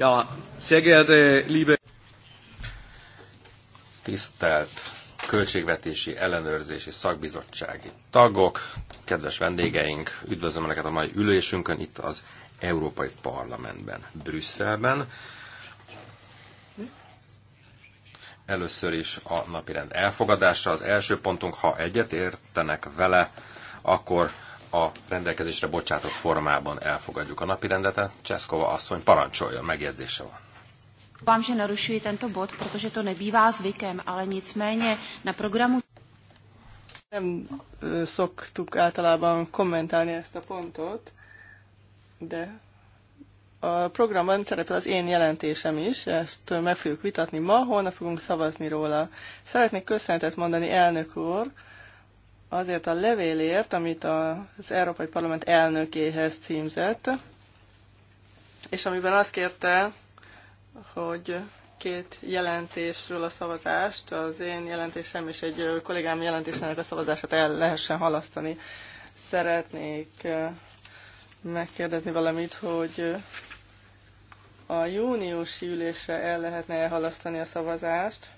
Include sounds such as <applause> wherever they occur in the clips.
Ja, sehr geehrte, liebe... Tisztelt Költségvetési Ellenőrzési Szakbizottsági tagok, kedves vendégeink, üdvözlöm Önöket a mai ülésünkön itt az Európai Parlamentben, Brüsszelben. Először is a napirend elfogadása. Az első pontunk, ha egyet értenek vele, akkor a rendelkezésre bocsátott formában elfogadjuk a napi rendet. Cseszkova asszony parancsolja, megjegyzése van. Vám, že narušuji tento bod, protože to nebývá zvykem, ale nicméně na programu... Nem szoktuk általában kommentálni ezt a pontot, de a programban szerepel az én jelentésem is, ezt meg fogjuk vitatni ma, holnap fogunk szavazni róla. Szeretnék köszönetet mondani elnök úr, azért a levélért, amit az Európai Parlament elnökéhez címzett, és amiben azt kérte, hogy két jelentésről a szavazást, az én jelentésem és egy kollégám jelentésének a szavazását el lehessen halasztani. Szeretnék megkérdezni valamit, hogy a júniusi ülésre el lehetne elhalasztani a szavazást,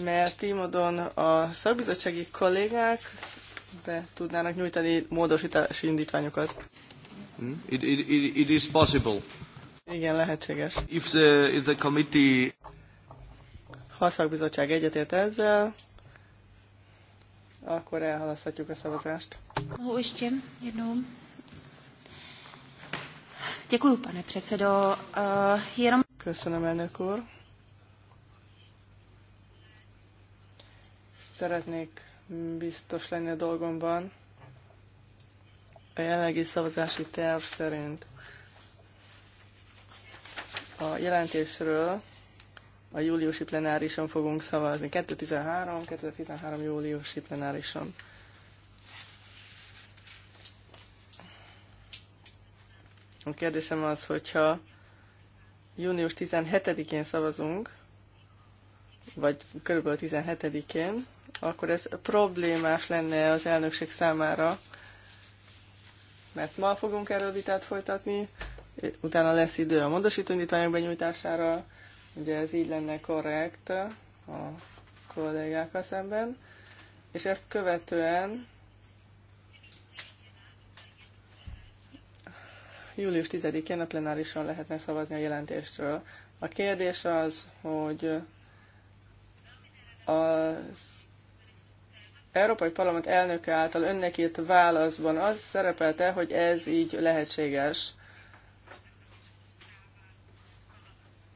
mert így módon a szakbizottsági kollégák be tudnának nyújtani módosítási indítványokat. Hmm? It, it, it, it is possible. Igen, lehetséges. If the, if the committee... Ha a szakbizottság egyetért ezzel, akkor elhalaszthatjuk a szavazást. Mohu ještě jednou? Děkuji, eh, Köszönöm, elnök úr. Szeretnék biztos lenni a dolgomban. A jelenlegi szavazási terv szerint a jelentésről a júliusi plenárison fogunk szavazni. 2013, 2013 júliusi plenárison. A kérdésem az, hogyha június 17-én szavazunk, vagy körülbelül 17-én, akkor ez problémás lenne az elnökség számára, mert ma fogunk erről vitát folytatni, utána lesz idő a módosító indítványok benyújtására, ugye ez így lenne korrekt a kollégákkal szemben, és ezt követően július 10-én a plenárison lehetne szavazni a jelentésről. A kérdés az, hogy az Európai Parlament elnöke által önnek írt válaszban az szerepelte, hogy ez így lehetséges.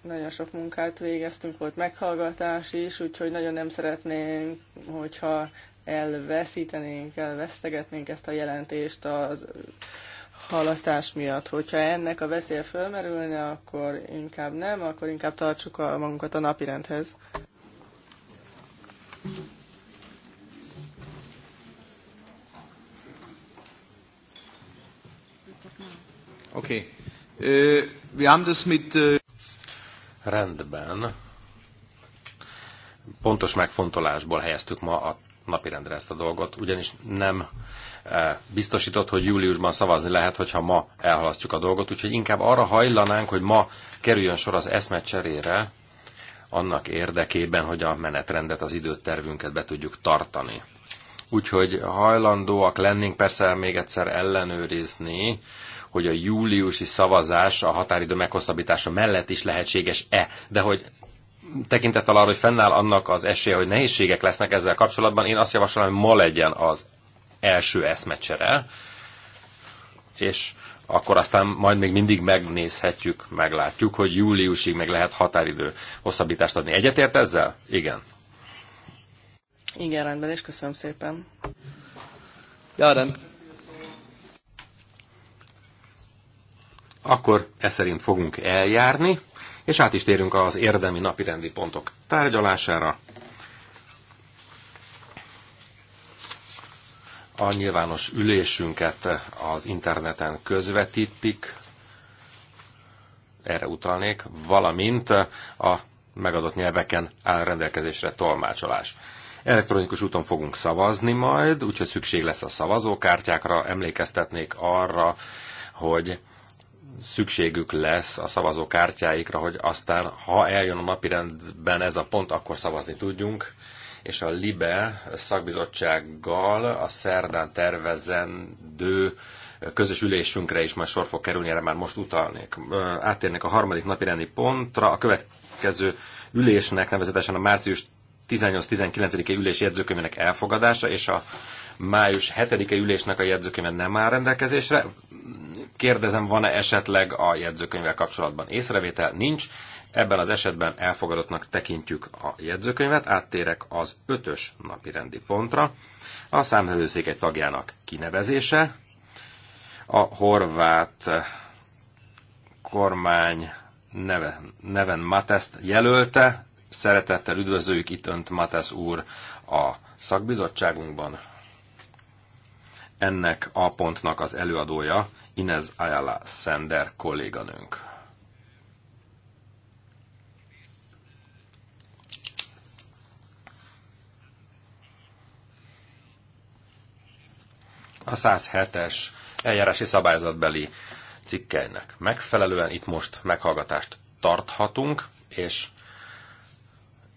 Nagyon sok munkát végeztünk, volt meghallgatás is, úgyhogy nagyon nem szeretnénk, hogyha elveszítenénk, elvesztegetnénk ezt a jelentést az halasztás miatt. Hogyha ennek a veszélye fölmerülne, akkor inkább nem, akkor inkább tartsuk a, magunkat a napirendhez. Oké. Okay. Äh, wir haben das mit... Äh, Rendben. Pontos megfontolásból helyeztük ma a napirendre ezt a dolgot, ugyanis nem eh, biztosított, hogy júliusban szavazni lehet, hogyha ma elhalasztjuk a dolgot, úgyhogy inkább arra hajlanánk, hogy ma kerüljön sor az cserére, annak érdekében, hogy a menetrendet, az időtervünket be tudjuk tartani. Úgyhogy hajlandóak lennénk persze még egyszer ellenőrizni, hogy a júliusi szavazás a határidő meghosszabbítása mellett is lehetséges-e, de hogy tekintettel arra, hogy fennáll annak az esélye, hogy nehézségek lesznek ezzel kapcsolatban, én azt javaslom, hogy ma legyen az első eszmecsere, és akkor aztán majd még mindig megnézhetjük, meglátjuk, hogy júliusig meg lehet határidő hosszabbítást adni. Egyetért ezzel? Igen. Igen, rendben, és köszönöm szépen. Ja, rendben. akkor e szerint fogunk eljárni, és át is térünk az érdemi rendi pontok tárgyalására. A nyilvános ülésünket az interneten közvetítik, erre utalnék, valamint a megadott nyelveken áll rendelkezésre tolmácsolás. Elektronikus úton fogunk szavazni majd, úgyhogy szükség lesz a szavazókártyákra, emlékeztetnék arra, hogy szükségük lesz a szavazókártyáikra, hogy aztán, ha eljön a napirendben ez a pont, akkor szavazni tudjunk, és a LIBE szakbizottsággal a szerdán tervezendő közös ülésünkre is majd sor fog kerülni, erre már most utalnék. Átérnék a harmadik napirendi pontra, a következő ülésnek, nevezetesen a március 18-19-i ülés jegyzőkönyvének elfogadása, és a május 7-e ülésnek a jegyzőkönyve nem áll rendelkezésre. Kérdezem, van-e esetleg a jegyzőkönyvvel kapcsolatban észrevétel? Nincs. Ebben az esetben elfogadottnak tekintjük a jegyzőkönyvet, áttérek az ötös napi rendi pontra. A számhelyőszék egy tagjának kinevezése, a horvát kormány neve, neven Mateszt jelölte. Szeretettel üdvözöljük itt Önt, Matesz úr, a szakbizottságunkban ennek a pontnak az előadója Inez Ayala Sender kolléganőnk. A 107-es eljárási szabályzatbeli cikkeinek megfelelően itt most meghallgatást tarthatunk, és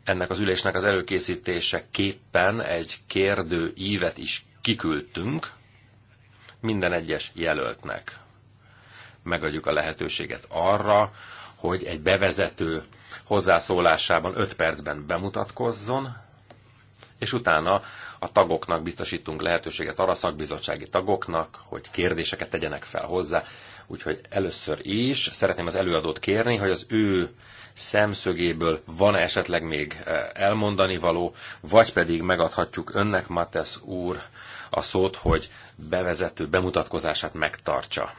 ennek az ülésnek az előkészítése képpen egy kérdő ívet is kiküldtünk, minden egyes jelöltnek. Megadjuk a lehetőséget arra, hogy egy bevezető hozzászólásában 5 percben bemutatkozzon, és utána a tagoknak biztosítunk lehetőséget arra, a szakbizottsági tagoknak, hogy kérdéseket tegyenek fel hozzá. Úgyhogy először is szeretném az előadót kérni, hogy az ő szemszögéből van -e esetleg még eh, elmondani való, vagy pedig megadhatjuk önnek, Matesz úr, a szót, hogy bevezető bemutatkozását megtartsa.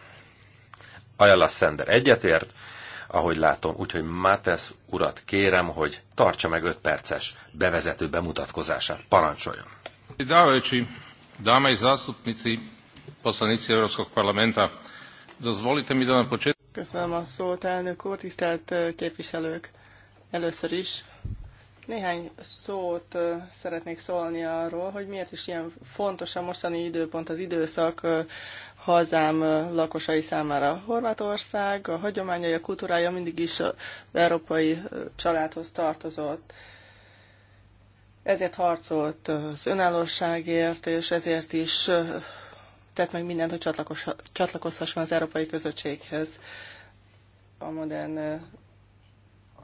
Ajala Szender egyetért, ahogy látom, úgyhogy Mátesz urat kérem, hogy tartsa meg 5 perces bevezető bemutatkozását. Parancsoljon! Dávajöcsi, dáme i zástupnici, poslanici Európskog parlamenta, dozvolite mi da na početku... Köszönöm a szót, elnök úr, tisztelt képviselők! Először is néhány szót szeretnék szólni arról, hogy miért is ilyen fontos a mostani időpont, az időszak hazám lakosai számára. Horvátország a hagyományai, a kultúrája mindig is az európai családhoz tartozott. Ezért harcolt az önállóságért, és ezért is tett meg mindent, hogy csatlakozhasson az európai közösséghez. A modern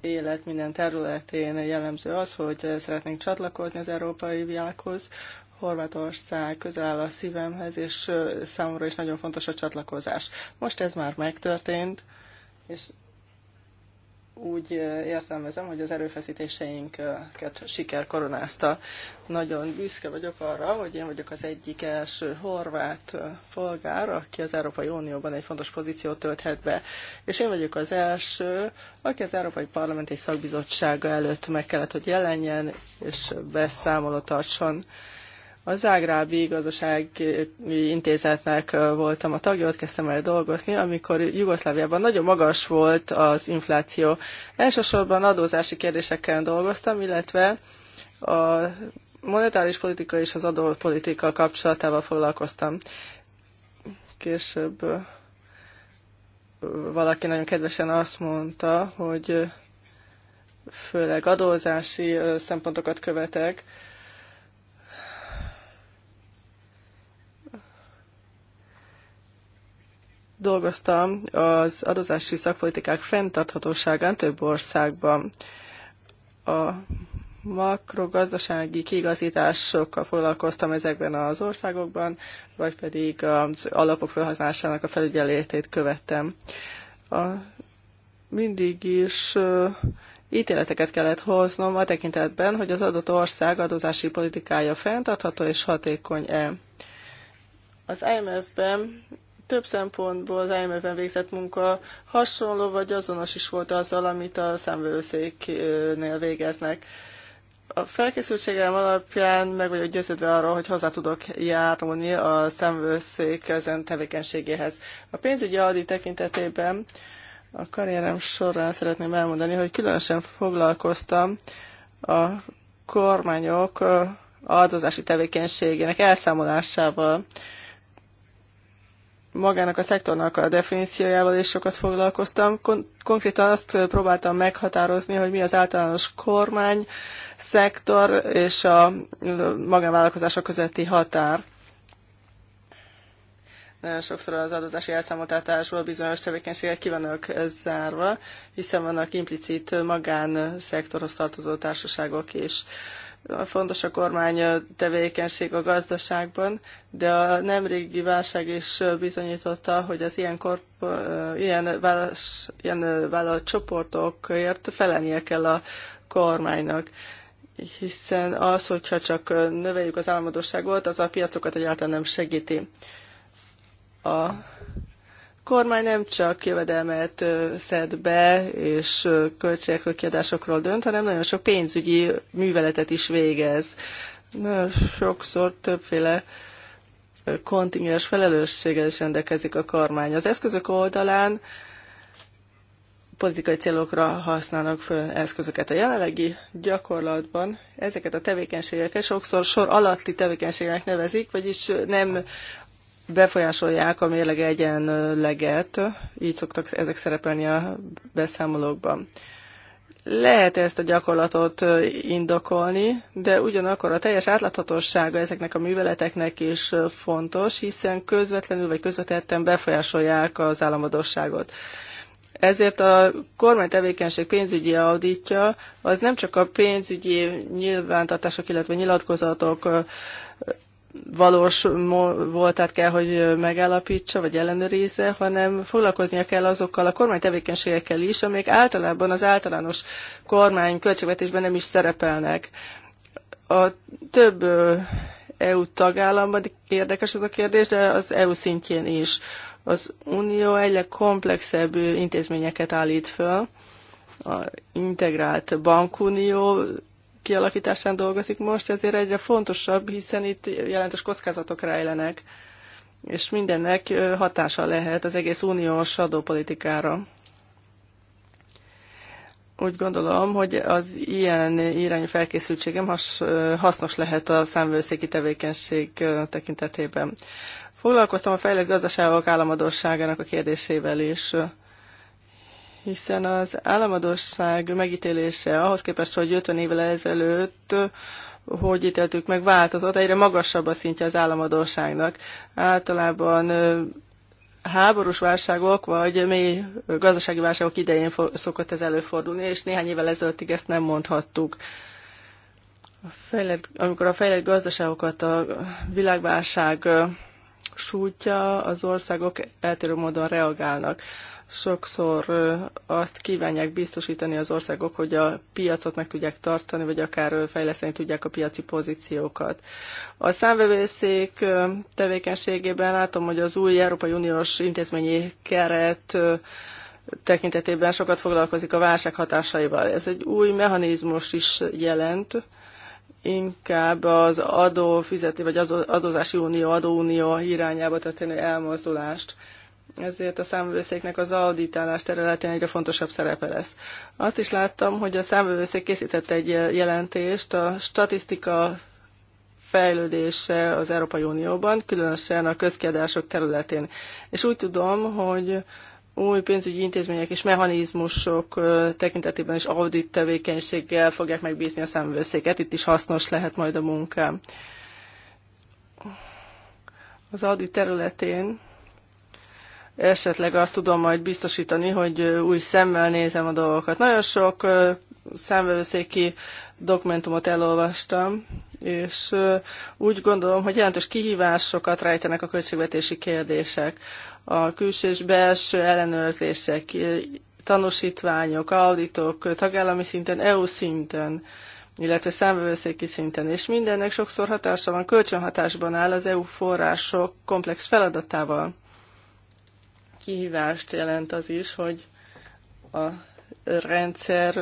élet minden területén jellemző az, hogy szeretnénk csatlakozni az európai világhoz. Horvátország közel áll a szívemhez, és számomra is nagyon fontos a csatlakozás. Most ez már megtörtént, és úgy értelmezem, hogy az erőfeszítéseinket siker koronázta. Nagyon büszke vagyok arra, hogy én vagyok az egyik első horvát polgár, aki az Európai Unióban egy fontos pozíciót tölthet be. És én vagyok az első, aki az Európai parlamenti szakbizottsága előtt meg kellett, hogy jelenjen és beszámolót tartson. Az Zágrábi Gazdasági Intézetnek voltam a tagja, ott kezdtem el dolgozni, amikor Jugoszláviában nagyon magas volt az infláció. Elsősorban adózási kérdésekkel dolgoztam, illetve a monetáris politika és az adópolitika kapcsolatával foglalkoztam. Később valaki nagyon kedvesen azt mondta, hogy főleg adózási szempontokat követek, dolgoztam az adózási szakpolitikák fenntarthatóságán több országban. A makrogazdasági kiigazításokkal foglalkoztam ezekben az országokban, vagy pedig az alapok felhasználásának a felügyeletét követtem. A, mindig is uh, ítéleteket kellett hoznom a tekintetben, hogy az adott ország adózási politikája fenntartható és hatékony-e. Az IMF-ben több szempontból az IMF-ben végzett munka hasonló vagy azonos is volt azzal, amit a számvevőszéknél végeznek. A felkészültségem alapján meg vagyok győződve arról, hogy hozzá tudok járulni a számvőszék ezen tevékenységéhez. A pénzügyi adi tekintetében a karrierem során szeretném elmondani, hogy különösen foglalkoztam a kormányok áldozási tevékenységének elszámolásával magának a szektornak a definíciójával is sokat foglalkoztam. Kon- konkrétan azt próbáltam meghatározni, hogy mi az általános kormány, szektor és a magánvállalkozások közötti határ. Nagyon sokszor az adózási elszámoltatásból bizonyos tevékenységek ki vannak zárva, hiszen vannak implicit magánszektorhoz tartozó társaságok is. Uh, Fontos a kormány tevékenység a gazdaságban, de a nemrégi válság is bizonyította, hogy az ilyen, korp- ilyen, válasz, ilyen vállalat csoportokért felelnie kell a kormánynak hiszen az, hogyha csak növeljük az államadóságot, az a piacokat egyáltalán nem segíti. A kormány nem csak jövedelmet szed be, és költségekről, kiadásokról dönt, hanem nagyon sok pénzügyi műveletet is végez. Na, sokszor többféle kontingens felelősséggel is rendelkezik a kormány. Az eszközök oldalán politikai célokra használnak föl eszközöket. A jelenlegi gyakorlatban ezeket a tevékenységeket sokszor sor alatti tevékenységnek nevezik, vagyis nem befolyásolják a mérleg egyenleget, így szoktak ezek szerepelni a beszámolókban. Lehet ezt a gyakorlatot indokolni, de ugyanakkor a teljes átláthatósága ezeknek a műveleteknek is fontos, hiszen közvetlenül vagy közvetetten befolyásolják az államadosságot. Ezért a kormány tevékenység pénzügyi auditja az nem csak a pénzügyi nyilvántartások, illetve nyilatkozatok valós voltát kell, hogy megállapítsa, vagy ellenőrizze, hanem foglalkoznia kell azokkal a kormány tevékenységekkel is, amelyek általában az általános kormány költségvetésben nem is szerepelnek. A több EU tagállamban érdekes ez a kérdés, de az EU szintjén is. Az Unió egyre komplexebb intézményeket állít föl, a integrált bankunió kialakításán dolgozik most, ezért egyre fontosabb, hiszen itt jelentős kockázatok rejlenek, és mindennek hatása lehet az egész uniós adópolitikára. Úgy gondolom, hogy az ilyen irányú felkészültségem has, hasznos lehet a számvőszéki tevékenység tekintetében. Foglalkoztam a fejlett gazdaságok államadóságának a kérdésével is hiszen az államadosság megítélése ahhoz képest, hogy 50 évvel ezelőtt hogy ítéltük meg, változott, egyre magasabb a szintje az államadóságnak. Általában háborús válságok vagy mély gazdasági válságok idején szokott ez előfordulni, és néhány évvel ezelőttig ezt nem mondhattuk. A fejlett, amikor a fejlett gazdaságokat a világválság sújtja, az országok eltérő módon reagálnak sokszor azt kívánják biztosítani az országok, hogy a piacot meg tudják tartani, vagy akár fejleszteni tudják a piaci pozíciókat. A számvevőszék tevékenységében látom, hogy az új Európai Uniós intézményi keret tekintetében sokat foglalkozik a válság hatásaival. Ez egy új mechanizmus is jelent, inkább az adó fizeti, vagy az adózási unió, adóunió irányába történő elmozdulást ezért a számvevőszéknek az auditálás területén egyre fontosabb szerepe lesz. Azt is láttam, hogy a számvevőszék készített egy jelentést a statisztika fejlődése az Európai Unióban, különösen a közkiadások területén. És úgy tudom, hogy új pénzügyi intézmények és mechanizmusok tekintetében is audit tevékenységgel fogják megbízni a számvőszéket. Itt is hasznos lehet majd a munkám. Az audit területén esetleg azt tudom majd biztosítani, hogy új szemmel nézem a dolgokat. Nagyon sok számvevőszéki dokumentumot elolvastam, és úgy gondolom, hogy jelentős kihívásokat rejtenek a költségvetési kérdések. A külső és belső ellenőrzések, tanúsítványok, auditok, tagállami szinten, EU szinten, illetve számvevőszéki szinten, és mindennek sokszor hatása van, kölcsönhatásban áll az EU források komplex feladatával kihívást jelent az is, hogy a rendszer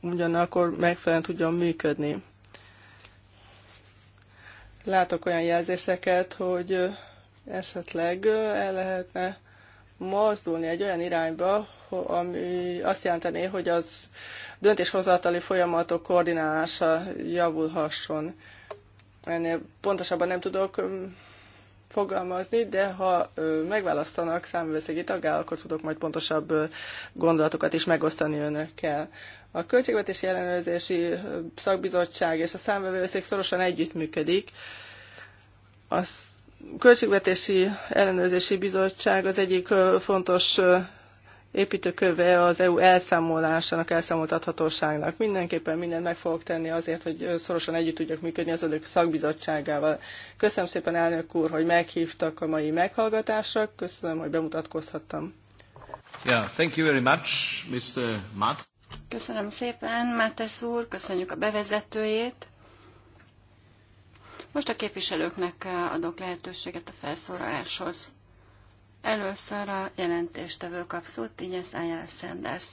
ugyanakkor megfelelően tudjon működni. Látok olyan jelzéseket, hogy esetleg el lehetne mozdulni egy olyan irányba, ami azt jelenteni, hogy az döntéshozatali folyamatok koordinálása javulhasson. Ennél pontosabban nem tudok fogalmazni, de ha megválasztanak számvőszegi taggá, akkor tudok majd pontosabb gondolatokat is megosztani önökkel. A Költségvetési Ellenőrzési Szakbizottság és a számvevőszék szorosan együttműködik. A Költségvetési Ellenőrzési Bizottság az egyik fontos építőköve az EU elszámolásának, elszámoltathatóságnak. Mindenképpen mindent meg fogok tenni azért, hogy szorosan együtt tudjak működni az önök szakbizottságával. Köszönöm szépen, elnök úr, hogy meghívtak a mai meghallgatásra. Köszönöm, hogy bemutatkozhattam. Yeah, thank you very much, Mr. Matt. Köszönöm szépen, Mátesz úr, köszönjük a bevezetőjét. Most a képviselőknek adok lehetőséget a felszólaláshoz. Először a jelentéstevő kap szót, így ezt Ájára Sanders.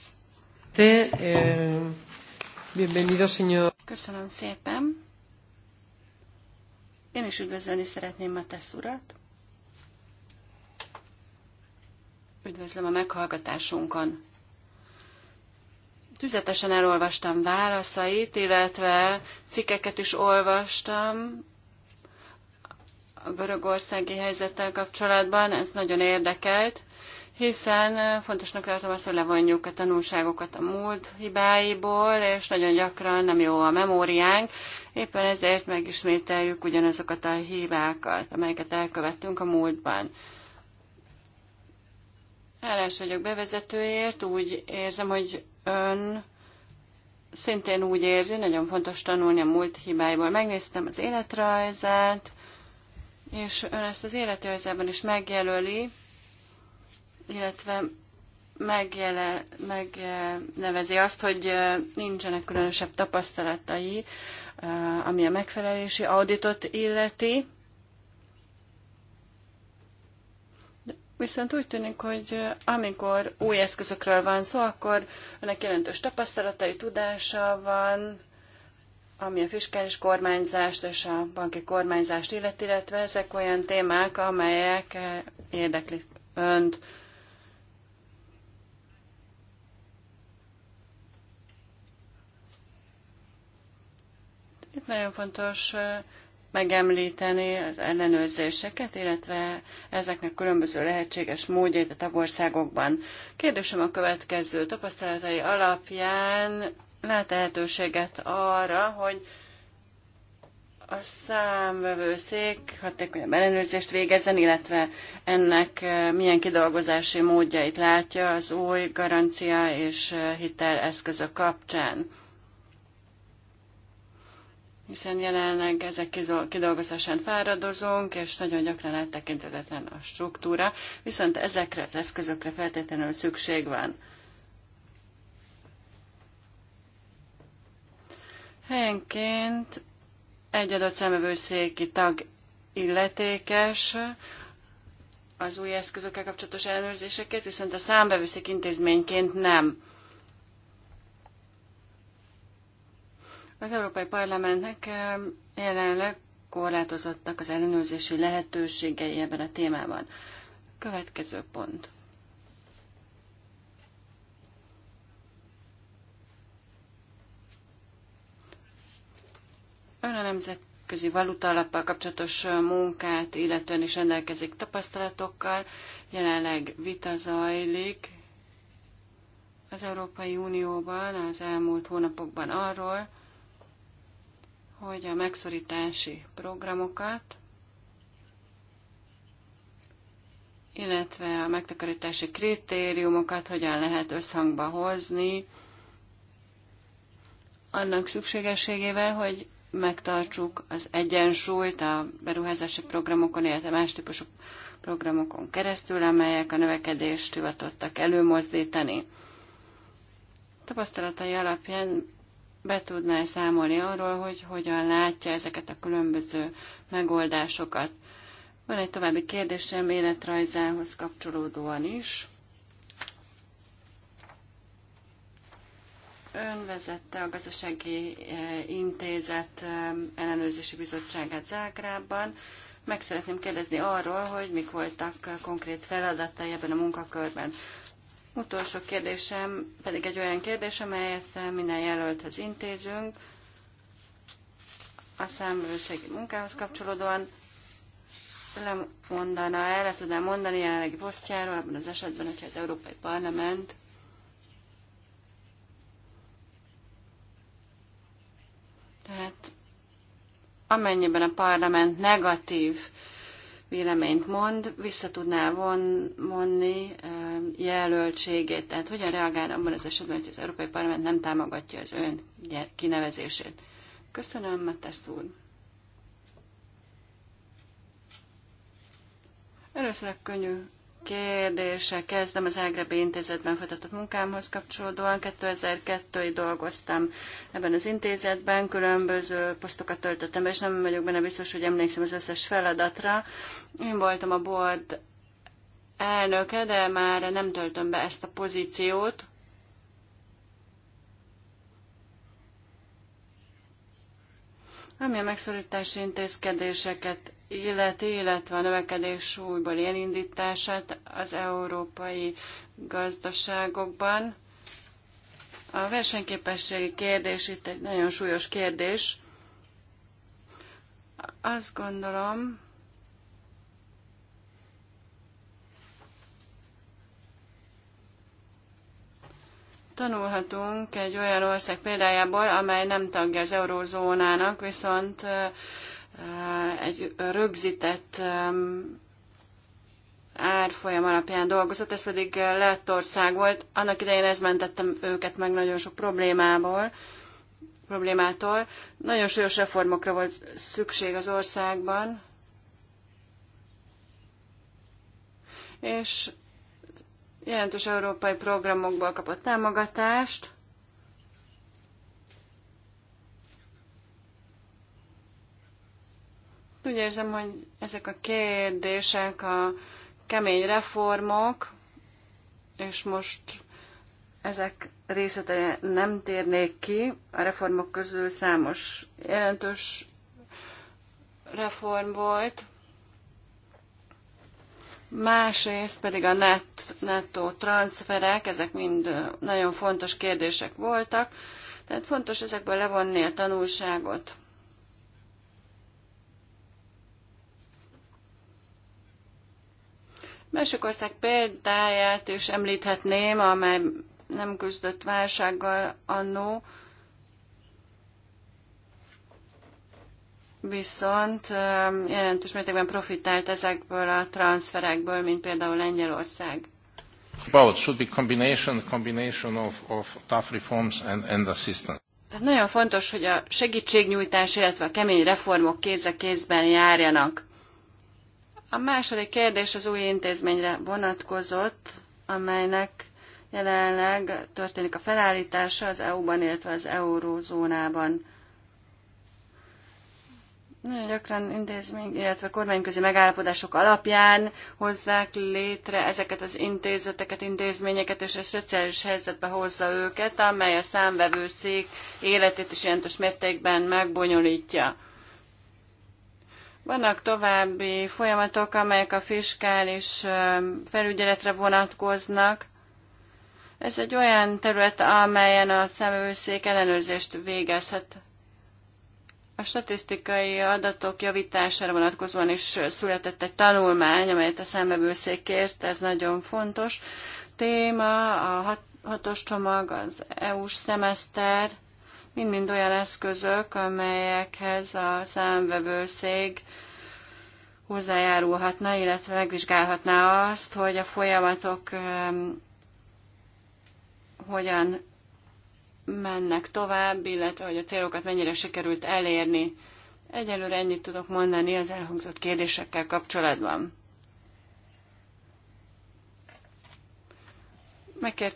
Te, eh, bienvenido, señor. Köszönöm szépen. Én is üdvözölni szeretném a tesz urat. Üdvözlöm a meghallgatásunkon. Tüzetesen elolvastam válaszait, illetve cikkeket is olvastam a görögországi helyzettel kapcsolatban, ez nagyon érdekelt, hiszen fontosnak tartom azt, hogy levonjuk a tanulságokat a múlt hibáiból, és nagyon gyakran nem jó a memóriánk, éppen ezért megismételjük ugyanazokat a hibákat, amelyeket elkövettünk a múltban. Hálás vagyok bevezetőért, úgy érzem, hogy ön szintén úgy érzi, nagyon fontos tanulni a múlt hibáiból. Megnéztem az életrajzát, és ön ezt az életérzelben is megjelöli, illetve megjele, megnevezi azt, hogy nincsenek különösebb tapasztalatai, ami a megfelelési auditot illeti. De viszont úgy tűnik, hogy amikor új eszközökről van szó, akkor önnek jelentős tapasztalatai, tudása van, ami a fiskális kormányzást és a banki kormányzást illeti, illetve ezek olyan témák, amelyek eh, érdekli önt. Itt nagyon fontos eh, megemlíteni az ellenőrzéseket, illetve ezeknek különböző lehetséges módjait a tagországokban. Kérdésem a következő tapasztalatai alapján lehetőséget arra, hogy a számvevőszék hatékonyabb ellenőrzést végezzen, illetve ennek eh, milyen kidolgozási módjait látja az új garancia és eh, hitel eszközök kapcsán. Hiszen jelenleg ezek kidolgozásán fáradozunk, és nagyon gyakran áttekintetetlen a struktúra, viszont ezekre az eszközökre feltétlenül szükség van. Helyenként egy adott szemövőszéki tag illetékes az új eszközökkel kapcsolatos ellenőrzésekért, viszont a számbevőszék intézményként nem. Az Európai Parlamentnek eh, jelenleg korlátozottak az ellenőrzési lehetőségei ebben a témában. Következő pont. a nemzetközi valuta alappal kapcsolatos munkát, illetően is rendelkezik tapasztalatokkal. Jelenleg vita zajlik az Európai Unióban az elmúlt hónapokban arról, hogy a megszorítási programokat, illetve a megtakarítási kritériumokat hogyan lehet összhangba hozni, annak szükségességével, hogy megtartsuk az egyensúlyt a beruházási programokon, illetve más típusú programokon keresztül, amelyek a növekedést hivatottak előmozdítani. Tapasztalatai alapján be tudná számolni arról, hogy hogyan látja ezeket a különböző megoldásokat. Van egy további kérdésem életrajzához kapcsolódóan is. Ön vezette a gazdasági eh, intézet eh, ellenőrzési bizottságát Zágrában. Meg szeretném kérdezni arról, hogy mik voltak konkrét feladatai ebben a munkakörben. Utolsó kérdésem pedig egy olyan kérdés, amelyet minden jelölthez intézünk a számbőrségi munkához kapcsolódóan. Lemondaná el, le tudná mondani jelenlegi posztjáról, abban az esetben, hogyha az Európai Parlament Tehát amennyiben a parlament negatív véleményt mond, vissza tudná von, vonni jelöltségét. Tehát hogyan reagál abban az esetben, hogy az Európai Parlament nem támogatja az ön kinevezését? Köszönöm, Matesz úr. Először a könnyű kérdése kezdem az Ágrebi Intézetben folytatott munkámhoz kapcsolódóan. 2002-ig dolgoztam ebben az intézetben, különböző posztokat töltöttem be, és nem vagyok benne biztos, hogy emlékszem az összes feladatra. Én voltam a board elnöke, de már nem töltöm be ezt a pozíciót. Ami a megszorítási intézkedéseket élet illetve a növekedés súlyból elindítását az európai gazdaságokban. A versenyképességi kérdés itt egy nagyon súlyos kérdés. Azt gondolom, tanulhatunk egy olyan ország példájából, amely nem tagja az eurózónának, viszont egy rögzített árfolyam alapján dolgozott, ez pedig Lettország volt. Annak idején ez mentettem őket meg nagyon sok problémából, problémától. Nagyon súlyos reformokra volt szükség az országban, és jelentős európai programokból kapott támogatást. Úgy érzem, hogy ezek a kérdések, a kemény reformok, és most ezek részlete nem térnék ki. A reformok közül számos jelentős reform volt. Másrészt pedig a net, nettó transferek, ezek mind nagyon fontos kérdések voltak, tehát fontos ezekből levonni a tanulságot. Mások ország példáját is említhetném, amely nem küzdött válsággal annó, viszont um, jelentős mértékben profitált ezekből a transferekből, mint például Lengyelország. Both should be combination, combination of, of tough reforms and, and assistance. Tehát nagyon fontos, hogy a segítségnyújtás, illetve a kemény reformok kéz a kézben járjanak. A második kérdés az új intézményre vonatkozott, amelynek jelenleg történik a felállítása az EU-ban, illetve az eurózónában. Nagyon gyakran intézmény, illetve kormányközi megállapodások alapján hozzák létre ezeket az intézeteket, intézményeket, és a szociális helyzetbe hozza őket, amely a számvevőszék életét is jelentős mértékben megbonyolítja. Vannak további folyamatok, amelyek a fiskális felügyeletre vonatkoznak. Ez egy olyan terület, amelyen a szemőszék ellenőrzést végezhet. A statisztikai adatok javítására vonatkozóan is született egy tanulmány, amelyet a szembevőszék kért, ez nagyon fontos téma, a hatos csomag, az EU-s szemeszter, mind-mind olyan eszközök, amelyekhez a számvevőszég hozzájárulhatna, illetve megvizsgálhatná azt, hogy a folyamatok hogyan mennek tovább, illetve hogy a célokat mennyire sikerült elérni. Egyelőre ennyit tudok mondani az elhangzott kérdésekkel kapcsolatban.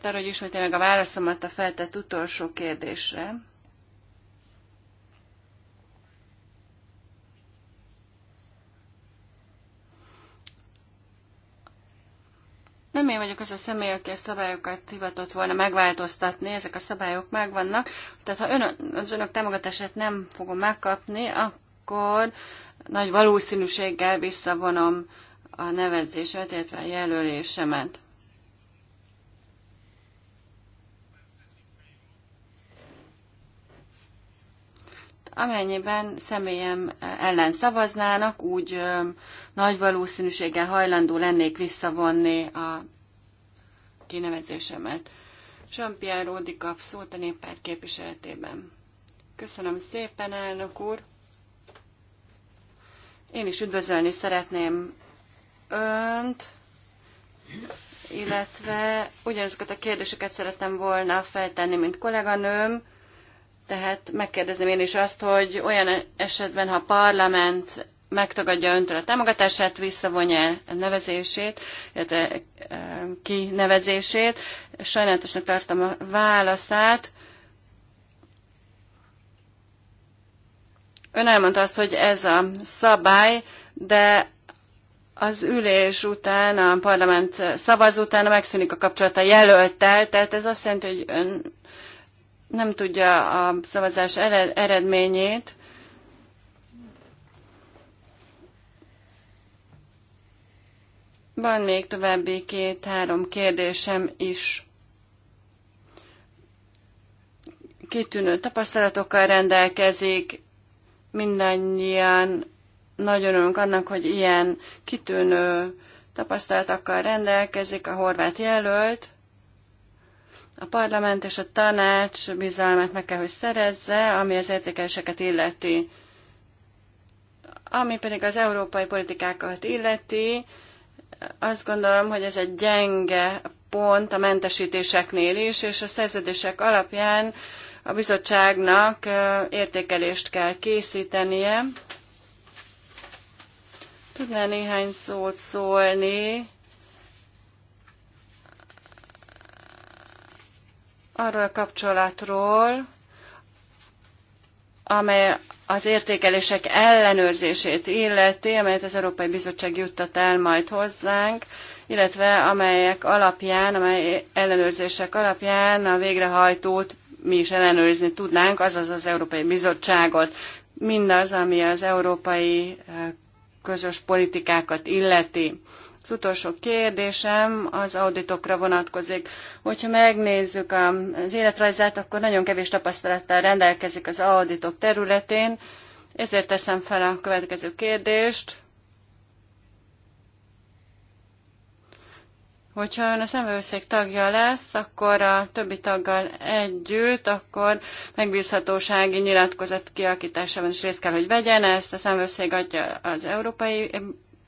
arra, hogy ismételj meg a válaszomat a feltett utolsó kérdésre. nem én vagyok az a személy, aki a szabályokat hivatott volna megváltoztatni, ezek a szabályok megvannak. Tehát ha ön, az önök támogatását nem fogom megkapni, akkor nagy valószínűséggel visszavonom a nevezésemet, illetve a jelölésemet. amennyiben személyem eh, ellen szavaznának, úgy nagy valószínűséggel hajlandó lennék visszavonni a kinevezésemet. Jean-Pierre Ródi kap szót a néppárt képviseletében. Köszönöm szépen, elnök úr! Én is üdvözölni szeretném önt, illetve ugyanazokat a kérdéseket szerettem volna feltenni, mint kolléganőm. Tehát megkérdezem én is azt, hogy olyan esetben, ha a parlament megtagadja öntől a támogatását, visszavonja a nevezését, illetve e, kinevezését. Sajnálatosnak tartom a válaszát. Ön elmondta azt, hogy ez a szabály, de az ülés után, a parlament szavaz után megszűnik a kapcsolata jelöltel, tehát ez azt jelenti, hogy ön nem tudja a szavazás eredményét, Van még további két-három kérdésem is. Kitűnő tapasztalatokkal rendelkezik, mindannyian nagyon örülünk annak, hogy ilyen kitűnő tapasztalatokkal rendelkezik a horvát jelölt. A parlament és a tanács bizalmát meg kell, hogy szerezze, ami az értékeléseket illeti. Ami pedig az európai politikákat illeti, azt gondolom, hogy ez egy gyenge pont a mentesítéseknél is, és a szerződések alapján a bizottságnak értékelést kell készítenie. Tudnál néhány szót szólni arról a kapcsolatról, amely az értékelések ellenőrzését illeti, amelyet az Európai Bizottság juttat el majd hozzánk, illetve amelyek alapján, amely ellenőrzések alapján a végrehajtót mi is ellenőrizni tudnánk, azaz az Európai Bizottságot. Mindaz, ami az európai eh, közös politikákat illeti. Az utolsó kérdésem az auditokra vonatkozik. Hogyha megnézzük az életrajzát, akkor nagyon kevés tapasztalattal rendelkezik az auditok területén, ezért teszem fel a következő kérdést. Hogyha ön a szemvevőszék tagja lesz, akkor a többi taggal együtt, akkor megbízhatósági nyilatkozat kialakításában is részt kell, hogy vegyen. Ezt a szemvevőszék adja az Európai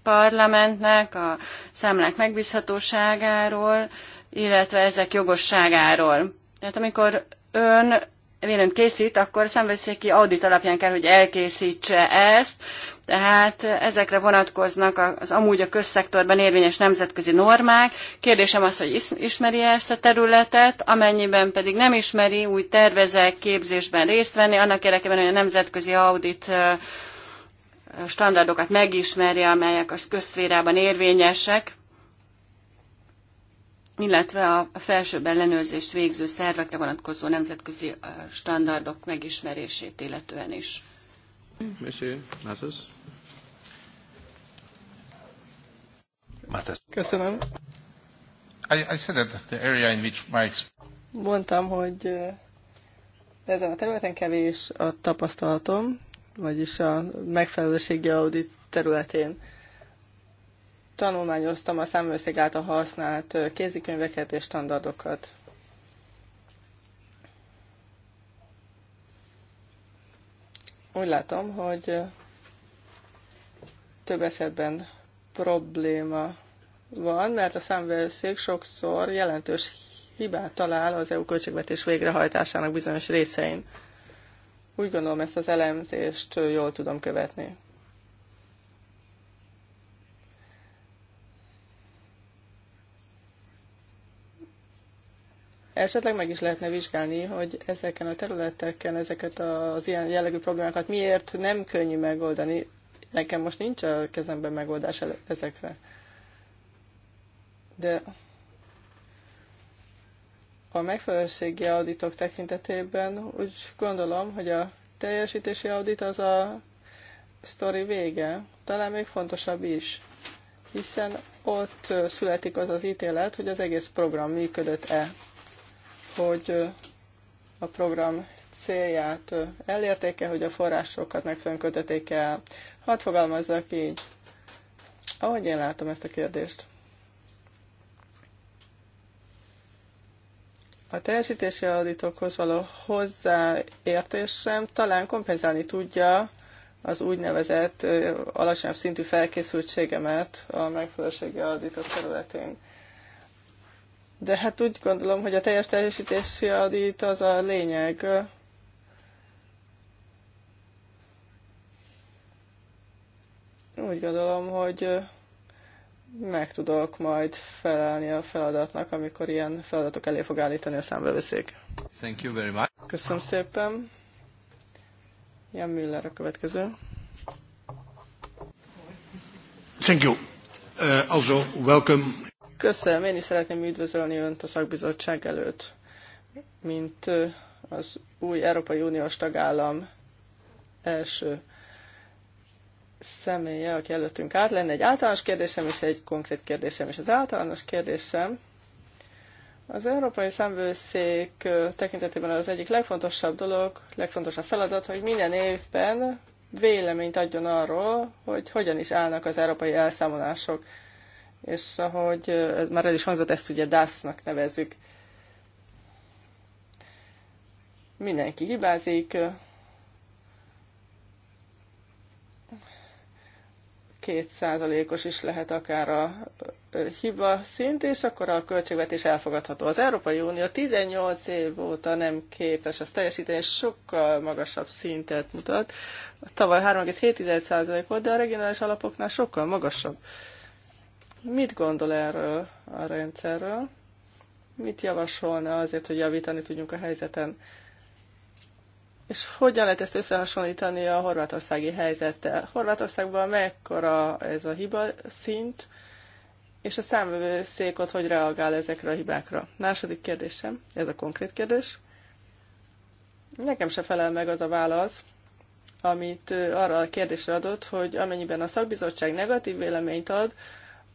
parlamentnek a számlák megbízhatóságáról, illetve ezek jogosságáról. Tehát amikor ön vélem készít, akkor szemveszéki audit alapján kell, hogy elkészítse ezt, tehát ezekre vonatkoznak az amúgy a közszektorban érvényes nemzetközi normák. Kérdésem az, hogy ismeri -e ezt a területet, amennyiben pedig nem ismeri, úgy tervezek képzésben részt venni, annak érdekében, hogy a nemzetközi audit standardokat megismerje, amelyek az közszférában érvényesek, illetve a felsőbb ellenőrzést végző szervekre vonatkozó nemzetközi standardok megismerését illetően is. Köszönöm. I, I said that the area in which my Mondtam, hogy ezen a területen kevés a tapasztalatom, vagyis a megfelelőségi audit területén tanulmányoztam a számvőszék által használt kézikönyveket és standardokat. Úgy látom, hogy több esetben probléma van, mert a számvőszék sokszor jelentős hibát talál az EU költségvetés végrehajtásának bizonyos részein. Úgy gondolom ezt az elemzést jól tudom követni. Esetleg meg is lehetne vizsgálni, hogy ezeken a területeken ezeket az ilyen jellegű problémákat miért nem könnyű megoldani. Nekem most nincs a kezemben megoldás ezekre. De a megfelelőségi auditok tekintetében úgy gondolom, hogy a teljesítési audit az a sztori vége, talán még fontosabb is, hiszen ott születik az az ítélet, hogy az egész program működött-e, hogy a program célját elérték-e, hogy a forrásokat megfelelően el. Hadd fogalmazzak így. Ahogy én látom ezt a kérdést. A teljesítési auditokhoz való hozzáértésem talán kompenzálni tudja az úgynevezett alacsonyabb szintű felkészültségemet a megfelelőségi auditok területén. De hát úgy gondolom, hogy a teljes teljesítési audit az a lényeg. Úgy gondolom, hogy meg tudok majd felelni a feladatnak, amikor ilyen feladatok elé fog állítani a számbeveszék. Thank you very much. Köszönöm szépen. Jan Müller a következő. Thank you. Uh, also, welcome. Köszönöm, én is szeretném üdvözölni Önt a szakbizottság előtt, mint az új Európai Uniós tagállam első személye, aki előttünk át lenne egy általános kérdésem és egy konkrét kérdésem. És az általános kérdésem az Európai Számvőszék tekintetében az egyik legfontosabb dolog, legfontosabb feladat, hogy minden évben véleményt adjon arról, hogy hogyan is állnak az európai elszámolások. És ahogy ez már el is hangzott, ezt ugye DASZ-nak nevezzük. Mindenki hibázik, 2%-os is lehet akár a hiba szint, és akkor a költségvetés elfogadható. Az Európai Unió 18 év óta nem képes ezt teljesíteni, és sokkal magasabb szintet mutat. Tavaly 3,7% volt, de a regionális alapoknál sokkal magasabb. Mit gondol erről a rendszerről? Mit javasolna azért, hogy javítani tudjunk a helyzeten? És hogyan lehet ezt összehasonlítani a horvátországi helyzettel? Horvátországban mekkora ez a hiba szint, és a számvevőszék ott hogy reagál ezekre a hibákra? Második kérdésem, ez a konkrét kérdés. Nekem se felel meg az a válasz, amit arra a kérdésre adott, hogy amennyiben a szakbizottság negatív véleményt ad,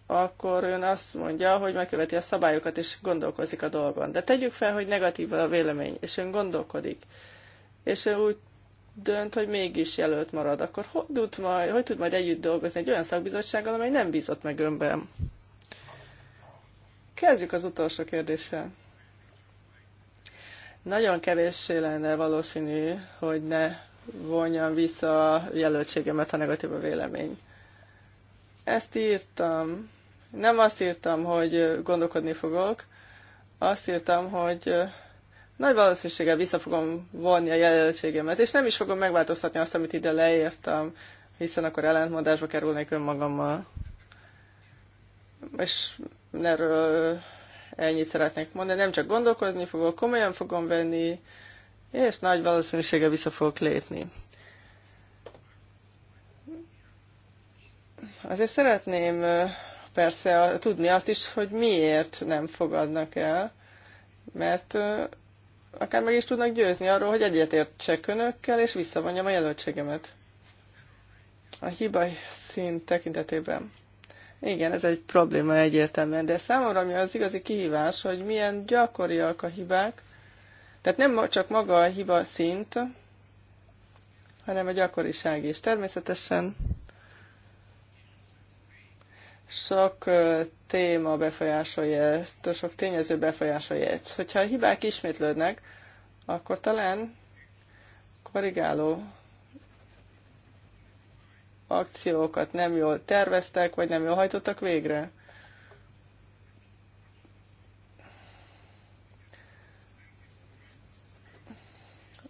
akkor ön azt mondja, hogy megköveti a szabályokat, és gondolkozik a dolgon. De tegyük fel, hogy negatív a vélemény, és ön gondolkodik és ő úgy dönt, hogy mégis jelölt marad, akkor hogy tud majd, hogy tud majd együtt dolgozni egy olyan szakbizottsággal, amely nem bízott meg önben? Kezdjük az utolsó kérdéssel. Nagyon kevéssé lenne valószínű, hogy ne vonjam vissza a jelöltségemet, ha negatív a vélemény. Ezt írtam. Nem azt írtam, hogy gondolkodni fogok, azt írtam, hogy nagy valószínűséggel vissza fogom vonni a jelöltségemet, és nem is fogom megváltoztatni azt, amit ide leírtam, hiszen akkor ellentmondásba kerülnék önmagammal. És erről ennyit szeretnék mondani. Nem csak gondolkozni fogok, komolyan fogom venni, és nagy valószínűséggel vissza fogok lépni. Azért szeretném persze tudni azt is, hogy miért nem fogadnak el, mert akár meg is tudnak győzni arról, hogy egyetértsek önökkel, és visszavonjam a jelöltségemet. A hiba szint tekintetében. Igen, ez egy probléma egyértelműen, de számomra mi az igazi kihívás, hogy milyen gyakoriak a hibák, tehát nem csak maga a hiba szint, hanem a gyakoriság is. Természetesen sok téma befolyásolja ezt, sok tényező befolyásolja ezt. Hogyha a hibák ismétlődnek, akkor talán korrigáló akciókat nem jól terveztek, vagy nem jól hajtottak végre.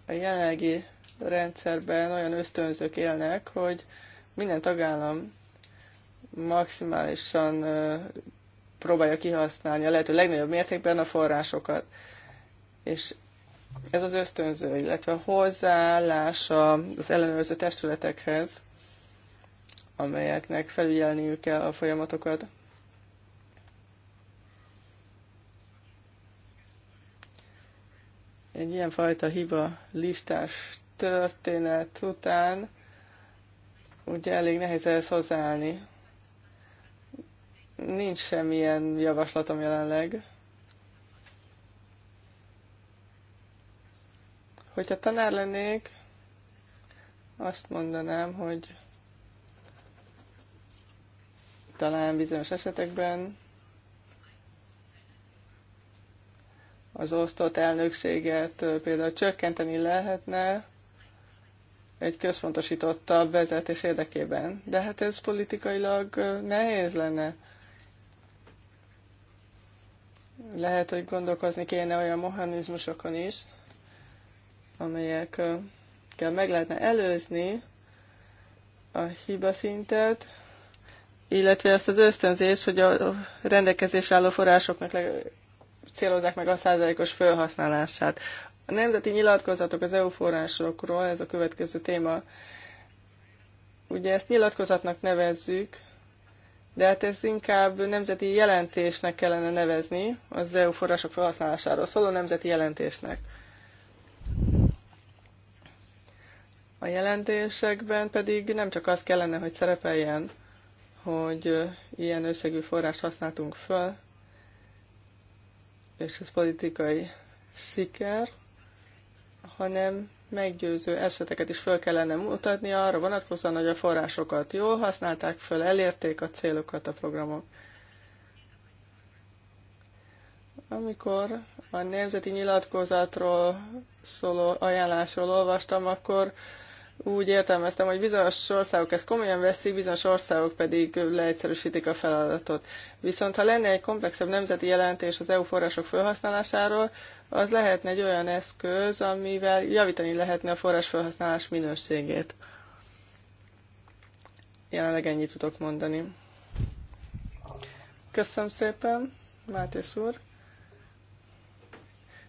A jelenlegi rendszerben olyan ösztönzők élnek, hogy minden tagállam maximálisan próbálja kihasználni a lehető legnagyobb mértékben a forrásokat. És ez az ösztönző, illetve a hozzáállás az ellenőrző testületekhez, amelyeknek felügyelniük kell a folyamatokat. Egy ilyenfajta hiba listás történet után ugye elég nehéz ehhez hozzáállni. Nincs semmilyen javaslatom jelenleg. Hogyha tanár lennék, azt mondanám, hogy talán bizonyos esetekben az osztott elnökséget például csökkenteni lehetne egy központosítottabb vezetés érdekében. De hát ez politikailag nehéz lenne. Lehet, hogy gondolkozni kéne olyan mechanizmusokon is, amelyek kell meg lehetne előzni a hiba szintet, illetve azt az ösztönzést, hogy a rendelkezés álló forrásoknak célozzák meg a százalékos felhasználását. A nemzeti nyilatkozatok az EU forrásokról, ez a következő téma, ugye ezt nyilatkozatnak nevezzük, de hát ez inkább nemzeti jelentésnek kellene nevezni, az EU források felhasználásáról szóló nemzeti jelentésnek. A jelentésekben pedig nem csak az kellene, hogy szerepeljen, hogy ilyen összegű forrást használtunk föl, és ez politikai siker, hanem meggyőző eseteket is föl kellene mutatni arra vonatkozóan, hogy a forrásokat jól használták föl, elérték a célokat a programok. Amikor a nemzeti nyilatkozatról szóló ajánlásról olvastam, akkor úgy értelmeztem, hogy bizonyos országok ezt komolyan veszik, bizonyos országok pedig leegyszerűsítik a feladatot. Viszont ha lenne egy komplexebb nemzeti jelentés az EU források felhasználásáról, az lehetne egy olyan eszköz, amivel javítani lehetne a forrásfelhasználás minőségét. Jelenleg ennyit tudok mondani. Köszönöm szépen, Máté úr.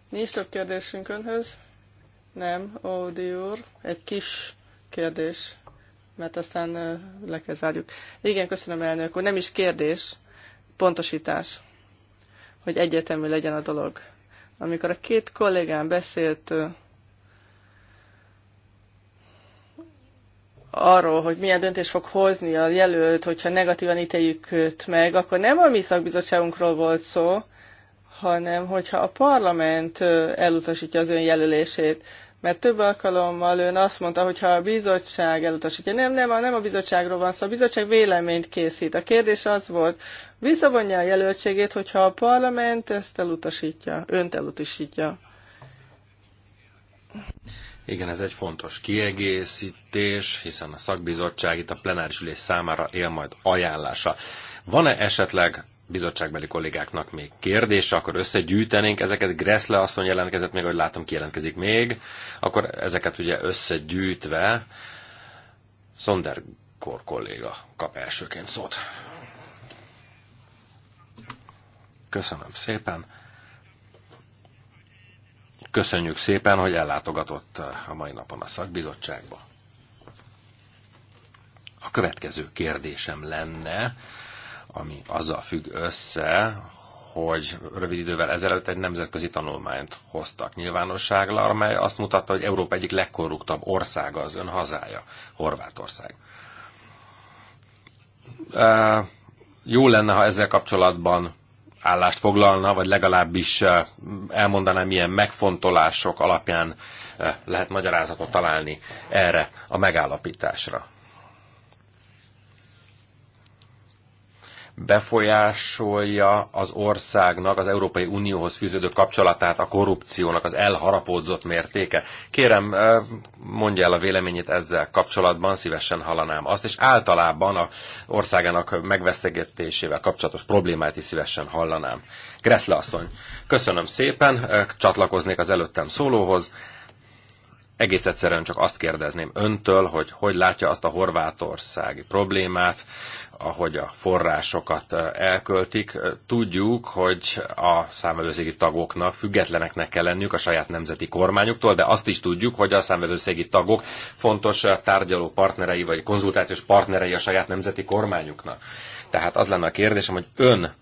Nincs több kérdésünk önhöz? Nem, Ódi úr. Egy kis kérdés, mert aztán le kell zárjuk. Igen, köszönöm, elnök úr. Nem is kérdés, pontosítás, hogy egyetemű legyen a dolog. Amikor a két kollégám beszélt arról, hogy milyen döntés fog hozni a jelölt, hogyha negatívan ítéljük őt meg, akkor nem a mi szakbizottságunkról volt szó, hanem hogyha a parlament elutasítja az ön jelölését. Mert több alkalommal ön azt mondta, hogyha a bizottság elutasítja. Nem, nem, nem a bizottságról van szó, a bizottság véleményt készít. A kérdés az volt, visszavonja a jelöltségét, hogyha a parlament ezt elutasítja, önt elutasítja. Igen, ez egy fontos kiegészítés, hiszen a szakbizottság itt a plenáris ülés számára él majd ajánlása. Van-e esetleg bizottságbeli kollégáknak még kérdése, akkor összegyűjtenénk ezeket. Gressle asszony jelentkezett még, ahogy látom, kijelentkezik még. Akkor ezeket ugye összegyűjtve Sonderkor kolléga kap elsőként szót. Köszönöm szépen. Köszönjük szépen, hogy ellátogatott a mai napon a szakbizottságba. A következő kérdésem lenne, ami azzal függ össze, hogy rövid idővel ezelőtt egy nemzetközi tanulmányt hoztak nyilvánosságra, amely azt mutatta, hogy Európa egyik legkorruptabb országa az ön hazája, Horvátország. Jó lenne, ha ezzel kapcsolatban állást foglalna, vagy legalábbis eh, elmondaná, milyen megfontolások alapján eh, lehet magyarázatot találni erre a megállapításra. befolyásolja az országnak, az Európai Unióhoz fűződő kapcsolatát a korrupciónak az elharapódzott mértéke. Kérem, mondja el a véleményét ezzel kapcsolatban, szívesen hallanám azt, és általában a országának megvesztegetésével kapcsolatos problémáit is szívesen hallanám. Greszle asszony, köszönöm szépen, csatlakoznék az előttem szólóhoz. Egész egyszerűen csak azt kérdezném öntől, hogy hogy látja azt a horvátországi problémát, ahogy a forrásokat elköltik. Tudjuk, hogy a számvevőszégi tagoknak függetleneknek kell lenniük a saját nemzeti kormányuktól, de azt is tudjuk, hogy a számvevőszégi tagok fontos tárgyaló partnerei vagy konzultációs partnerei a saját nemzeti kormányuknak. Tehát az lenne a kérdésem, hogy ön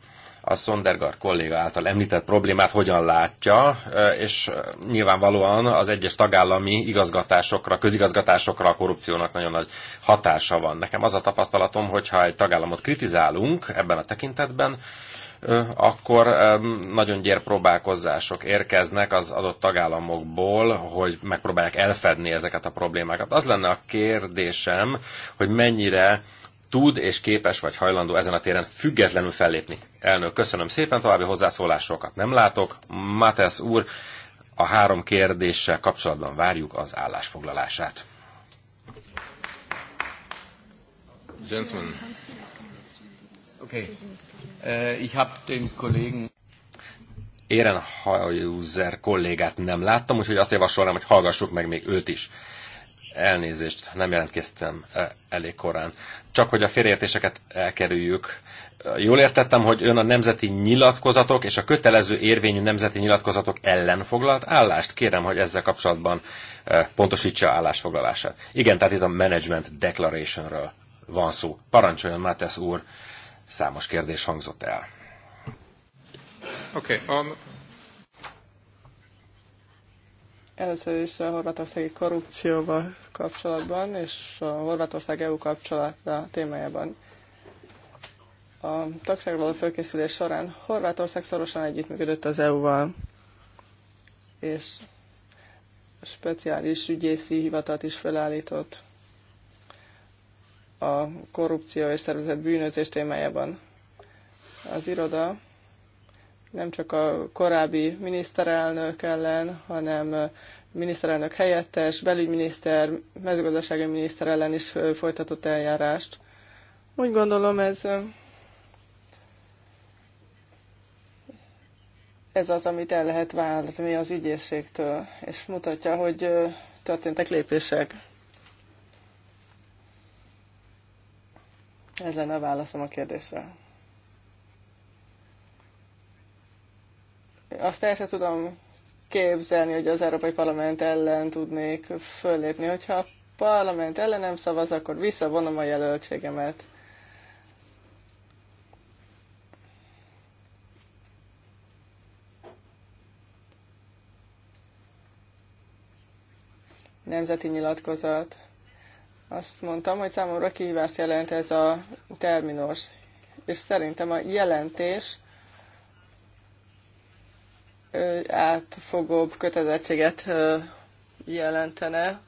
a Sondergaard kolléga által említett problémát hogyan látja, és nyilvánvalóan az egyes tagállami igazgatásokra, közigazgatásokra a korrupciónak nagyon nagy hatása van. Nekem az a tapasztalatom, hogyha egy tagállamot kritizálunk ebben a tekintetben, akkor nagyon gyér próbálkozások érkeznek az adott tagállamokból, hogy megpróbálják elfedni ezeket a problémákat. Az lenne a kérdésem, hogy mennyire tud és képes vagy hajlandó ezen a téren függetlenül fellépni. Elnök, köszönöm szépen, további hozzászólásokat nem látok. Matesz úr, a három kérdéssel kapcsolatban várjuk az állásfoglalását. Gentlemen. Okay. Uh, ich habe den Kollegen kollégát nem láttam, úgyhogy azt javasolnám, hogy hallgassuk meg még őt is. Elnézést, nem jelentkeztem e, elég korán. Csak hogy a félreértéseket elkerüljük. Jól értettem, hogy ön a nemzeti nyilatkozatok és a kötelező érvényű nemzeti nyilatkozatok ellen foglalt állást? Kérem, hogy ezzel kapcsolatban e, pontosítsa állásfoglalását. Igen, tehát itt a Management Declarationről van szó. Parancsoljon, Mátesz úr, számos kérdés hangzott el. Okay, um, Először is a horvátországi korrupcióval kapcsolatban és a Horvátország EU kapcsolata témájában. A tagságról való fölkészülés során Horvátország szorosan együttműködött az EU-val, és speciális ügyészi hivatalt is felállított a korrupció és szervezett bűnözés témájában. Az iroda nem csak a korábbi miniszterelnök ellen, hanem miniszterelnök helyettes, belügyminiszter, mezőgazdasági miniszter ellen is folytatott eljárást. Úgy gondolom ez ez az, amit el lehet várni az ügyészségtől, és mutatja, hogy történtek lépések. Ez lenne a válaszom a kérdésre. azt el sem tudom képzelni, hogy az Európai Parlament ellen tudnék föllépni. Hogyha a parlament ellen nem szavaz, akkor visszavonom a jelöltségemet. Nemzeti nyilatkozat. Azt mondtam, hogy számomra kihívást jelent ez a terminus, és szerintem a jelentés átfogóbb kötelezettséget jelentene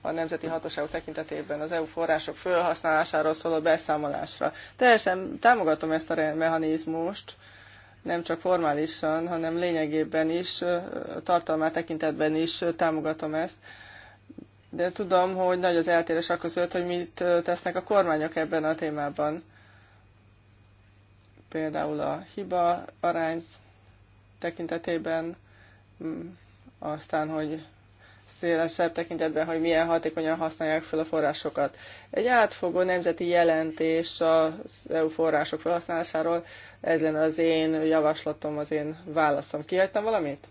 a nemzeti hatóságok tekintetében az EU források felhasználásáról szóló beszámolásra. Teljesen támogatom ezt a mechanizmust, nem csak formálisan, hanem lényegében is, tartalmát tekintetben is támogatom ezt. De tudom, hogy nagy az eltérés a között, hogy mit tesznek a kormányok ebben a témában. Például a hiba arány tekintetében, mm, aztán, hogy szélesebb tekintetben, hogy milyen hatékonyan használják fel a forrásokat. Egy átfogó nemzeti jelentés az EU források felhasználásáról, ez lenne az én javaslatom, az én válaszom. Kihagytam valamit?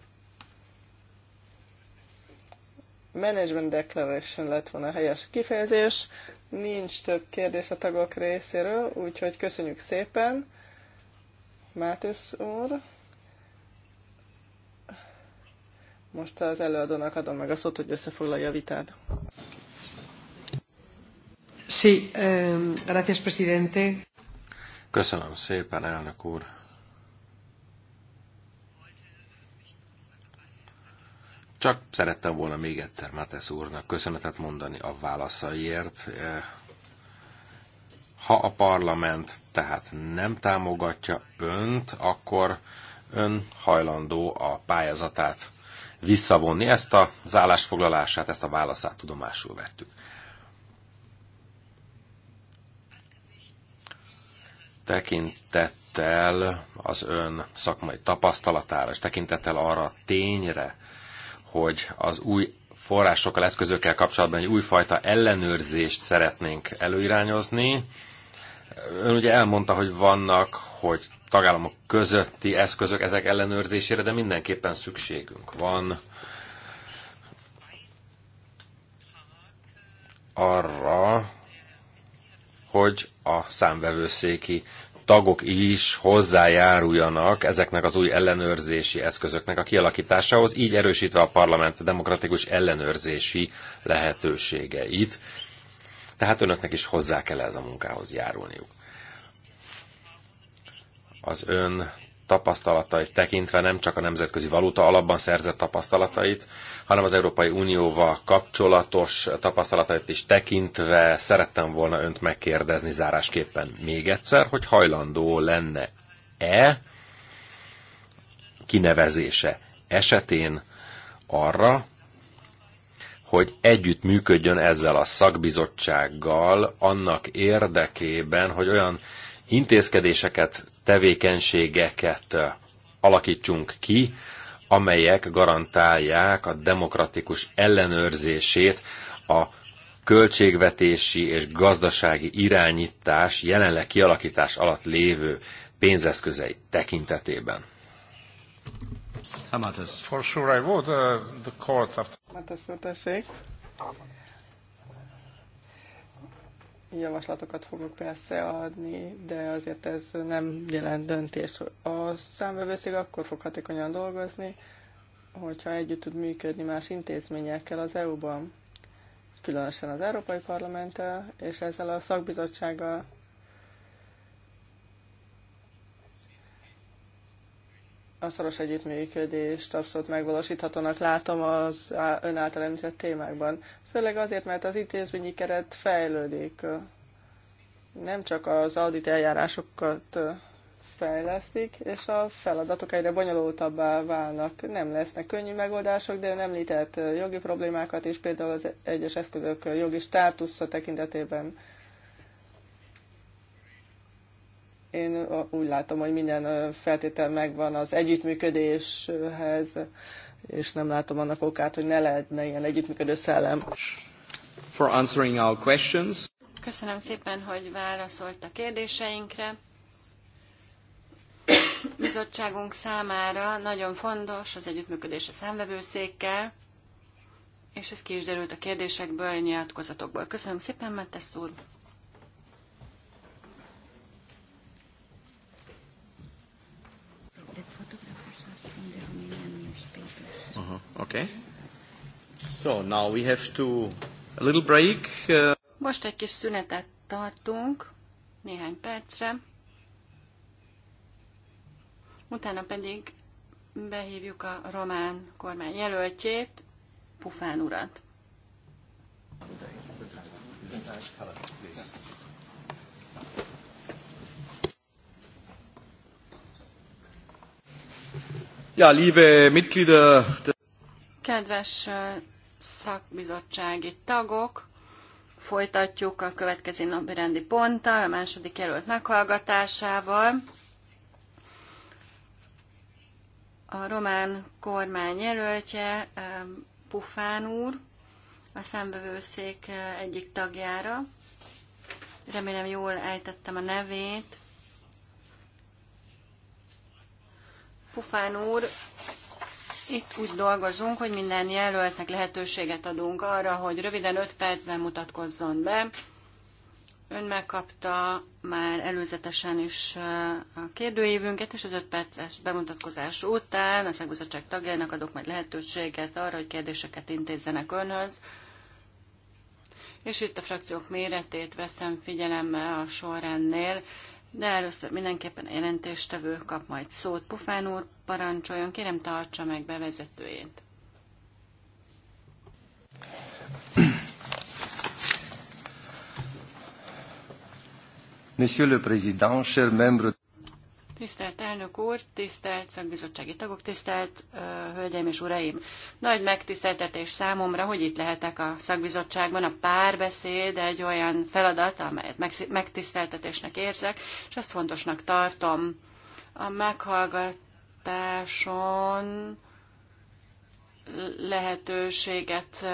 Management Declaration lett volna a helyes kifejezés. Nincs több kérdés a tagok részéről, úgyhogy köszönjük szépen, Mátusz úr. Most az előadónak adom meg a szót, hogy összefoglalja a vitát. Sí, eh, gracias, presidente. Köszönöm szépen, elnök úr. Csak szerettem volna még egyszer Matesz úrnak köszönetet mondani a válaszaiért. Eh, ha a parlament tehát nem támogatja önt, akkor ön hajlandó a pályázatát visszavonni. Ezt az állásfoglalását, ezt a válaszát tudomásul vettük. Tekintettel az ön szakmai tapasztalatára, és tekintettel arra a tényre, hogy az új forrásokkal, eszközökkel kapcsolatban egy újfajta ellenőrzést szeretnénk előirányozni. Ön ugye elmondta, hogy vannak, hogy tagállamok közötti eszközök ezek ellenőrzésére, de mindenképpen szükségünk van arra, hogy a számvevőszéki tagok is hozzájáruljanak ezeknek az új ellenőrzési eszközöknek a kialakításához, így erősítve a parlament demokratikus ellenőrzési lehetőségeit. Tehát önöknek is hozzá kell ez a munkához járulniuk az ön tapasztalatait tekintve nem csak a nemzetközi valuta alapban szerzett tapasztalatait, hanem az Európai Unióval kapcsolatos tapasztalatait is tekintve szerettem volna önt megkérdezni zárásképpen még egyszer, hogy hajlandó lenne-e kinevezése esetén arra, hogy együtt működjön ezzel a szakbizottsággal annak érdekében, hogy olyan intézkedéseket tevékenységeket alakítsunk ki, amelyek garantálják a demokratikus ellenőrzését a költségvetési és gazdasági irányítás jelenleg kialakítás alatt lévő pénzeszközei tekintetében. Hamatas. For sure I would. Uh, the court after. Hamatas, javaslatokat fogok persze adni, de azért ez nem jelent döntés. A számbevőszék akkor fog hatékonyan dolgozni, hogyha együtt tud működni más intézményekkel az EU-ban, különösen az Európai Parlamenttel, és ezzel a szakbizottsággal a szoros együttműködést abszolút megvalósíthatónak látom az ön által említett témákban. Főleg azért, mert az intézményi keret fejlődik. Nem csak az audit eljárásokat fejlesztik, és a feladatok egyre bonyolultabbá válnak. Nem lesznek könnyű megoldások, de nem említett jogi problémákat is, például az egyes eszközök jogi státusza tekintetében. Én úgy látom, hogy minden feltétel megvan az együttműködéshez, és nem látom annak okát, hogy ne lehetne ilyen együttműködő szellem. For answering our questions. Köszönöm szépen, hogy válaszolt a kérdéseinkre. Bizottságunk számára nagyon fontos az együttműködés a számvevőszékkel, és ez ki is derült a kérdésekből, nyilatkozatokból. Köszönöm szépen, Mattes úr! Okay. So now we have to a little break. Uh... Most egy kis szünetet tartunk, néhány percre. Utána pedig behívjuk a román kormány jelöltjét, Pufán urat. Ja, liebe Mitglieder Kedves szakbizottsági tagok, folytatjuk a következő napi rendi ponttal, a második jelölt meghallgatásával. A román kormány jelöltje Pufán úr, a szembevőszék egyik tagjára. Remélem jól ejtettem a nevét. Pufán úr itt úgy dolgozunk, hogy minden jelöltnek lehetőséget adunk arra, hogy röviden 5 percben mutatkozzon be. Ön megkapta már előzetesen is a kérdőívünket, és az 5 perces bemutatkozás után a szakbizottság tagjának adok majd lehetőséget arra, hogy kérdéseket intézzenek önhöz. És itt a frakciók méretét veszem figyelembe a sorrendnél, de először mindenképpen a jelentéstevő kap majd szót. Pufán úr, parancsoljon, kérem tartsa meg bevezetőjét. Monsieur le Président, cher membre... Tisztelt elnök úr, tisztelt szakbizottsági tagok, tisztelt uh, hölgyeim és uraim! Nagy megtiszteltetés számomra, hogy itt lehetek a szakbizottságban. A párbeszéd egy olyan feladat, amelyet megtiszteltetésnek érzek, és azt fontosnak tartom. A meghallgat oktatáson lehetőséget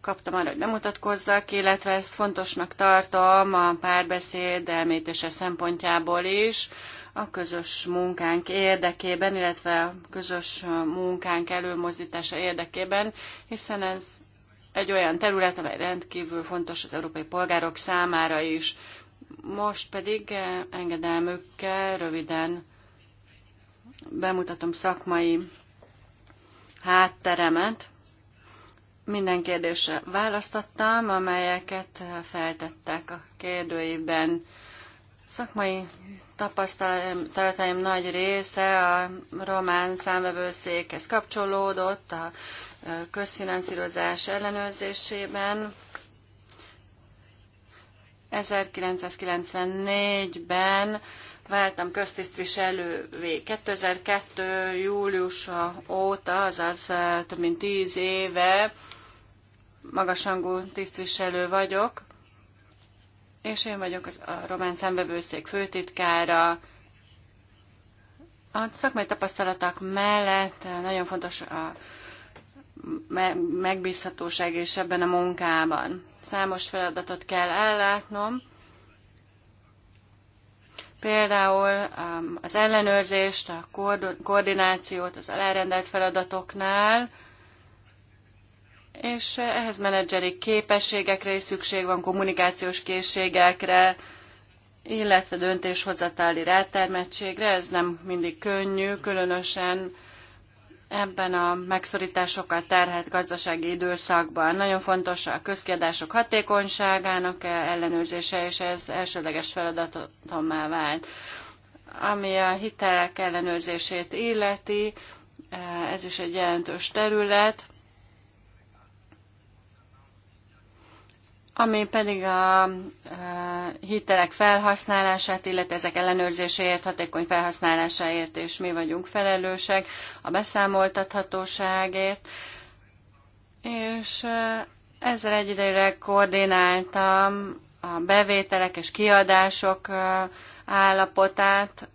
kaptam arra, hogy bemutatkozzak, illetve ezt fontosnak tartom a párbeszéd elmétése szempontjából is, a közös munkánk érdekében, illetve a közös munkánk előmozdítása érdekében, hiszen ez egy olyan terület, amely rendkívül fontos az európai polgárok számára is. Most pedig engedelmükkel röviden bemutatom szakmai hátteremet. Minden kérdésre választottam, amelyeket feltettek a kérdőívben. Szakmai tapasztalataim nagy része a román számvevőszékhez kapcsolódott, a közfinanszírozás ellenőrzésében. 1994-ben váltam köztisztviselővé. 2002. júliusa óta, azaz eh, több mint tíz éve magasrangú tisztviselő vagyok, és én vagyok az, a román szembevőszék főtitkára. A szakmai tapasztalatok mellett eh, nagyon fontos a megbízhatóság is ebben a munkában. Számos feladatot kell ellátnom, Például um, az ellenőrzést, a koordinációt az alárendelt feladatoknál, és ehhez menedzseri képességekre is szükség van, kommunikációs készségekre, illetve döntéshozatáli rátermettségre. Ez nem mindig könnyű, különösen ebben a megszorításokkal terhet gazdasági időszakban. Nagyon fontos a közkiadások hatékonyságának ellenőrzése, és ez elsődleges feladatommá vált. Ami a hitelek ellenőrzését illeti, ez is egy jelentős terület. Ami pedig a hitelek felhasználását, illetve ezek ellenőrzéséért, hatékony felhasználásáért, és mi vagyunk felelősek, a beszámoltathatóságért, és ezzel egyidejűleg koordináltam a bevételek és kiadások állapotát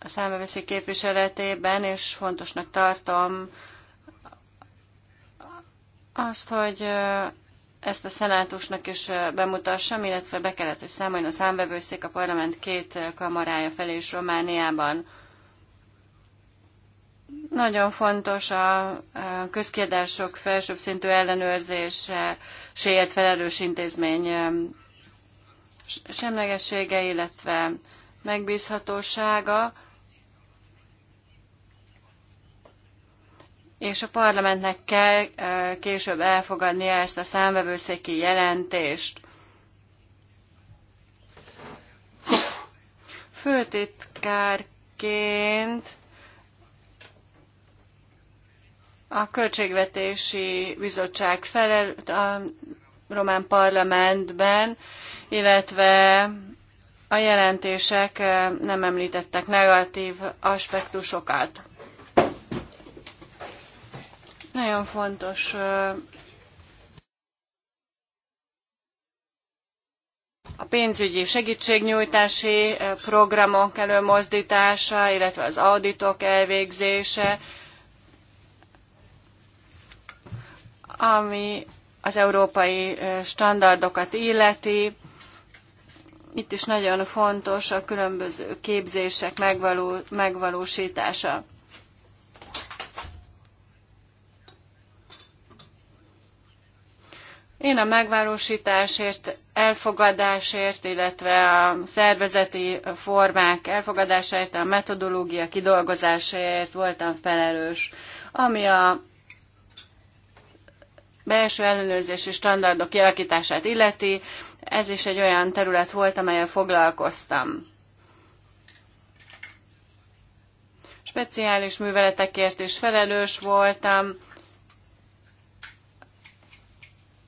a számbeveszi képviseletében, és fontosnak tartom azt, hogy ezt a szenátusnak is bemutassam, illetve be kellett, hogy számoljon a számvevőszék a parlament két kamarája felé is Romániában. Nagyon fontos a közkiadások felsőbb szintű ellenőrzéséért felelős intézmény semlegessége, illetve megbízhatósága. és a parlamentnek kell később elfogadnia ezt a számvevőszéki jelentést. Főtitkárként a Költségvetési Bizottság felel a román parlamentben, illetve a jelentések nem említettek negatív aspektusokat. Nagyon fontos a pénzügyi segítségnyújtási programok előmozdítása, illetve az auditok elvégzése, ami az európai standardokat illeti. Itt is nagyon fontos a különböző képzések megvalósítása. Én a megvalósításért, elfogadásért, illetve a szervezeti formák elfogadásáért, a metodológia kidolgozásáért voltam felelős. Ami a belső ellenőrzési standardok kialakítását illeti, ez is egy olyan terület volt, amelyel foglalkoztam. Speciális műveletekért is felelős voltam,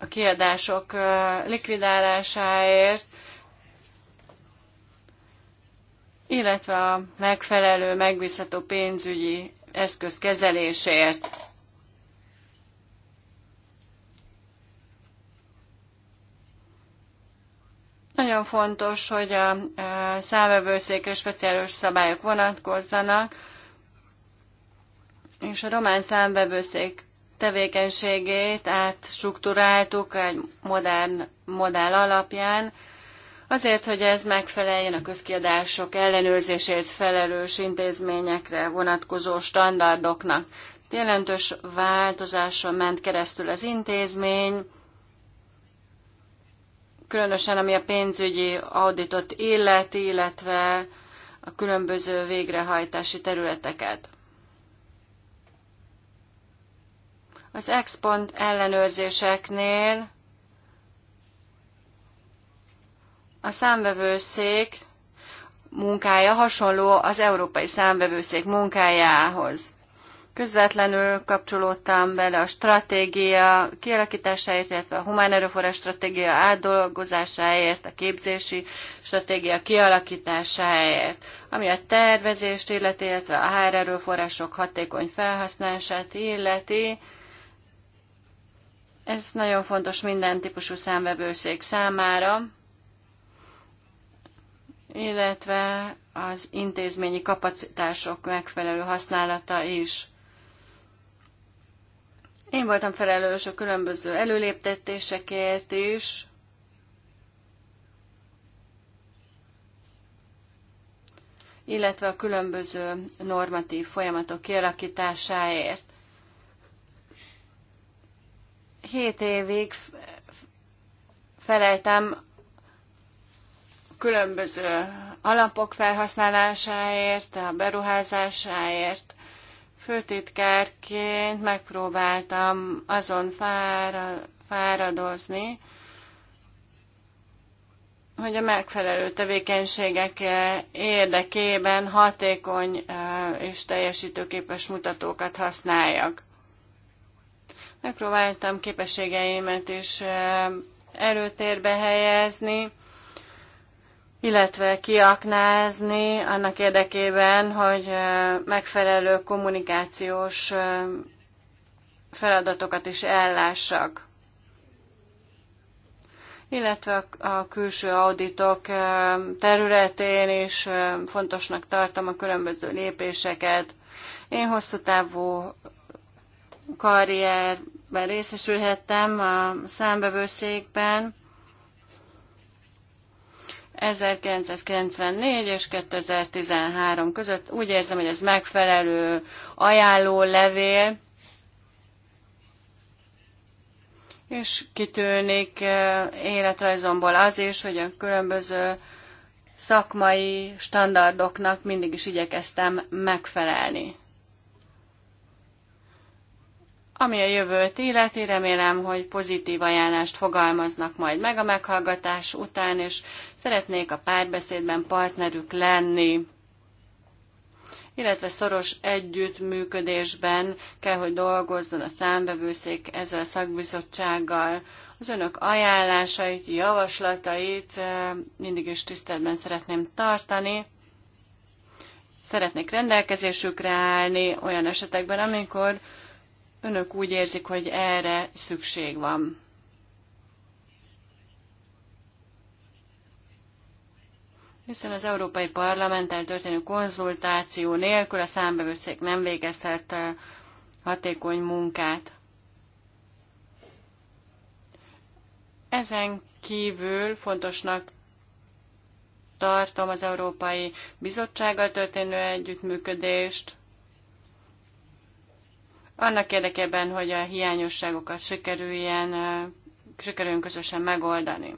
a kiadások likvidálásáért, illetve a megfelelő, megbízható pénzügyi eszköz kezeléséért. Nagyon fontos, hogy a számvevőszékre speciális szabályok vonatkozzanak, és a román számvevőszék tevékenységét átstruktúráltuk egy modern modell alapján, azért, hogy ez megfeleljen a közkiadások ellenőrzését felelős intézményekre vonatkozó standardoknak. Jelentős változáson ment keresztül az intézmény, különösen ami a pénzügyi auditot illeti, illetve a különböző végrehajtási területeket. Az expont ellenőrzéseknél a számvevőszék munkája hasonló az Európai Számvevőszék munkájához. Közvetlenül kapcsolódtam bele a stratégia kialakításáért, illetve a humán erőforrás stratégia átdolgozásáért, a képzési stratégia kialakításáért, ami a tervezést illeti, illetve a HR erőforrások hatékony felhasználását illeti, ez nagyon fontos minden típusú számvevőszék számára, illetve az intézményi kapacitások megfelelő használata is. Én voltam felelős a különböző előléptetésekért is, illetve a különböző normatív folyamatok kialakításáért. Két évig feleltem különböző alapok felhasználásáért, a beruházásáért. Főtitkárként megpróbáltam azon fára, fáradozni, hogy a megfelelő tevékenységek érdekében hatékony eh, és teljesítőképes mutatókat használjak. Megpróbáltam képességeimet is előtérbe helyezni, illetve kiaknázni annak érdekében, hogy megfelelő kommunikációs feladatokat is ellássak. Illetve a külső auditok területén is fontosnak tartom a különböző lépéseket. Én hosszú távú karrier ben részesülhettem a számbevőszékben 1994 és 2013 között. Úgy érzem, hogy ez megfelelő ajánló levél, és kitűnik eh, életrajzomból az is, hogy a különböző szakmai standardoknak mindig is igyekeztem megfelelni. Ami a jövőt illeti, remélem, hogy pozitív ajánlást fogalmaznak majd meg a meghallgatás után, és szeretnék a párbeszédben partnerük lenni illetve szoros együttműködésben kell, hogy dolgozzon a számbevőszék ezzel a szakbizottsággal. Az önök ajánlásait, javaslatait eh, mindig is tiszteletben szeretném tartani. Szeretnék rendelkezésükre állni olyan esetekben, amikor önök úgy érzik, hogy erre szükség van. Hiszen az Európai Parlamenttel történő konzultáció nélkül a számbevőszék nem végezhet hatékony munkát. Ezen kívül fontosnak tartom az Európai Bizottsággal történő együttműködést, annak érdekében, hogy a hiányosságokat sikerüljen, sikerüljön közösen megoldani.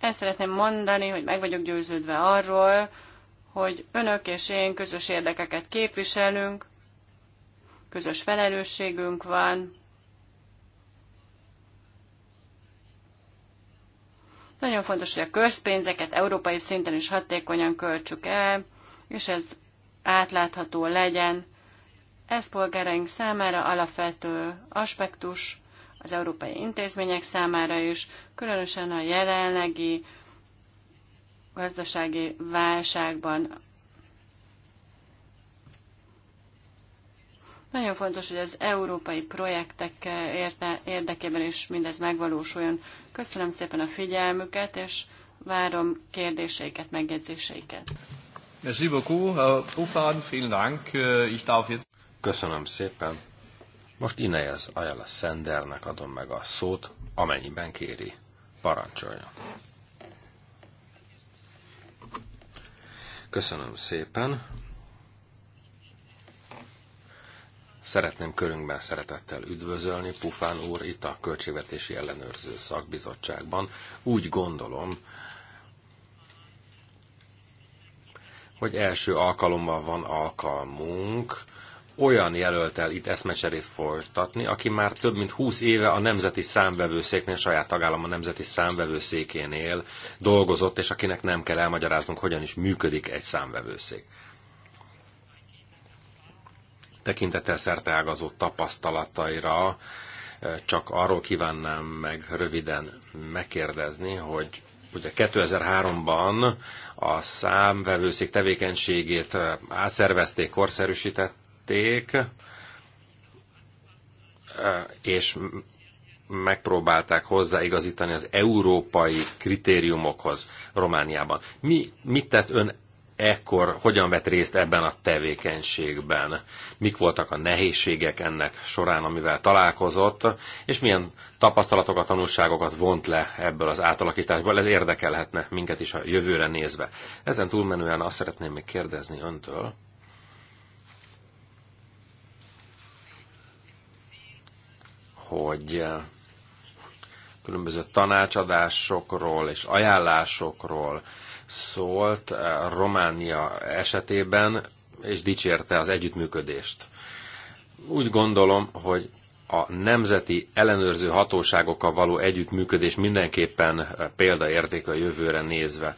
Ezt szeretném mondani, hogy meg vagyok győződve arról, hogy önök és én közös érdekeket képviselünk, közös felelősségünk van. Nagyon fontos, hogy a közpénzeket európai szinten is hatékonyan költsük el, és ez átlátható legyen. Ez polgáraink számára alapvető aspektus, az európai intézmények számára is, különösen a jelenlegi gazdasági válságban. Nagyon fontos, hogy az európai projektek érdekében is mindez megvalósuljon. Köszönöm szépen a figyelmüket, és várom kérdéseiket, megjegyzéseiket. Merci beaucoup, Herr vielen Dank. Äh, ich darf jetzt... Köszönöm szépen. Most Inez Ayala Sendernek adom meg a szót, amennyiben kéri. Parancsolja. Köszönöm szépen. Szeretném körünkben szeretettel üdvözölni Pufán úr itt a Költségvetési Ellenőrző Szakbizottságban. Úgy gondolom, hogy első alkalommal van alkalmunk olyan jelöltel itt eszmecserét folytatni, aki már több mint 20 éve a Nemzeti Számvevőszéknél, saját tagállama Nemzeti Számvevőszékénél dolgozott, és akinek nem kell elmagyaráznunk, hogyan is működik egy számvevőszék. Tekintettel ágazó tapasztalataira eh, csak arról kívánnám meg röviden megkérdezni, hogy ugye 2003-ban a számvevőszék tevékenységét átszervezték, korszerűsítették, és megpróbálták hozzáigazítani az európai kritériumokhoz Romániában. Mi, mit tett ön ekkor hogyan vett részt ebben a tevékenységben, mik voltak a nehézségek ennek során, amivel találkozott, és milyen tapasztalatokat, tanulságokat vont le ebből az átalakításból. Ez érdekelhetne minket is a jövőre nézve. Ezen túlmenően azt szeretném még kérdezni öntől, hogy eh, különböző tanácsadásokról és ajánlásokról, szólt eh, Románia esetében, és dicsérte az együttműködést. Úgy gondolom, hogy a nemzeti ellenőrző hatóságokkal való együttműködés mindenképpen eh, példaértékű a jövőre nézve.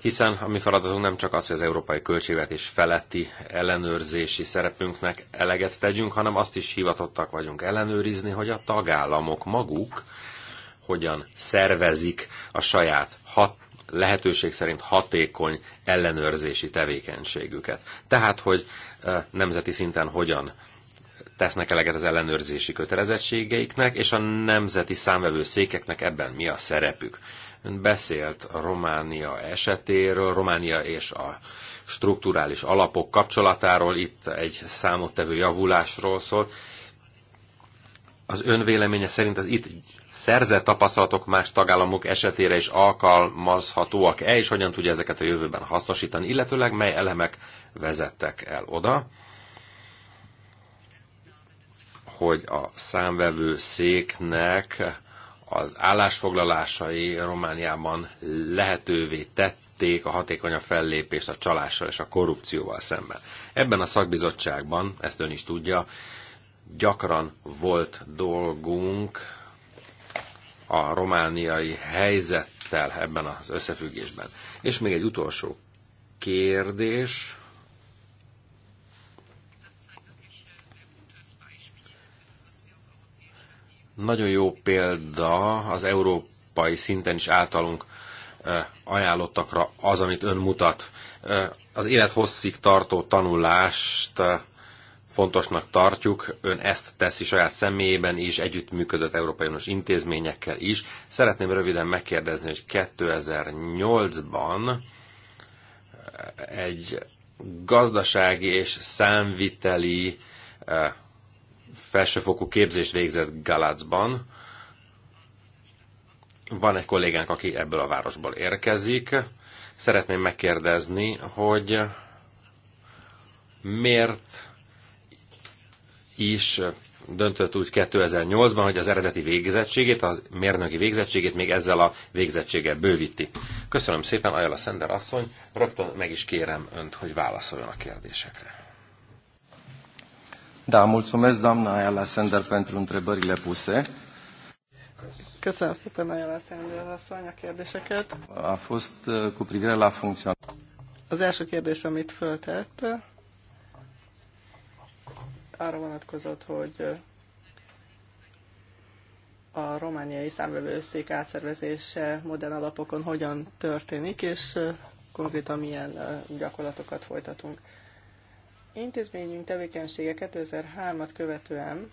Hiszen a mi feladatunk nem csak az, hogy az európai költségvetés feletti ellenőrzési szerepünknek eleget tegyünk, hanem azt is hivatottak vagyunk ellenőrizni, hogy a tagállamok maguk hogyan szervezik a saját hat lehetőség szerint hatékony ellenőrzési tevékenységüket. Tehát, hogy nemzeti szinten hogyan tesznek eleget az ellenőrzési kötelezettségeiknek, és a nemzeti számvevőszékeknek ebben mi a szerepük. Ön beszélt Románia esetéről, Románia és a strukturális alapok kapcsolatáról, itt egy számottevő javulásról szól. Az ön véleménye szerint az itt szerzett tapasztalatok más tagállamok esetére is alkalmazhatóak-e, és hogyan tudja ezeket a jövőben hasznosítani, illetőleg mely elemek vezettek el oda, hogy a számvevő széknek az állásfoglalásai Romániában lehetővé tették a hatékonyabb fellépést a csalással és a korrupcióval szemben. Ebben a szakbizottságban, ezt ön is tudja, gyakran volt dolgunk a romániai helyzettel ebben az összefüggésben. És még egy utolsó kérdés. Nagyon jó példa az európai szinten is általunk ajánlottakra az, amit ön mutat. Az élethosszig tartó tanulást fontosnak tartjuk, ön ezt teszi saját személyében is, együttműködött Európai Uniós intézményekkel is. Szeretném röviden megkérdezni, hogy 2008-ban egy gazdasági és számviteli eh, felsőfokú képzést végzett Galacban. Van egy kollégánk, aki ebből a városból érkezik. Szeretném megkérdezni, hogy miért is döntött úgy 2008-ban, hogy az eredeti végzettségét, a mérnöki végzettségét még ezzel a végzettséggel bővíti. Köszönöm szépen, Ajala Szender asszony, rögtön meg is kérem önt, hogy válaszoljon a kérdésekre. Da, mulțumesc, doamna Ayala Sender, pentru întrebările puse. Köszönöm szépen, Ayala Sender asszony, a kérdéseket. A fost eh, cu privire la Az első kérdés, amit föltett, arra vonatkozott, hogy a romániai számvevőszék átszervezése modern alapokon hogyan történik, és konkrétan milyen gyakorlatokat folytatunk. Intézményünk tevékenysége 2003-at követően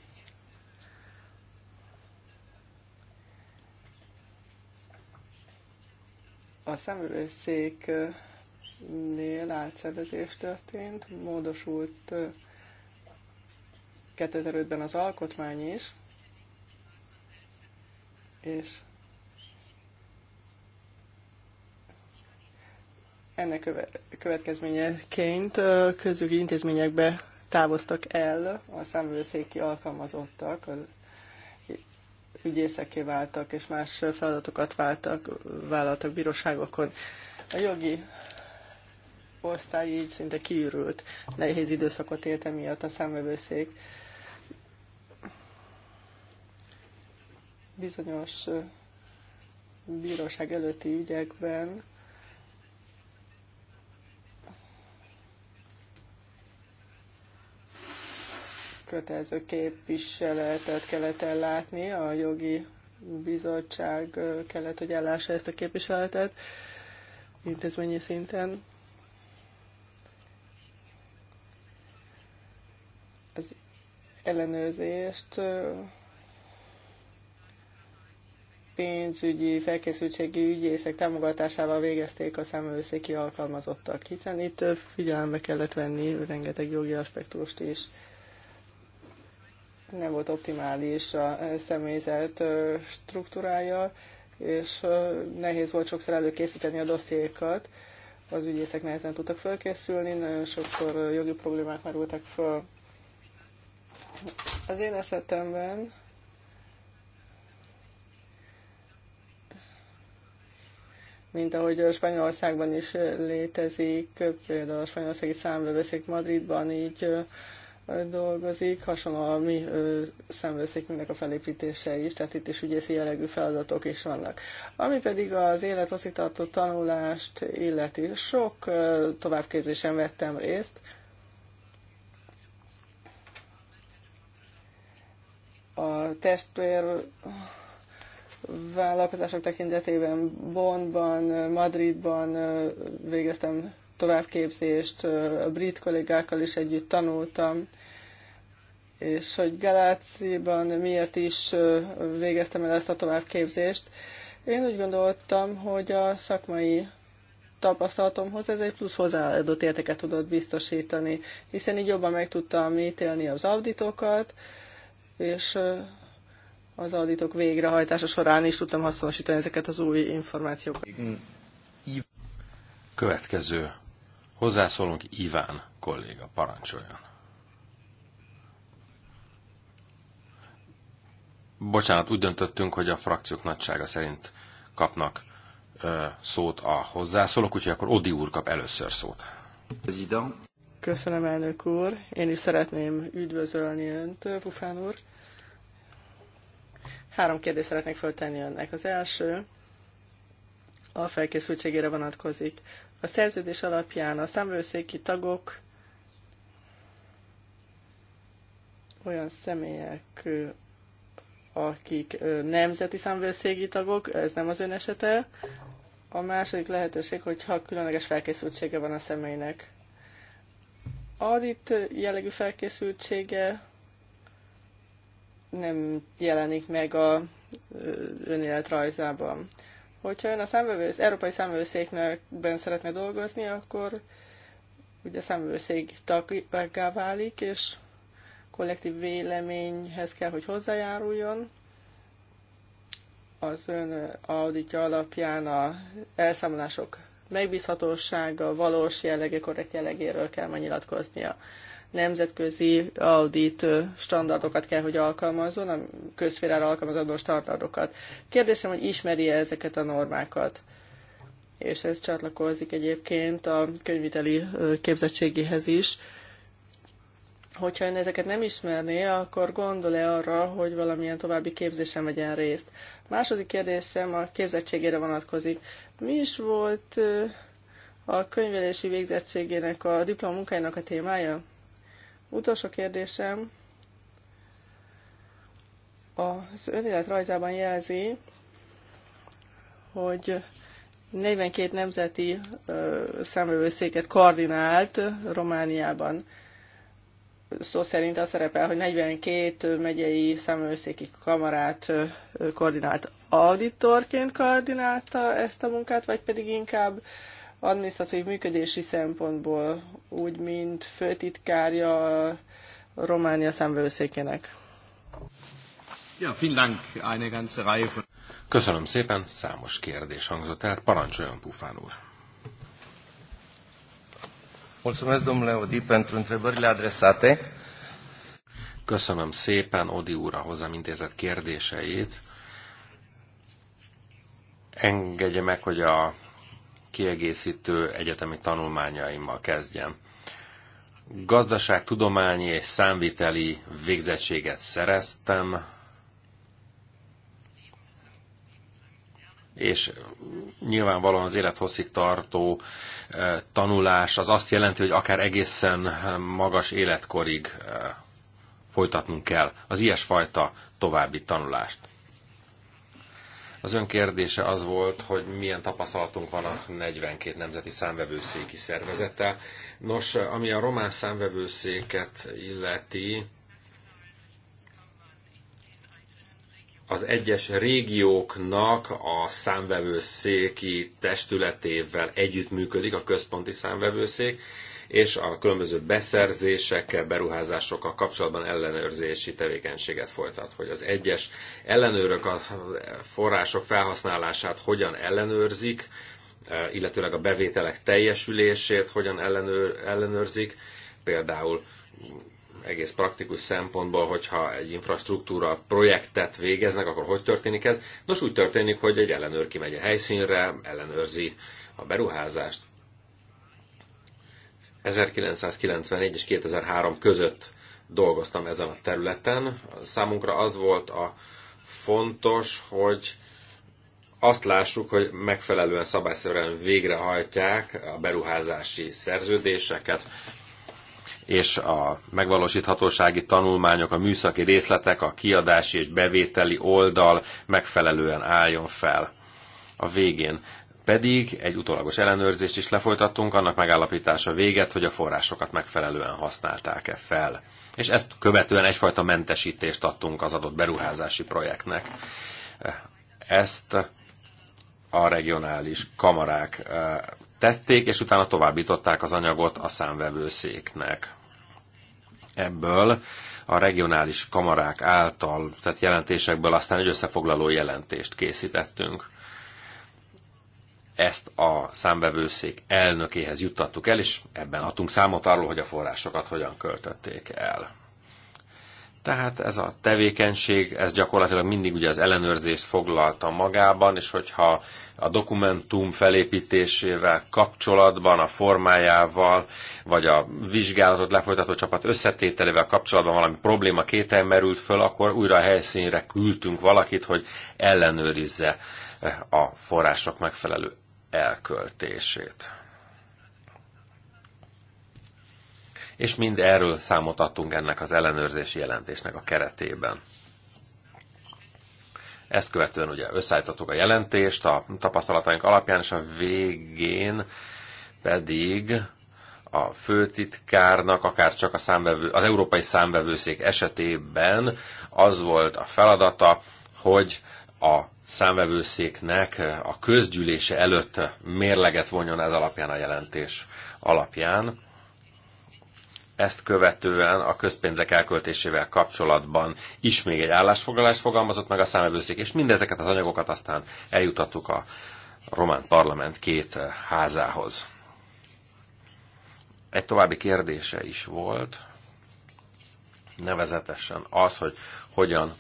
a számvevőszéknél átszervezés történt, módosult 2005-ben az alkotmány is, és ennek következményeként közügyi intézményekbe távoztak el a számvőszéki alkalmazottak, az ügyészeké váltak, és más feladatokat váltak, vállaltak bíróságokon. A jogi osztály így szinte kiürült. Nehéz időszakot élt emiatt a számvevőszék. bizonyos bíróság előtti ügyekben kötelező képviseletet kellett ellátni, a jogi bizottság kellett, hogy ellássa ezt a képviseletet intézményi szinten. Az ellenőrzést pénzügyi felkészültségi ügyészek támogatásával végezték a számolőszéki alkalmazottak, hiszen itt figyelembe kellett venni rengeteg jogi aspektust is. Nem volt optimális a személyzet struktúrája, és nehéz volt sokszor előkészíteni a dossziékat. Az ügyészek nehezen tudtak felkészülni, nagyon sokszor jogi problémák merültek föl. Az én esetemben mint ahogy Spanyolországban is létezik, például a spanyolországi számvevőszék Madridban így dolgozik, hasonló a mi szemvőszékünknek a felépítése is, tehát itt is ügyészi jellegű feladatok is vannak. Ami pedig az élethosszígtartó tanulást illeti, sok továbbképzésen vettem részt, a testvér vállalkozások tekintetében Bonnban, Madridban végeztem továbbképzést, a brit kollégákkal is együtt tanultam, és hogy Galáciban miért is végeztem el ezt a továbbképzést. Én úgy gondoltam, hogy a szakmai tapasztalatomhoz ez egy plusz hozzáadott értéket tudott biztosítani, hiszen így jobban meg tudtam ítélni az auditokat, és az auditok végrehajtása során is tudtam hasznosítani ezeket az új információkat. Következő hozzászólunk Iván kolléga, parancsoljon. Bocsánat, úgy döntöttünk, hogy a frakciók nagysága szerint kapnak ö, szót a hozzászólók, úgyhogy akkor Odi úr kap először szót. Köszönöm, elnök úr. Én is szeretném üdvözölni önt, Pufán úr. Három kérdést szeretnék föltenni önnek. Az első a felkészültségére vonatkozik. A szerződés alapján a számvőszéki tagok olyan személyek, akik nemzeti számvőszégi tagok, ez nem az ön esete. A második lehetőség, hogyha különleges felkészültsége van a személynek. itt jellegű felkészültsége nem jelenik meg a önéletrajzában. Hogyha ön a számvevősz, európai számvevőszéknekben szeretne dolgozni, akkor ugye számvevőszék taggá válik, és kollektív véleményhez kell, hogy hozzájáruljon. Az ön auditja alapján a elszámolások megbízhatósága, valós jellege, korrekt jellegéről kell majd nyilatkoznia nemzetközi audit standardokat kell, hogy alkalmazzon, a közférára alkalmazandó standardokat. Kérdésem, hogy ismeri-e ezeket a normákat? És ez csatlakozik egyébként a könyviteli képzettségihez is. Hogyha ön ezeket nem ismerné, akkor gondol-e arra, hogy valamilyen további képzésen vegyen részt? második kérdésem a képzettségére vonatkozik. Mi is volt a könyvelési végzettségének, a diplomunkájának a témája? Utolsó kérdésem az rajzában jelzi, hogy 42 nemzeti számövőszéket koordinált Romániában. Szó szerint az szerepel, hogy 42 megyei számövőszéki kamarát koordinált auditorként koordinálta ezt a munkát, vagy pedig inkább administratív működési szempontból, úgy, mint főtitkárja a Románia számvevőszékének. Ja, vielen Dank, eine ganze Reihe von... Köszönöm szépen, számos kérdés hangzott el. Parancsoljon, Pufán úr! Köszönöm szépen Odi úr a hozzám intézett kérdéseit. Engedje meg, hogy a kiegészítő egyetemi tanulmányaimmal kezdjem. Gazdaságtudományi és számviteli végzettséget szereztem, és nyilvánvalóan az élethosszig tartó eh, tanulás az azt jelenti, hogy akár egészen magas életkorig eh, folytatnunk kell az ilyesfajta további tanulást. Az ön kérdése az volt, hogy milyen tapasztalatunk van a 42 nemzeti számvevőszéki szervezettel. Nos, ami a román számvevőszéket illeti, az egyes régióknak a számvevőszéki testületével együttműködik a központi számvevőszék, és a különböző beszerzésekkel, beruházásokkal kapcsolatban ellenőrzési tevékenységet folytat, hogy az egyes ellenőrök a források felhasználását hogyan ellenőrzik, e, illetőleg a bevételek teljesülését hogyan ellenőr, ellenőrzik, például egész praktikus szempontból, hogyha egy infrastruktúra projektet végeznek, akkor hogy történik ez? Nos, úgy történik, hogy egy ellenőr kimegy a helyszínre, ellenőrzi a beruházást, 1991 és 2003 között dolgoztam ezen a területen. Számunkra az volt a fontos, hogy azt lássuk, hogy megfelelően szabályszerűen végrehajtják a beruházási szerződéseket, és a megvalósíthatósági tanulmányok, a műszaki részletek, a kiadási és bevételi oldal megfelelően álljon fel. A végén pedig egy utolagos ellenőrzést is lefolytattunk, annak megállapítása véget, hogy a forrásokat megfelelően használták-e fel. És ezt követően egyfajta mentesítést adtunk az adott beruházási projektnek. Ezt a regionális kamarák eh, tették, és utána továbbították az anyagot a számvevőszéknek. Ebből a regionális kamarák által, tehát jelentésekből aztán egy összefoglaló jelentést készítettünk ezt a számbevőszék elnökéhez juttattuk el, és ebben adtunk számot arról, hogy a forrásokat hogyan költötték el. Tehát ez a tevékenység, ez gyakorlatilag mindig ugye az ellenőrzést foglalta magában, és hogyha a dokumentum felépítésével kapcsolatban, a formájával, vagy a vizsgálatot lefolytató csapat összetételével kapcsolatban valami probléma kétel merült föl, akkor újra a helyszínre küldtünk valakit, hogy ellenőrizze a források megfelelő elköltését. És mind erről számot adtunk ennek az ellenőrzési jelentésnek a keretében. Ezt követően ugye összeállítottuk a jelentést a tapasztalataink alapján, és a végén pedig a főtitkárnak, akár csak a számbevő, az európai számbevőszék esetében az volt a feladata, hogy a számvevőszéknek a közgyűlése előtt mérleget vonjon ez alapján a jelentés alapján. Ezt követően a közpénzek elköltésével kapcsolatban is még egy állásfoglalás fogalmazott meg a számvevőszék, és mindezeket az anyagokat aztán eljutattuk a román parlament két házához. Egy további kérdése is volt, nevezetesen az, hogy hogyan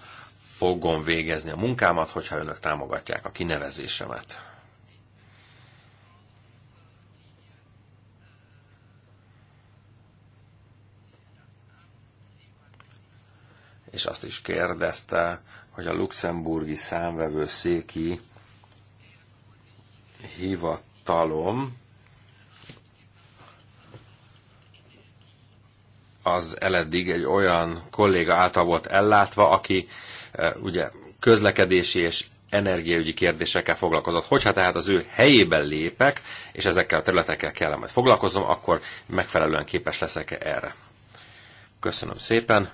fogom végezni a munkámat, hogyha önök támogatják a kinevezésemet. És azt is kérdezte, hogy a luxemburgi számvevő széki hivatalom az eleddig egy olyan kolléga által volt ellátva, aki ugye közlekedési és energiaügyi kérdésekkel foglalkozott. Hogyha tehát az ő helyében lépek, és ezekkel a területekkel kell majd foglalkozom, akkor megfelelően képes leszek -e erre. Köszönöm szépen.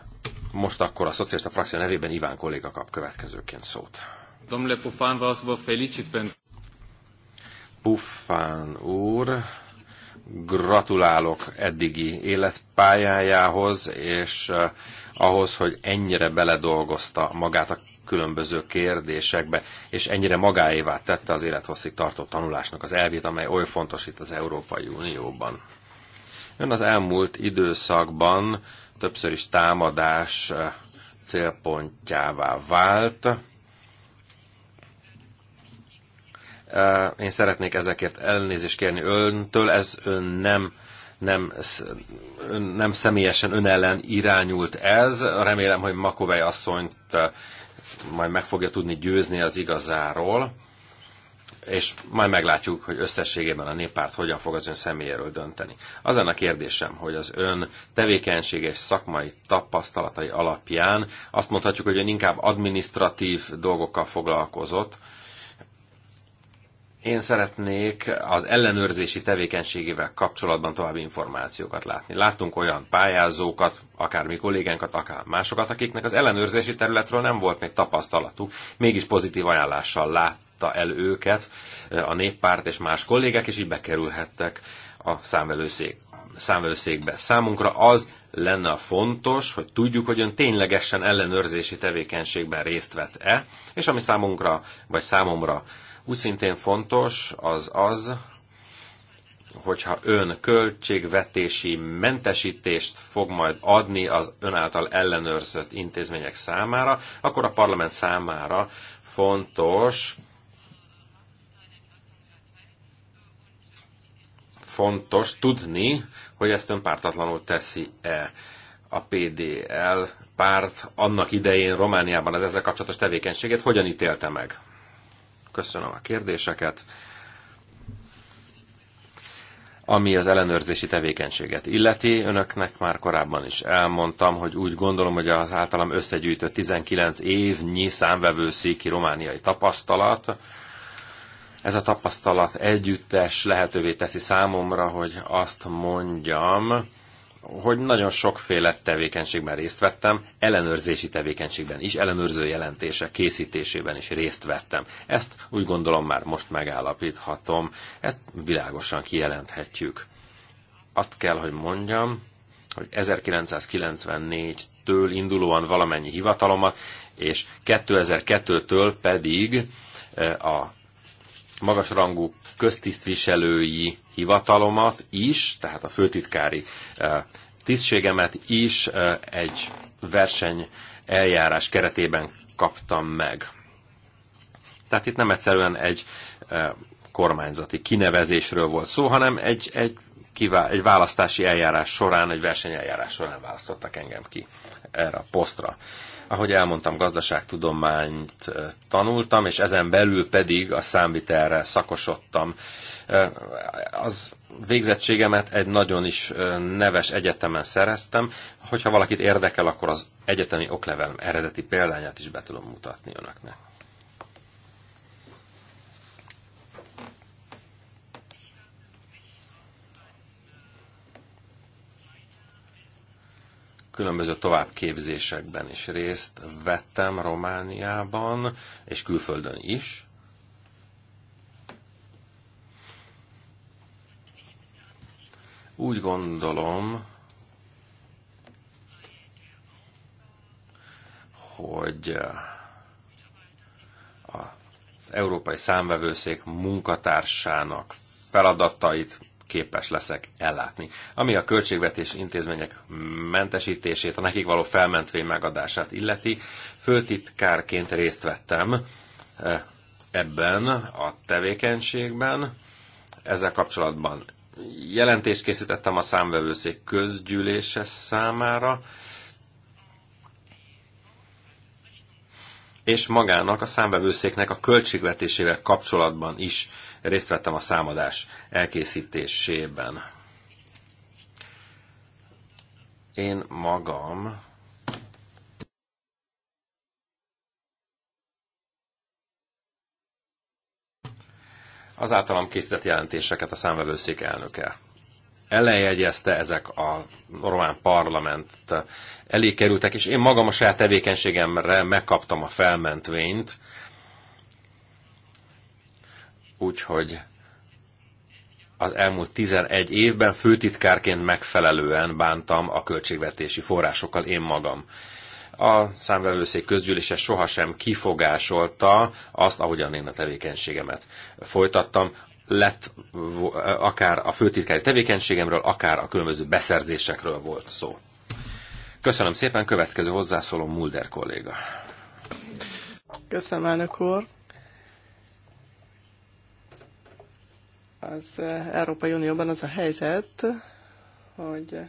Most akkor a szocialista frakció nevében Iván kolléga kap következőként szót. Domnule Pufán, vă felicit pentru... Pufán úr, gratulálok eddigi életpályájához, és eh, ahhoz, hogy ennyire beledolgozta magát a különböző kérdésekbe, és ennyire magáévá tette az élethosszig tartó tanulásnak az elvét, amely oly fontos itt az Európai Unióban. Ön az elmúlt időszakban többször is támadás eh, célpontjává vált, Eh, én szeretnék ezekért elnézést kérni öntől, ez ön nem nem, ön, nem személyesen ön ellen irányult ez. Remélem, hogy Makovej asszonyt eh, majd meg fogja tudni győzni az igazáról, és majd meglátjuk, hogy összességében a néppárt hogyan fog az ön személyéről dönteni. Az a kérdésem, hogy az ön tevékenység és szakmai tapasztalatai alapján azt mondhatjuk, hogy ön inkább administratív dolgokkal foglalkozott, én szeretnék az ellenőrzési tevékenységével kapcsolatban további információkat látni. Láttunk olyan pályázókat, akár mi kollégánkat, akár másokat, akiknek az ellenőrzési területről nem volt még tapasztalatuk, mégis pozitív ajánlással látta el őket eh, a néppárt és más kollégák, és így bekerülhettek a számvelőszék, számvelőszékbe. Számunkra az lenne a fontos, hogy tudjuk, hogy ön ténylegesen ellenőrzési tevékenységben részt vett-e, és ami számunkra, vagy számomra úgy szintén fontos az az, hogyha ön költségvetési mentesítést fog majd adni az ön által ellenőrzött intézmények számára, akkor a parlament számára fontos, fontos tudni, hogy ezt önpártatlanul teszi-e a PDL párt annak idején Romániában az ezzel kapcsolatos tevékenységet hogyan ítélte meg? köszönöm a kérdéseket. Ami az ellenőrzési tevékenységet illeti, önöknek már korábban is elmondtam, hogy úgy gondolom, hogy az általam összegyűjtött 19 évnyi széki romániai tapasztalat, ez a tapasztalat együttes lehetővé teszi számomra, hogy azt mondjam, hogy nagyon sokféle tevékenységben részt vettem, ellenőrzési tevékenységben is, ellenőrző jelentése készítésében is részt vettem. Ezt úgy gondolom már most megállapíthatom, ezt világosan kijelenthetjük. Azt kell, hogy mondjam, hogy 1994-től indulóan valamennyi hivatalomat, és 2002-től pedig eh, a magasrangú köztisztviselői hivatalomat is, tehát a főtitkári eh, tisztségemet is eh, egy verseny eljárás keretében kaptam meg. Tehát itt nem egyszerűen egy eh, kormányzati kinevezésről volt szó, hanem egy, egy, kivá- egy választási eljárás során, egy versenyeljárás során választottak engem ki erre a posztra. Ahogy elmondtam, gazdaságtudományt tanultam, és ezen belül pedig a számvitelre szakosodtam. Az végzettségemet egy nagyon is neves egyetemen szereztem. Hogyha valakit érdekel, akkor az egyetemi oklevelem eredeti példányát is be tudom mutatni önöknek. különböző továbbképzésekben is részt vettem Romániában és külföldön is. Úgy gondolom, hogy eh, az Európai Számvevőszék munkatársának feladatait képes leszek ellátni. Ami a költségvetés intézmények mentesítését, a nekik való felmentvény megadását illeti, főtitkárként részt vettem eh, ebben a tevékenységben. Ezzel kapcsolatban jelentést készítettem a számvevőszék közgyűlése számára, és magának a számvevőszéknek a költségvetésével kapcsolatban is részt vettem a számadás elkészítésében. Én magam az általam készített jelentéseket a számvevőszék elnöke ellenjegyezte, ezek a román parlament elé kerültek, és én magam a saját tevékenységemre megkaptam a felmentvényt, Úgyhogy az elmúlt 11 évben főtitkárként megfelelően bántam a költségvetési forrásokkal én magam. A számvevőszék közgyűlése sohasem kifogásolta azt, ahogyan én a tevékenységemet folytattam, lett akár a főtitkári tevékenységemről, akár a különböző beszerzésekről volt szó. Köszönöm szépen, következő hozzászóló Mulder kolléga. Köszönöm, elnök úr. Az Európai Unióban az a helyzet, hogy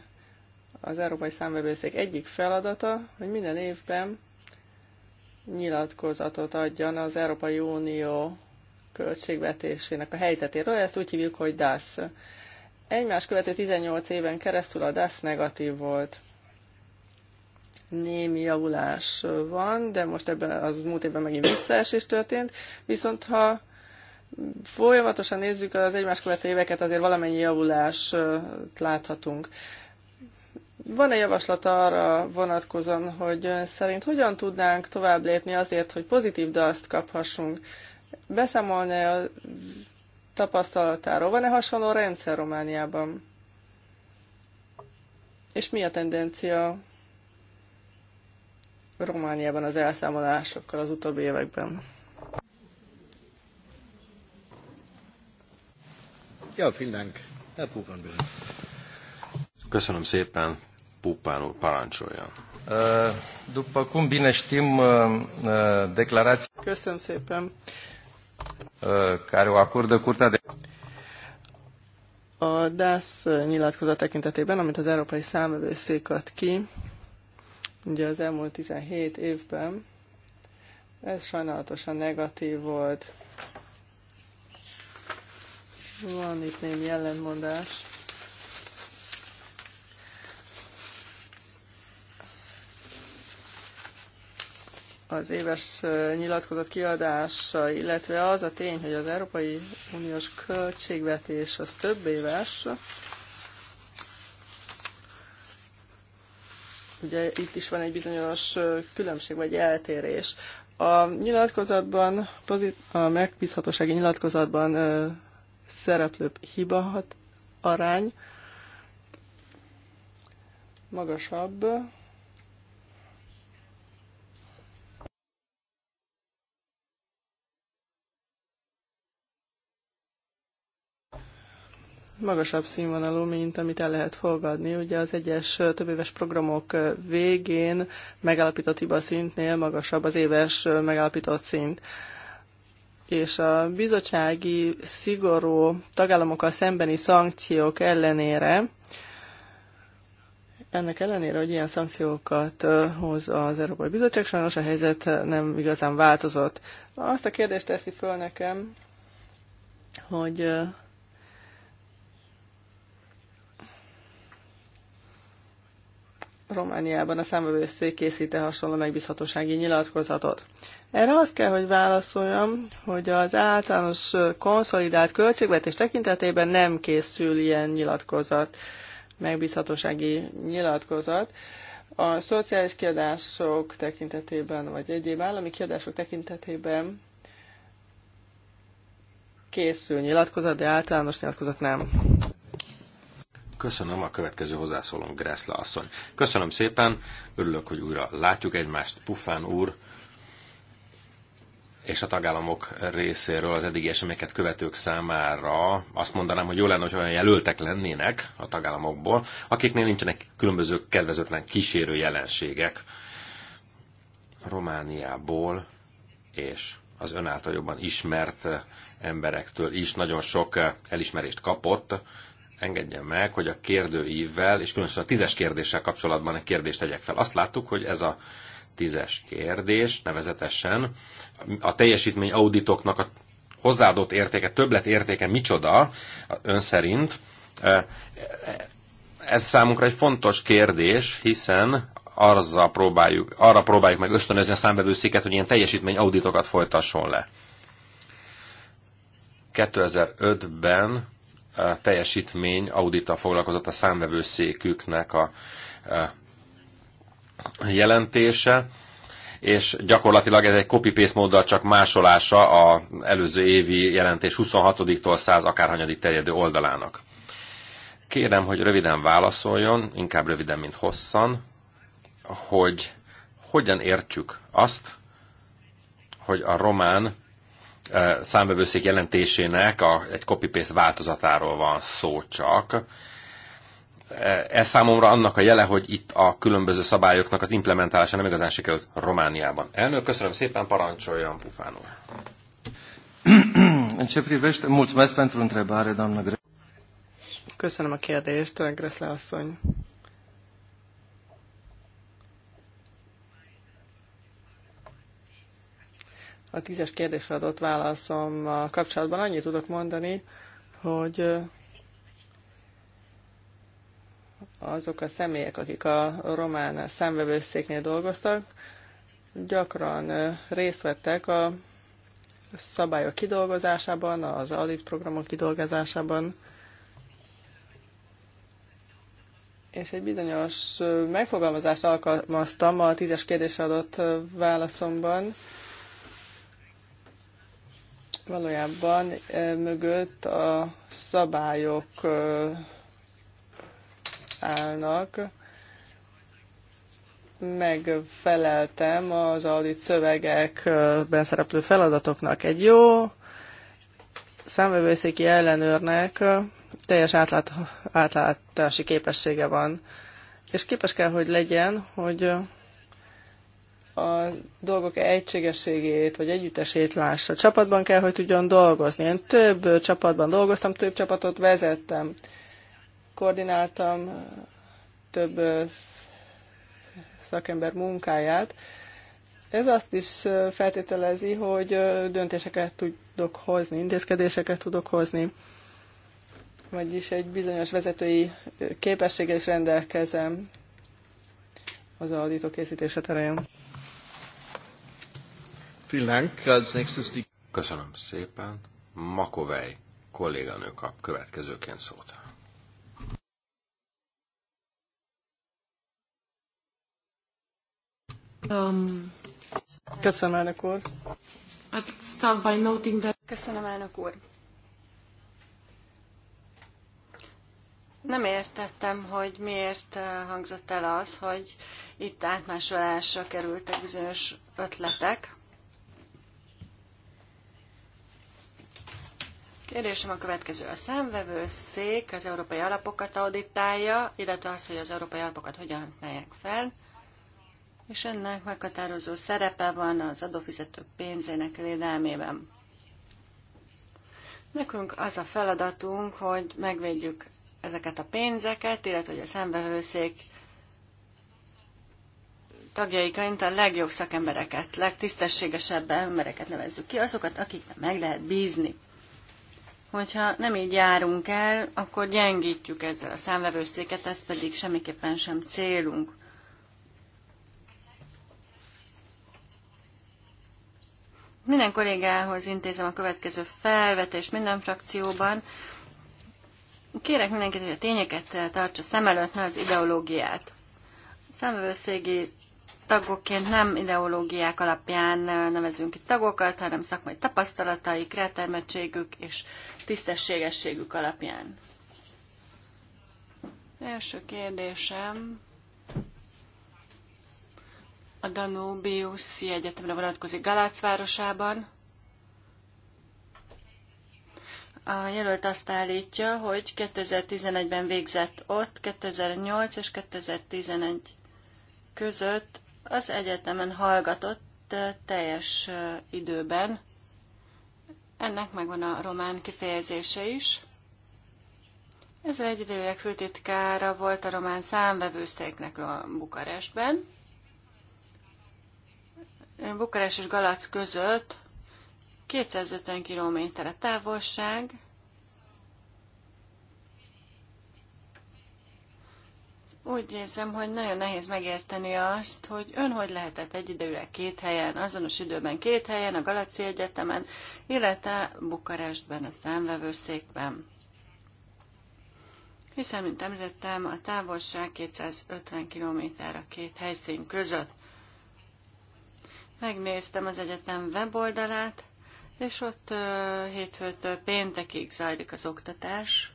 az Európai Számvevőszék egyik feladata, hogy minden évben nyilatkozatot adjan az Európai Unió költségvetésének a helyzetéről, ezt úgy hívjuk, hogy DASZ. Egymás követő 18 éven keresztül a DASZ negatív volt. Némi javulás van, de most ebben az múlt évben megint visszaesés történt, viszont ha folyamatosan nézzük az egymás követő éveket, azért valamennyi javulást láthatunk. Van-e javaslat arra vonatkozóan, hogy szerint hogyan tudnánk tovább lépni azért, hogy pozitív daszt kaphassunk? Beszámolni -e a tapasztalatáról? Van-e hasonló rendszer Romániában? És mi a tendencia Romániában az elszámolásokkal az utóbbi években? Ja, vielen Dank. Herr Pupan, bitte. Köszönöm szépen. Pupán úr, parancsolja. După cum bine știm, declarația... Köszönöm szépen. Care o acordă Curtea de... A DASZ nyilatkozat tekintetében, amit az Európai Számvevőszék ad ki, ugye az elmúlt 17 évben, ez sajnálatosan negatív volt. Van itt némi ellentmondás. Az éves nyilatkozat kiadása, illetve az a tény, hogy az Európai Uniós költségvetés az több éves, ugye itt is van egy bizonyos különbség vagy eltérés. A nyilatkozatban, a megbízhatósági nyilatkozatban szereplő hiba hat arány magasabb, magasabb színvonalú, mint amit el lehet fogadni. Ugye az egyes többéves programok végén megállapított hiba szintnél magasabb az éves megállapított szint és a bizottsági szigorú tagállamokkal szembeni szankciók ellenére, ennek ellenére, hogy ilyen szankciókat hoz az Európai Bizottság, sajnos a helyzet nem igazán változott. Azt a kérdést teszi föl nekem, hogy Romániában a számvevőszék készíte hasonló megbízhatósági nyilatkozatot. Erre azt kell, hogy válaszoljam, hogy az általános konszolidált költségvetés tekintetében nem készül ilyen nyilatkozat, megbízhatósági nyilatkozat. A szociális kiadások tekintetében, vagy egyéb állami kiadások tekintetében készül nyilatkozat, de általános nyilatkozat nem. Köszönöm a következő hozzászólom, Grászla asszony. Köszönöm szépen, örülök, hogy újra látjuk egymást, Pufán úr és a tagállamok részéről az eddigi eseményeket követők számára azt mondanám, hogy jó lenne, hogy olyan jelöltek lennének a tagállamokból, akiknél nincsenek különböző kedvezetlen kísérő jelenségek Romániából és az ön által jobban ismert emberektől is nagyon sok elismerést kapott engedjen meg, hogy a kérdőívvel, és különösen a tízes kérdéssel kapcsolatban egy kérdést tegyek fel. Azt láttuk, hogy ez a tízes kérdés nevezetesen a teljesítmény auditoknak a hozzáadott értéke, többlet értéke micsoda ön szerint. Ez számunkra egy fontos kérdés, hiszen arra próbáljuk, arra próbáljuk meg ösztönözni a számbevőszéket, hogy ilyen teljesítmény auditokat folytasson le. 2005-ben teljesítmény audita foglalkozott a számvevőszéküknek a jelentése, és gyakorlatilag ez egy copy-paste móddal csak másolása az előző évi jelentés 26-tól 100 akárhanyadik terjedő oldalának. Kérem, hogy röviden válaszoljon, inkább röviden, mint hosszan, hogy hogyan értsük azt, hogy a román számvevőszék jelentésének a, egy copy-paste változatáról van szó csak. Ez számomra annak a jele, hogy itt a különböző szabályoknak az implementálása nem igazán sikerült Romániában. Elnök, köszönöm szépen, parancsoljon Pufánul. Köszönöm a kérdést, Greszle asszony. a tízes kérdésre adott válaszom kapcsolatban annyit tudok mondani, hogy azok a személyek, akik a román szemvevőszéknél dolgoztak, gyakran részt vettek a szabályok kidolgozásában, az audit programok kidolgozásában, és egy bizonyos megfogalmazást alkalmaztam a tízes kérdésre adott válaszomban, valójában mögött a szabályok állnak. Megfeleltem az audit szövegekben szereplő feladatoknak. Egy jó számvevőszéki ellenőrnek teljes átlát, átlátási képessége van, és képes kell, hogy legyen, hogy a dolgok egységességét vagy együttesét lássa. Csapatban kell, hogy tudjon dolgozni. Én több csapatban dolgoztam, több csapatot vezettem, koordináltam több szakember munkáját. Ez azt is feltételezi, hogy döntéseket tudok hozni, intézkedéseket tudok hozni, vagyis egy bizonyos vezetői képességgel is rendelkezem az auditok készítése terén. Köszönöm szépen. Makovej kolléganő kap következőként szót. Um, Köszönöm, elnök úr. Start by noting that... Köszönöm, elnök úr. Nem értettem, hogy miért uh, hangzott el az, hogy itt átmásolásra kerültek bizonyos ötletek. Kérdésem a következő. A szék az európai alapokat auditálja, illetve azt, hogy az európai alapokat hogyan használják fel, és ennek meghatározó szerepe van az adófizetők pénzének védelmében. Nekünk az a feladatunk, hogy megvédjük ezeket a pénzeket, illetve hogy a számbevőszék tagjaikaint a legjobb szakembereket, legtisztességesebb embereket nevezzük ki, azokat, akiknek meg lehet bízni. Hogyha nem így járunk el, akkor gyengítjük ezzel a számvevőszéket, ez pedig semmiképpen sem célunk. Minden kollégához intézem a következő felvetést minden frakcióban. Kérek mindenkit, hogy a tényeket tartsa szem előtt, ne az ideológiát. Számvevőszégi tagokként nem ideológiák alapján nevezünk itt tagokat, hanem szakmai tapasztalataik, rátermettségük és tisztességességük alapján. Első kérdésem a Danubius Egyetemre vonatkozik Galácvárosában. A jelölt azt állítja, hogy 2011-ben végzett ott, 2008 és 2011 között az egyetemen hallgatott eh, teljes eh, időben. Ennek megvan a román kifejezése is. Ezzel egyidejűleg főtitkára volt a román számvevőszéknek a Bukarestben. Bukarest és Galac között 250 km a távolság, Úgy érzem, hogy nagyon nehéz megérteni azt, hogy ön hogy lehetett időre két helyen, azonos időben két helyen, a Galaci Egyetemen, illetve Bukarestben, a számvevőszékben. Hiszen, mint említettem, a távolság 250 km a két helyszín között. Megnéztem az egyetem weboldalát, és ott hétfőtől péntekig zajlik az oktatás.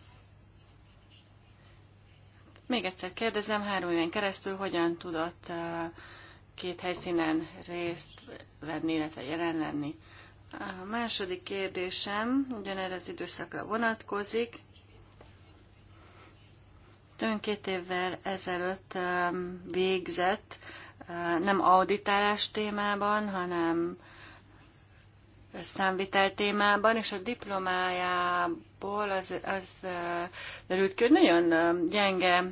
Még egyszer kérdezem, három éven keresztül hogyan tudott uh, két helyszínen részt venni, illetve jelen lenni. A második kérdésem ugyanerre az időszakra vonatkozik. Ön két évvel ezelőtt um, végzett uh, nem auditálás témában, hanem számvitel témában, és a diplomájából az, az derült ki, hogy nagyon gyenge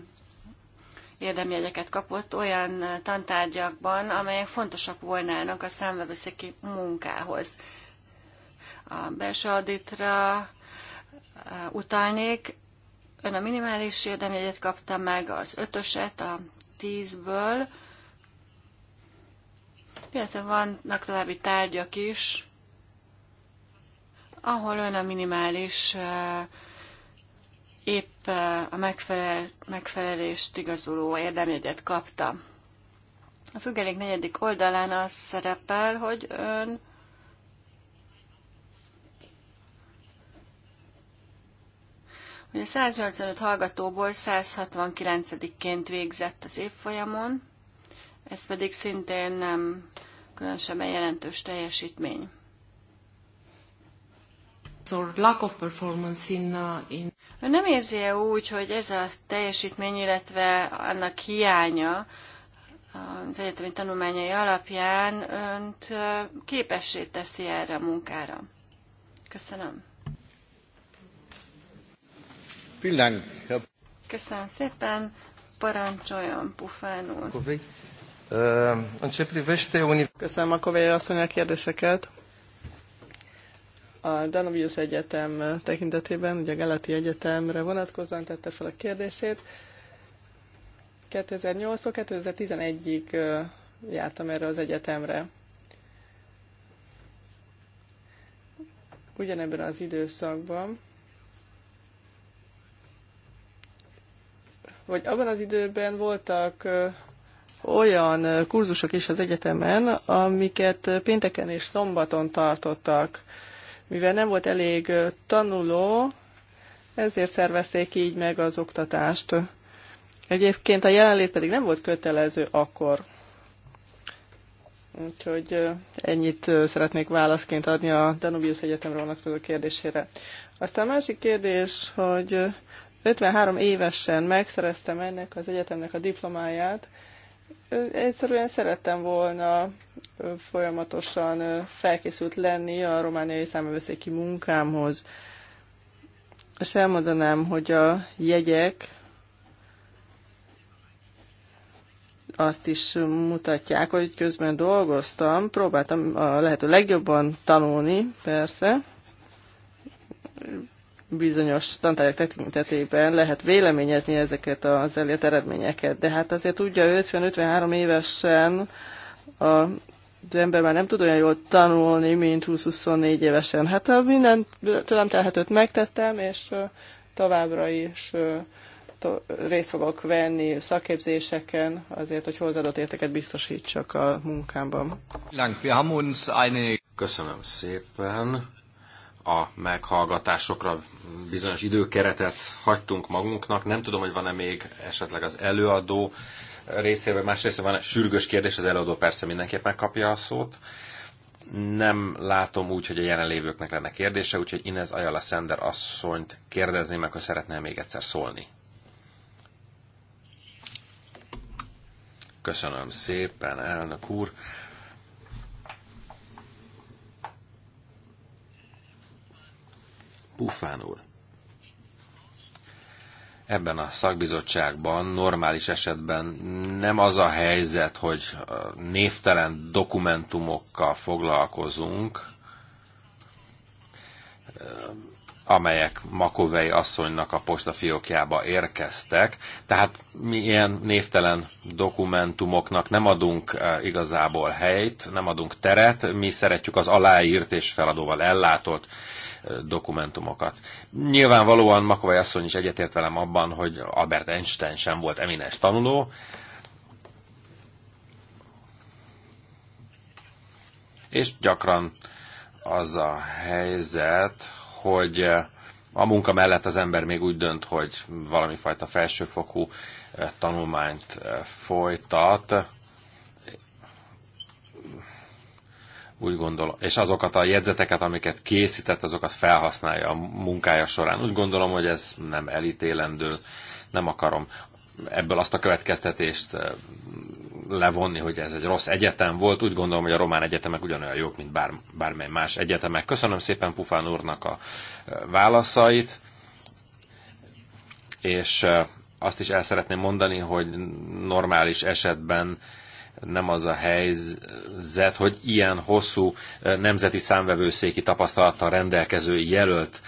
érdemjegyeket kapott olyan tantárgyakban, amelyek fontosak volnának a számvevőszéki munkához. A belső auditra utalnék, ön a minimális érdemjegyet kapta meg, az ötöset, a tízből, illetve vannak további tárgyak is, ahol ön a minimális eh, épp eh, a megfelel, megfelelést igazoló érdemjegyet kapta. A függelék negyedik oldalán az szerepel, hogy ön hogy a 185 hallgatóból 169-ként végzett az évfolyamon, ez pedig szintén nem különösebben jelentős teljesítmény or lack of performance in, uh, in Ön nem érzi -e úgy, hogy ez a teljesítmény, illetve annak hiánya az egyetemi tanulmányai alapján önt képessé teszi erre a munkára? Köszönöm. Köszönöm szépen. Parancsoljon, Pufán úr. Köszönöm a Kové asszony a kérdéseket a Danubius Egyetem tekintetében, ugye a Galati Egyetemre vonatkozóan tette fel a kérdését. 2008-tól 2011-ig jártam erre az egyetemre. Ugyanebben az időszakban, vagy abban az időben voltak olyan kurzusok is az egyetemen, amiket pénteken és szombaton tartottak mivel nem volt elég tanuló, ezért szervezték így meg az oktatást. Egyébként a jelenlét pedig nem volt kötelező akkor. Úgyhogy ennyit szeretnék válaszként adni a Danubius Egyetemre vonatkozó kérdésére. Aztán a másik kérdés, hogy 53 évesen megszereztem ennek az egyetemnek a diplomáját, Egyszerűen szerettem volna folyamatosan felkészült lenni a romániai számövőszéki munkámhoz. És elmondanám, hogy a jegyek azt is mutatják, hogy közben dolgoztam, próbáltam a lehető legjobban tanulni, persze, bizonyos tantárgyak tekintetében lehet véleményezni ezeket az elért eredményeket, de hát azért tudja 50-53 évesen a, az ember már nem tud olyan jól tanulni, mint 20-24 évesen. Hát a minden tőlem telhetőt megtettem, és továbbra is részt fogok venni szakképzéseken, azért, hogy hozzáadott értéket biztosítsak a munkámban. Köszönöm szépen a meghallgatásokra bizonyos időkeretet hagytunk magunknak. Nem tudom, hogy van-e még esetleg az előadó részéről, másrészt van egy sürgős kérdés, az előadó persze mindenképp megkapja a szót. Nem látom úgy, hogy a jelenlévőknek lenne kérdése, úgyhogy Inez Ajala Szender asszonyt kérdezném meg, hogy szeretnél még egyszer szólni. Köszönöm szépen, elnök úr. Pufán úr. Ebben a szakbizottságban normális esetben nem az a helyzet, hogy névtelen dokumentumokkal foglalkozunk, amelyek Makovei asszonynak a postafiókjába érkeztek. Tehát mi ilyen névtelen dokumentumoknak nem adunk e, igazából helyt, nem adunk teret, mi szeretjük az aláírt és feladóval ellátott e, dokumentumokat. Nyilvánvalóan Makovei asszony is egyetért velem abban, hogy Albert Einstein sem volt eminens tanuló, és gyakran az a helyzet, hogy eh, a munka mellett az ember még úgy dönt, hogy valami fajta felsőfokú eh, tanulmányt eh, folytat. Úgy gondolom, és azokat a jegyzeteket, amiket készített, azokat felhasználja a munkája során. Úgy gondolom, hogy ez nem elítélendő, nem akarom ebből azt a következtetést levonni, hogy ez egy rossz egyetem volt. Úgy gondolom, hogy a román egyetemek ugyanolyan jók, mint bár, bármely más egyetemek. Köszönöm szépen Pufán úrnak a e, válaszait, és e, azt is el szeretném mondani, hogy normális esetben nem az a helyzet, hogy ilyen hosszú e, nemzeti számvevőszéki tapasztalattal rendelkező jelölt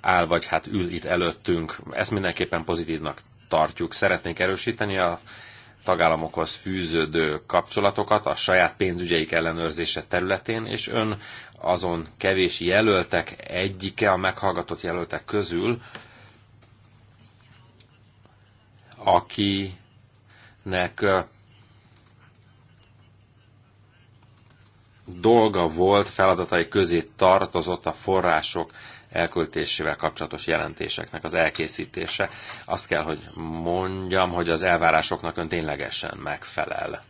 áll vagy hát ül itt előttünk. Ezt mindenképpen pozitívnak tartjuk. Szeretnénk erősíteni a tagállamokhoz fűződő kapcsolatokat a saját pénzügyeik ellenőrzése területén, és ön azon kevés jelöltek egyike a meghallgatott jelöltek közül, akinek dolga volt, feladatai közé tartozott a források elköltésével kapcsolatos jelentéseknek az elkészítése. Azt kell, hogy mondjam, hogy az elvárásoknak ön ténylegesen megfelel.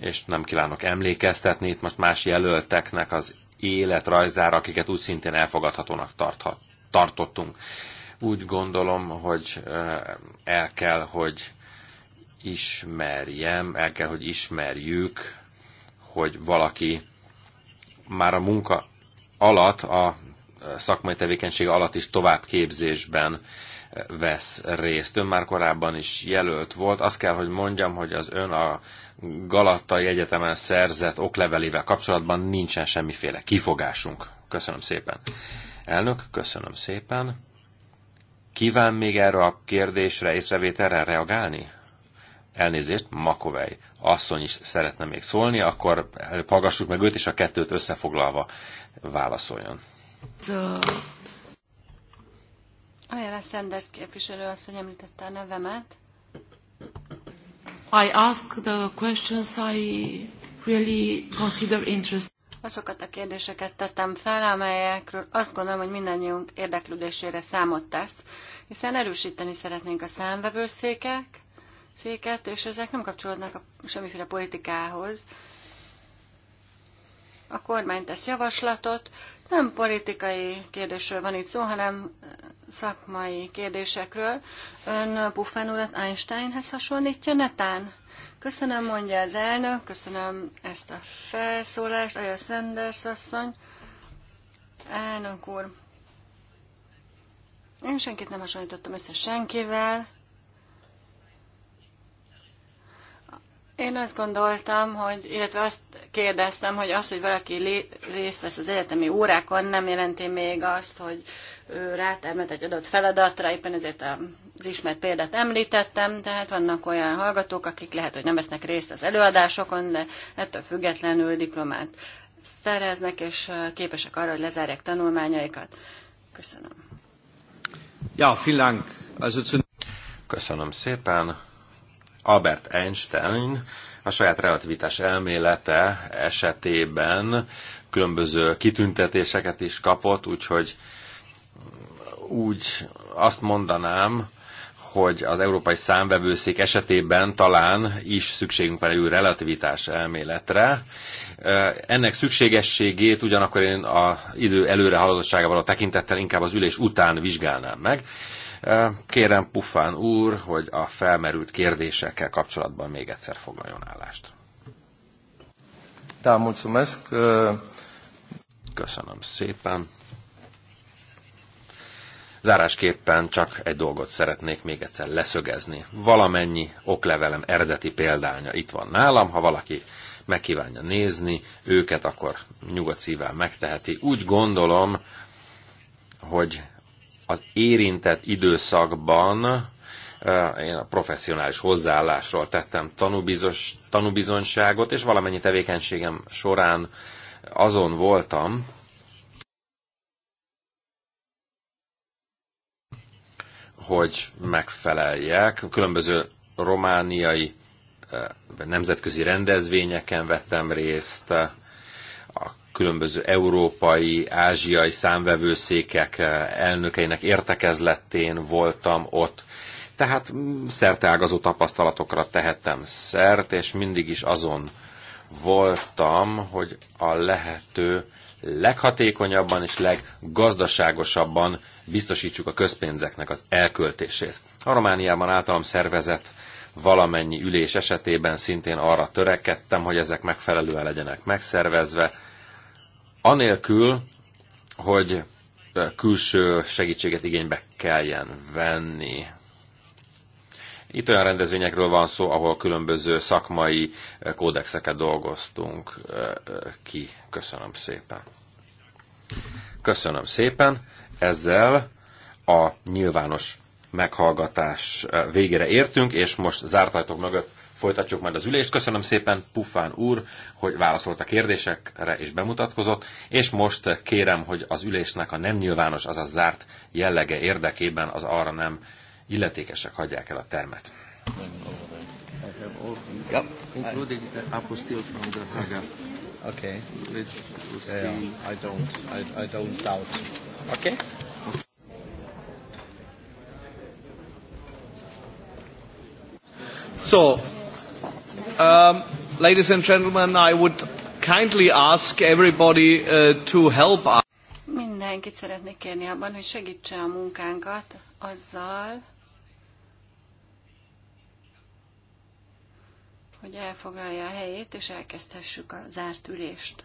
És nem kívánok emlékeztetni itt most más jelölteknek az életrajzára, akiket úgy szintén elfogadhatónak tarthat, tartottunk. Úgy gondolom, hogy el kell, hogy ismerjem, el kell, hogy ismerjük, hogy valaki már a munka alatt a szakmai tevékenysége alatt is továbbképzésben vesz részt. Ön már korábban is jelölt volt. Azt kell, hogy mondjam, hogy az ön a Galattai Egyetemen szerzett oklevelével kapcsolatban nincsen semmiféle kifogásunk. Köszönöm szépen. Elnök, köszönöm szépen. Kíván még erre a kérdésre, észrevételre reagálni? Elnézést, Makovej asszony is szeretne még szólni, akkor hallgassuk meg őt, és a kettőt összefoglalva válaszoljon. Ajánlás Sanders képviselő asszony említette a nevemet. I ask the questions I really consider interesting. Azokat a kérdéseket tettem fel, amelyekről azt gondolom, hogy mindannyiunk érdeklődésére számot tesz, hiszen erősíteni szeretnénk a számvevőszékek, széket, és ezek nem kapcsolódnak a, semmiféle politikához, a kormány tesz javaslatot, nem politikai kérdésről van itt szó, hanem eh, szakmai kérdésekről. Ön Buffen urat Einsteinhez hasonlítja, netán? Köszönöm, mondja az elnök, köszönöm ezt a felszólást, Aja Sanders asszony. Elnök úr, én senkit nem hasonlítottam össze senkivel. Én azt gondoltam, hogy, illetve azt kérdeztem, hogy az, hogy valaki részt vesz az egyetemi órákon, nem jelenti még azt, hogy ő rátermet egy adott feladatra, éppen ezért az ismert példát említettem, tehát vannak olyan hallgatók, akik lehet, hogy nem vesznek részt az előadásokon, de ettől függetlenül diplomát szereznek, és képesek arra, hogy lezárják tanulmányaikat. Köszönöm. Ja, vielen Dank. Köszönöm szépen Albert Einstein a saját relativitás elmélete esetében különböző kitüntetéseket is kapott, úgyhogy úgy azt mondanám, hogy az európai számvevőszék esetében talán is szükségünk van egy új relativitás elméletre. Ennek szükségességét ugyanakkor én az idő előre haladottságával a tekintettel inkább az ülés után vizsgálnám meg. Kérem Pufán úr, hogy a felmerült kérdésekkel kapcsolatban még egyszer foglaljon állást. Köszönöm szépen. Zárásképpen csak egy dolgot szeretnék még egyszer leszögezni. Valamennyi oklevelem eredeti példánya itt van nálam, ha valaki megkívánja nézni őket, akkor nyugodt szívvel megteheti. Úgy gondolom, hogy az érintett időszakban én a professzionális hozzáállásról tettem tanúbizos, tanúbizonyságot, és valamennyi tevékenységem során azon voltam, hogy megfeleljek. Különböző romániai nemzetközi rendezvényeken vettem részt, különböző európai, ázsiai számvevőszékek eh, elnökeinek értekezletén voltam ott. Tehát mm, szerteágazó tapasztalatokra tehettem szert, és mindig is azon voltam, hogy a lehető leghatékonyabban és leggazdaságosabban biztosítsuk a közpénzeknek az elköltését. A Romániában általam szervezett valamennyi ülés esetében szintén arra törekedtem, hogy ezek megfelelően legyenek megszervezve, Anélkül, hogy külső segítséget igénybe kelljen venni. Itt olyan rendezvényekről van szó, ahol különböző szakmai kódexeket dolgoztunk ki. Köszönöm szépen. Köszönöm szépen. Ezzel a nyilvános meghallgatás végére értünk, és most zárt ajtók mögött folytatjuk majd az ülést. Köszönöm szépen Puffán úr, hogy válaszolt a kérdésekre és bemutatkozott, és most kérem, hogy az ülésnek a nem nyilvános, azaz zárt jellege érdekében az arra nem illetékesek hagyják el a termet. Okay. I don't, I don't doubt. Okay. So, Um, ladies and gentlemen, I would kindly ask everybody uh, to help us. Mindenkit szeretnék kérni abban, hogy segítse a munkánkat azzal, hogy elfoglalja a helyét, és elkezdhessük a zárt ülést.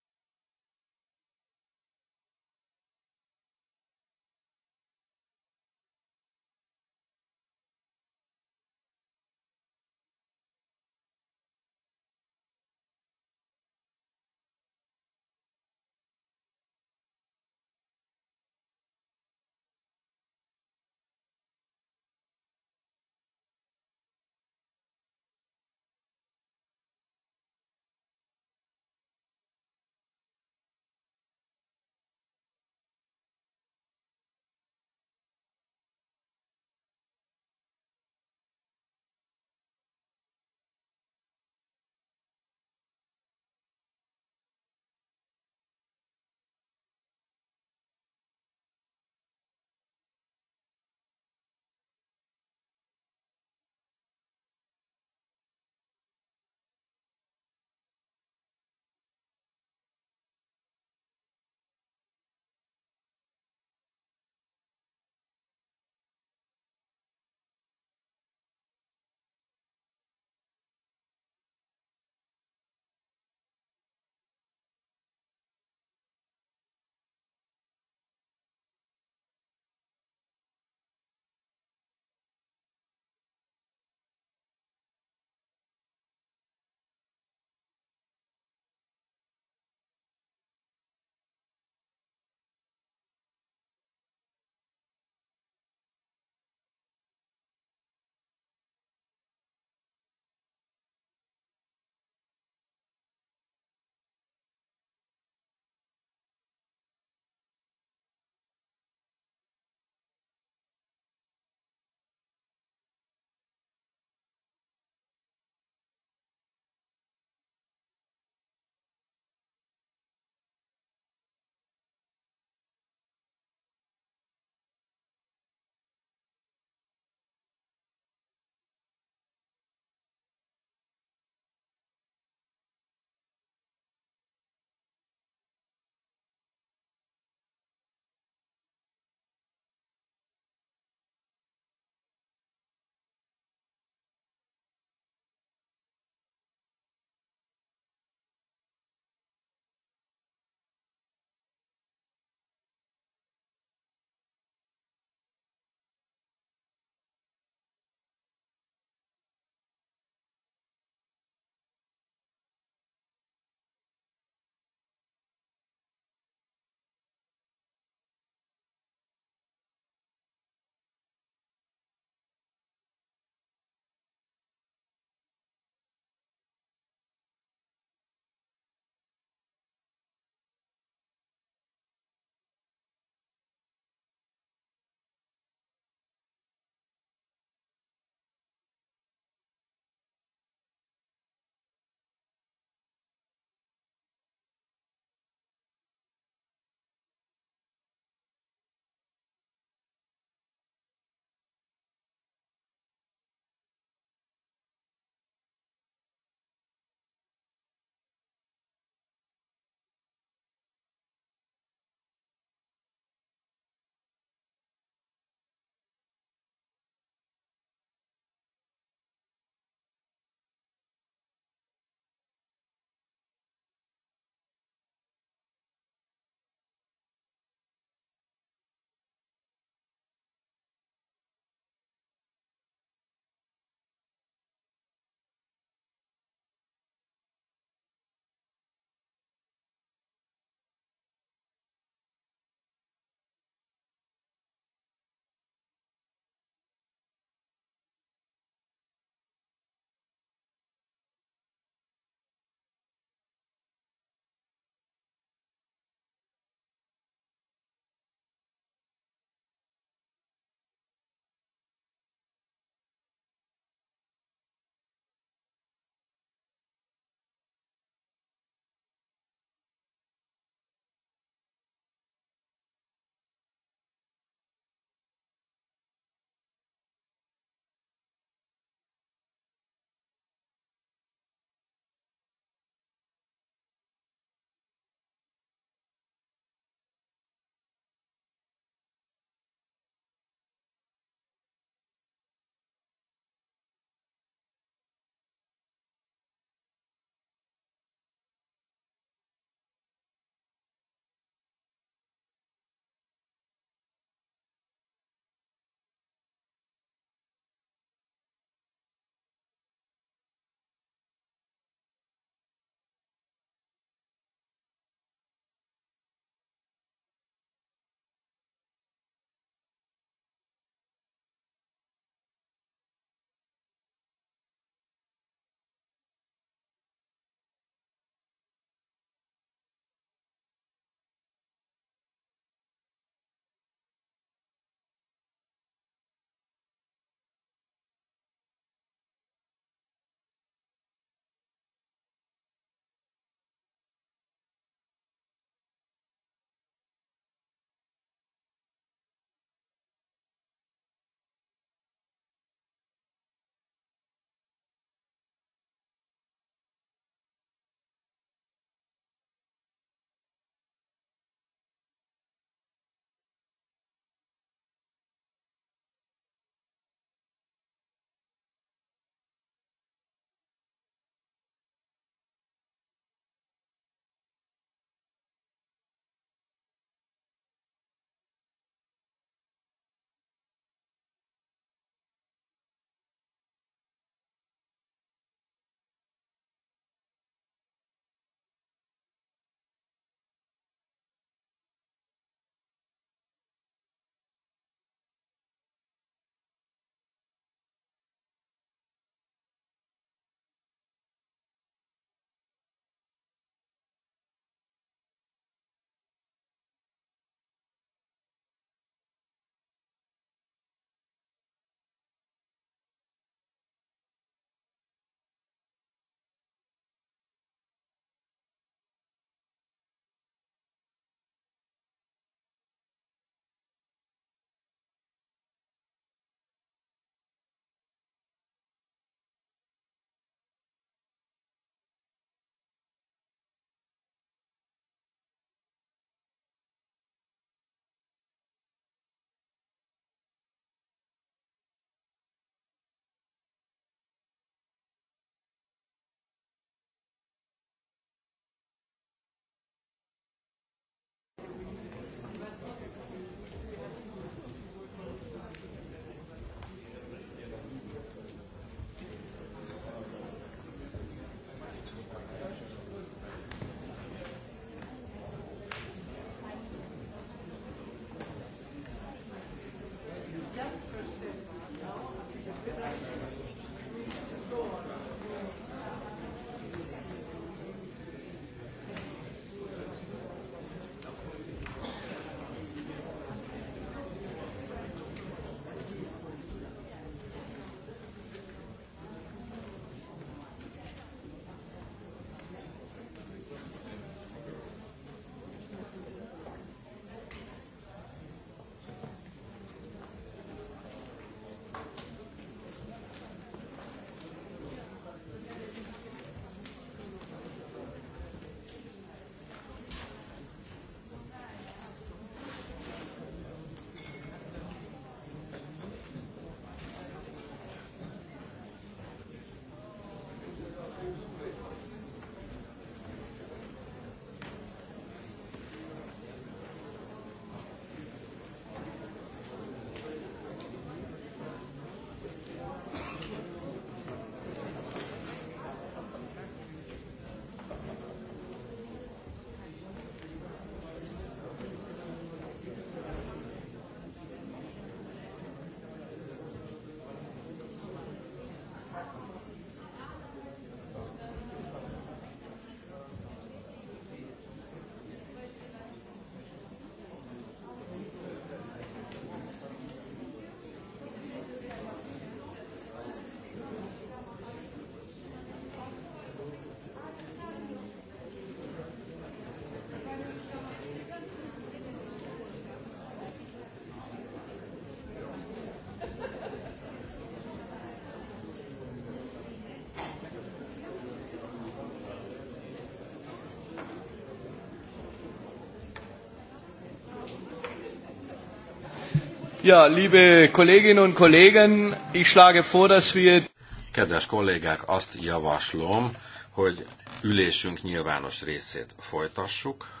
Ja, liebe Kolleginnen und Kollegen, ich schlage vor, dass wir... Kedves kollégák, azt javaslom, hogy ülésünk nyilvános részét folytassuk.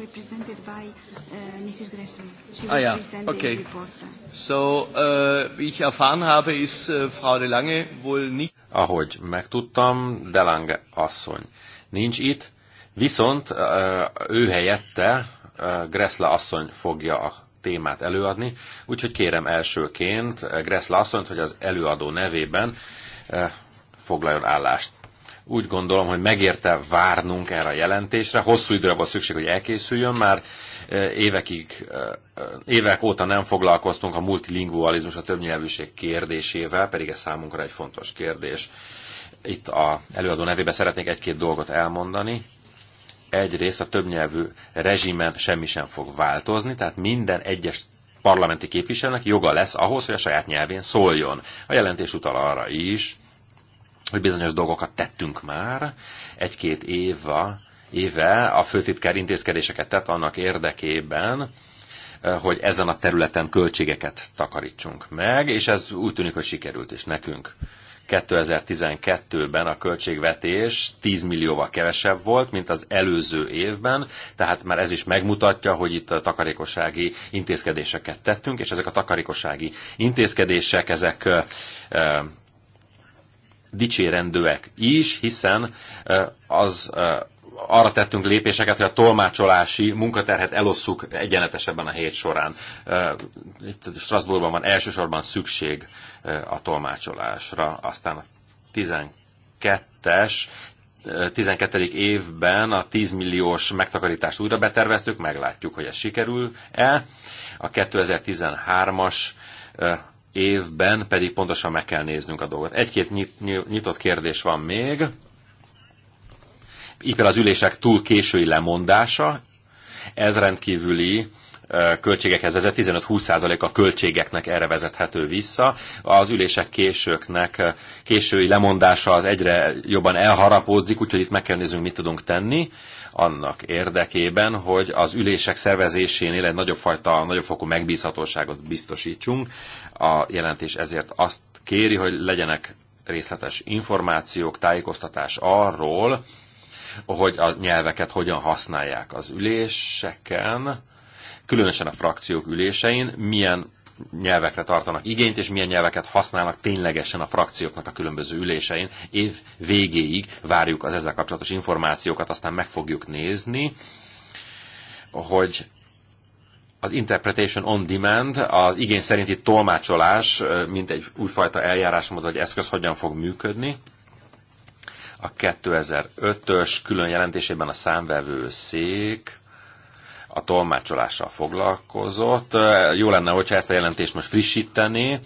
represented by uh, Mrs. She ah, ja. okay. So, uh, wie ich erfahren habe, ist uh, Frau de Lange wohl nicht. Ahogy megtudtam, Delange asszony nincs itt, viszont ő helyette Gressla asszony fogja a témát előadni, úgyhogy kérem elsőként Gressla asszonyt, hogy az előadó nevében foglaljon állást. Úgy gondolom, hogy megérte várnunk erre a jelentésre. Hosszú időre volt szükség, hogy elkészüljön, már Eh, évekig, eh, évek óta nem foglalkoztunk a multilingualizmus, a többnyelvűség kérdésével, pedig ez számunkra egy fontos kérdés. Itt a előadó nevében szeretnék egy-két dolgot elmondani. Egyrészt a többnyelvű rezsimen semmi sem fog változni, tehát minden egyes parlamenti képviselőnek joga lesz ahhoz, hogy a saját nyelvén szóljon. A jelentés utal arra is, hogy bizonyos dolgokat tettünk már egy-két évvel, éve a főtitkár intézkedéseket tett annak érdekében, eh, hogy ezen a területen költségeket takarítsunk meg, és ez úgy tűnik, hogy sikerült is nekünk. 2012-ben a költségvetés 10 millióval kevesebb volt, mint az előző évben, tehát már ez is megmutatja, hogy itt a takarékossági intézkedéseket tettünk, és ezek a takarékossági intézkedések, ezek e, dicsérendőek is, hiszen e, az e, arra tettünk lépéseket, hogy a tolmácsolási munkaterhet elosszuk egyenletesebben a hét során. Itt Strasbourgban van elsősorban szükség a tolmácsolásra, aztán a 12-es 12. évben a 10 milliós megtakarítást újra beterveztük, meglátjuk, hogy ez sikerül-e. A 2013-as évben pedig pontosan meg kell néznünk a dolgot. Egy-két nyitott kérdés van még így például az ülések túl késői lemondása, ez rendkívüli költségekhez vezet, 15-20% a költségeknek erre vezethető vissza. Az ülések későknek, késői lemondása az egyre jobban elharapódzik, úgyhogy itt meg kell néznünk, mit tudunk tenni annak érdekében, hogy az ülések szervezésénél egy nagyobb fajta, nagyobb fokú megbízhatóságot biztosítsunk. A jelentés ezért azt kéri, hogy legyenek részletes információk, tájékoztatás arról, hogy a nyelveket hogyan használják az üléseken, különösen a frakciók ülésein, milyen nyelvekre tartanak igényt, és milyen nyelveket használnak ténylegesen a frakcióknak a különböző ülésein. Év végéig várjuk az ezzel kapcsolatos információkat, aztán meg fogjuk nézni, hogy az interpretation on demand, az igény szerinti tolmácsolás, mint egy újfajta eljárásmód vagy eszköz hogyan fog működni. A 2005-ös külön jelentésében a számvevőszék a tolmácsolással foglalkozott. Jó lenne, hogyha ezt a jelentést most frissíteni,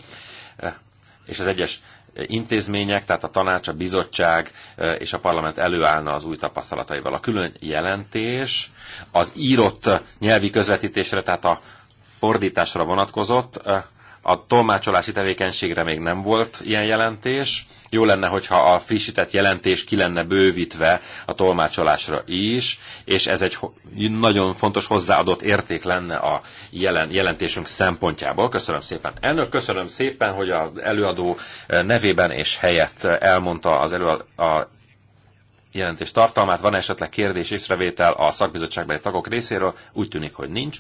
és az egyes intézmények, tehát a tanács, a bizottság és a parlament előállna az új tapasztalataival. A külön jelentés az írott nyelvi közvetítésre, tehát a fordításra vonatkozott, a tolmácsolási tevékenységre még nem volt ilyen jelentés. Jó lenne, hogyha a frissített jelentés ki lenne bővítve a tolmácsolásra is, és ez egy nagyon fontos hozzáadott érték lenne a jelen, jelentésünk szempontjából. Köszönöm szépen. Elnök, köszönöm szépen, hogy az előadó eh, nevében és helyett eh, elmondta az előadó, a jelentés tartalmát. Van esetleg kérdés, észrevétel a szakbizottságbeli tagok részéről? Úgy tűnik, hogy nincs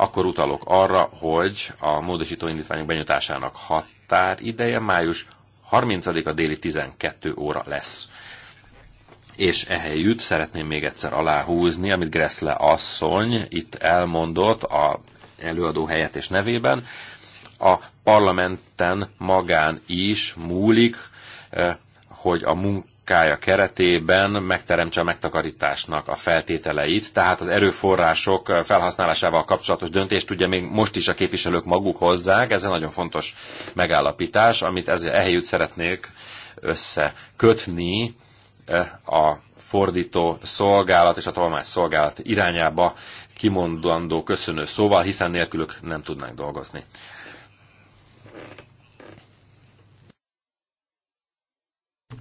akkor utalok arra, hogy a módosító indítványok benyújtásának határideje május 30-a déli 12 óra lesz. És ehelyütt szeretném még egyszer aláhúzni, amit Gressle asszony itt elmondott a előadó helyet és nevében. A parlamenten magán is múlik, eh, hogy a munkája keretében megteremtse a megtakarításnak a feltételeit, tehát az erőforrások felhasználásával kapcsolatos döntést ugye még most is a képviselők maguk hozzák, ez egy nagyon fontos megállapítás, amit ez ehelyütt szeretnék összekötni eh, a fordító szolgálat és a tolmács szolgálat irányába kimondandó köszönő szóval, hiszen nélkülük nem tudnánk dolgozni.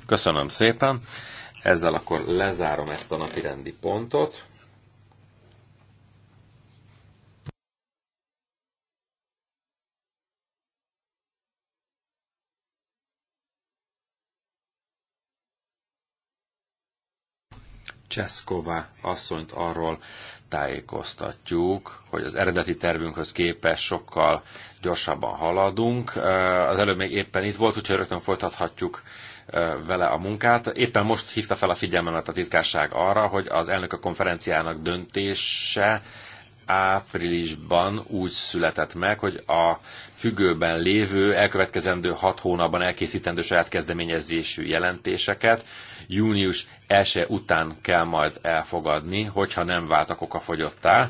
Köszönöm szépen. Ezzel akkor lezárom ezt a napi rendi pontot. Cseszkova asszonyt arról tájékoztatjuk, hogy az eredeti tervünkhöz képest sokkal gyorsabban haladunk. Az előbb még éppen itt volt, úgyhogy rögtön folytathatjuk vele a munkát. Éppen most hívta fel a figyelmemet a titkárság arra, hogy az elnök a konferenciának döntése áprilisban úgy született meg, hogy a függőben lévő, elkövetkezendő hat hónapban elkészítendő saját kezdeményezésű jelentéseket június első után kell majd elfogadni, hogyha nem váltak fogyottá.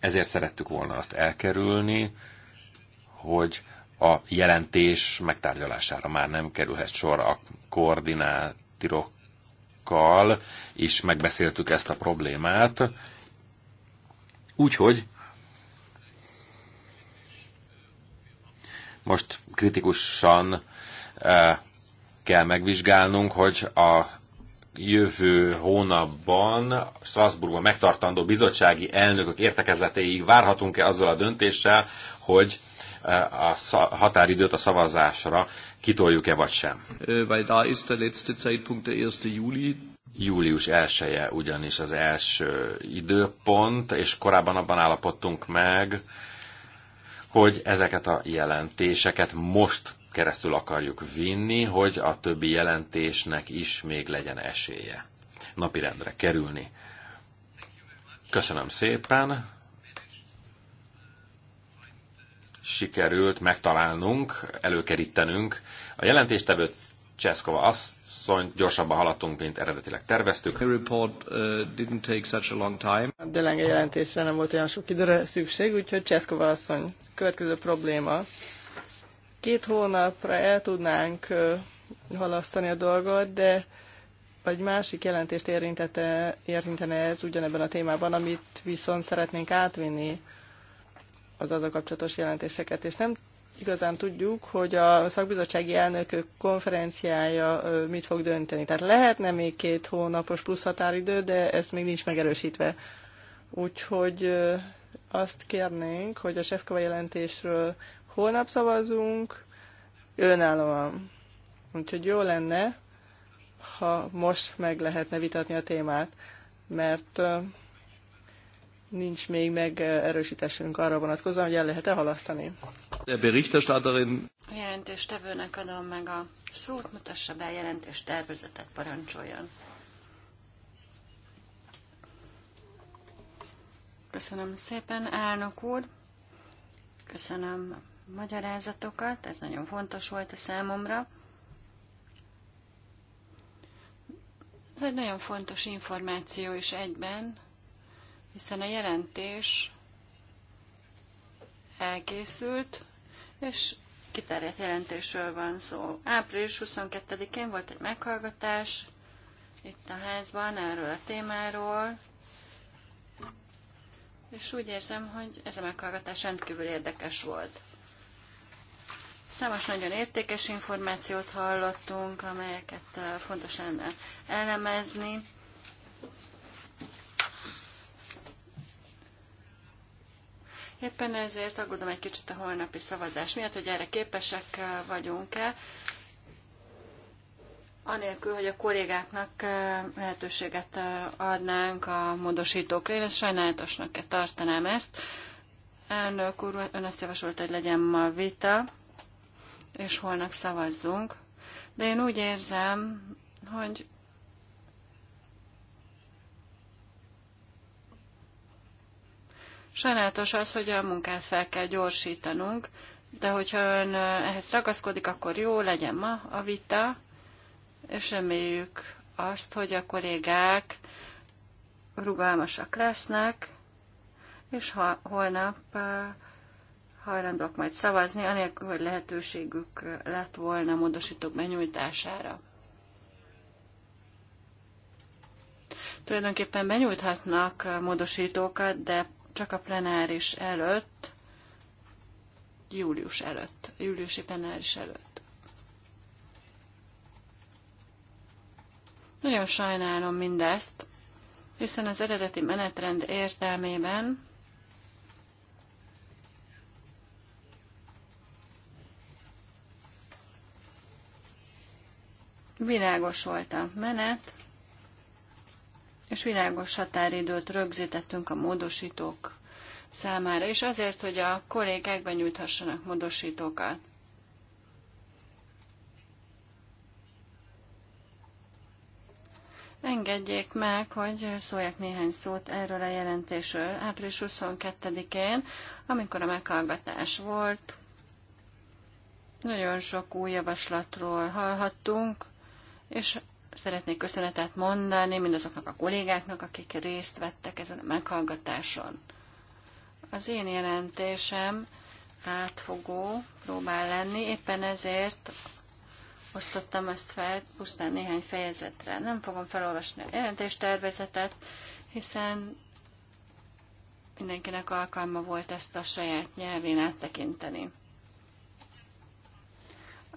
Ezért szerettük volna azt elkerülni, hogy a jelentés megtárgyalására már nem kerülhet sor a koordinátorokkal, és megbeszéltük ezt a problémát. Úgyhogy most kritikusan eh, kell megvizsgálnunk, hogy a jövő hónapban Strasbourgban megtartandó bizottsági elnökök értekezletéig várhatunk-e azzal a döntéssel, hogy E, a határidőt a szavazásra kitoljuk-e vagy sem. Weil da ist der letzte Zeitpunkt der 1. Juli. Július 1 -e ugyanis az első időpont, és korábban abban állapodtunk meg, hogy ezeket a jelentéseket most keresztül akarjuk vinni, hogy a többi jelentésnek is még legyen esélye napirendre kerülni. Köszönöm szépen! sikerült megtalálnunk, előkerítenünk. A jelentéstevőt Cseszkova asszony, gyorsabban haladtunk, mint eredetileg terveztük. A report uh, didn't take such a long time. A Delenge jelentésre nem volt olyan sok időre szükség, úgyhogy Cseszkova asszony, következő probléma. Két hónapra el tudnánk uh, halasztani a dolgot, de egy másik jelentést érintene ez ugyanebben a témában, amit viszont szeretnénk átvinni az azzal kapcsolatos jelentéseket, és nem igazán tudjuk, hogy a szakbizottsági elnökök konferenciája mit fog dönteni. Tehát lehetne még két hónapos plusz határidő, de ez még nincs megerősítve. Úgyhogy azt kérnénk, hogy a Seszkova jelentésről holnap szavazunk, önállóan. Úgyhogy jó lenne, ha most meg lehetne vitatni a témát, mert nincs még meg erősítésünk arra vonatkozóan, hogy el lehet-e halasztani. A jelentéstevőnek adom meg a szót, mutassa be a jelentés tervezetet, parancsoljon. Köszönöm szépen, elnök úr. Köszönöm a magyarázatokat, ez nagyon fontos volt a számomra. Ez egy nagyon fontos információ is egyben, hiszen a jelentés elkészült, és kiterjedt jelentésről van szó. Április 22-én volt egy meghallgatás itt a házban erről a témáról, és úgy érzem, hogy ez a meghallgatás rendkívül érdekes volt. Számos nagyon értékes információt hallottunk, amelyeket eh, fontos lenne elemezni. Éppen ezért aggódom egy kicsit a holnapi szavazás miatt, hogy erre képesek eh, vagyunk-e, anélkül, hogy a kollégáknak eh, lehetőséget eh, adnánk a módosítókra. Én ezt sajnálatosnak -e tartanám ezt. Elnök úr, ön azt javasolt, hogy legyen ma vita, és holnap szavazzunk. De én úgy érzem, hogy Sajnálatos az, hogy a munkát fel kell gyorsítanunk, de hogyha ön eh, ehhez ragaszkodik, akkor jó, legyen ma a vita, és reméljük azt, hogy a kollégák rugalmasak lesznek, és ha, holnap eh, hajlandók majd szavazni, anélkül, hogy lehetőségük eh, lett volna módosítók benyújtására. Tulajdonképpen benyújthatnak módosítókat, de csak a plenáris előtt, július előtt, júliusi plenáris előtt. Nagyon sajnálom mindezt, hiszen az eredeti menetrend értelmében világos volt a menet, és világos határidőt rögzítettünk a módosítók számára, és azért, hogy a kollégák benyújthassanak módosítókat. Engedjék meg, hogy szóljak néhány szót erről a jelentésről. Április 22-én, amikor a meghallgatás volt, nagyon sok új javaslatról hallhattunk, és Szeretnék köszönetet mondani mindazoknak a kollégáknak, akik részt vettek ezen a meghallgatáson. Az én jelentésem átfogó próbál lenni, éppen ezért osztottam ezt fel pusztán néhány fejezetre. Nem fogom felolvasni a jelentéstervezetet, hiszen mindenkinek alkalma volt ezt a saját nyelvén áttekinteni.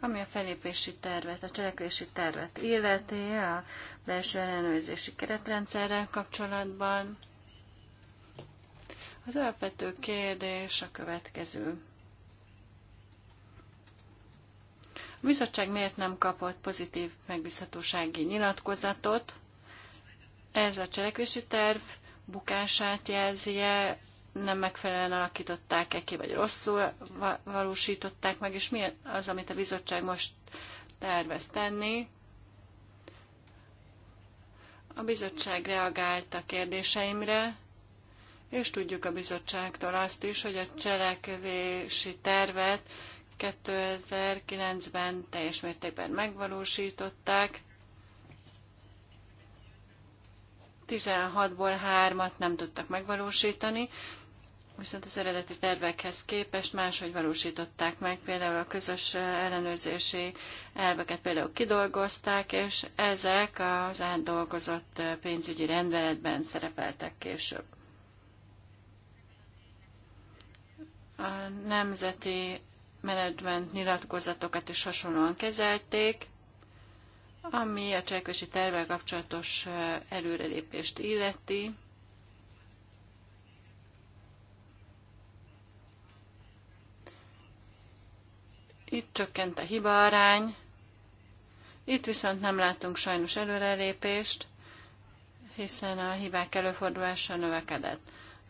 Ami a felépési tervet, a cselekvési tervet illeti, a belső ellenőrzési keretrendszerrel kapcsolatban, az alapvető kérdés a következő. A bizottság miért nem kapott pozitív megbízhatósági nyilatkozatot? Ez a cselekvési terv bukását jelzi -e, nem megfelelően alakították-e ki, vagy rosszul valósították meg, és mi az, amit a bizottság most tervez tenni. A bizottság reagált a kérdéseimre, és tudjuk a bizottságtól azt is, hogy a cselekvési tervet 2009-ben teljes mértékben megvalósították. 16-ból 3-at nem tudtak megvalósítani, viszont az eredeti tervekhez képest máshogy valósították meg, például a közös eh, ellenőrzési elveket például kidolgozták, és ezek az átdolgozott eh, pénzügyi rendeletben szerepeltek később. A nemzeti menedzsment nyilatkozatokat is hasonlóan kezelték, ami a cselekvési tervvel kapcsolatos eh, előrelépést illeti. Itt csökkent a hiba arány, itt viszont nem látunk sajnos előrelépést, hiszen a hibák előfordulása növekedett.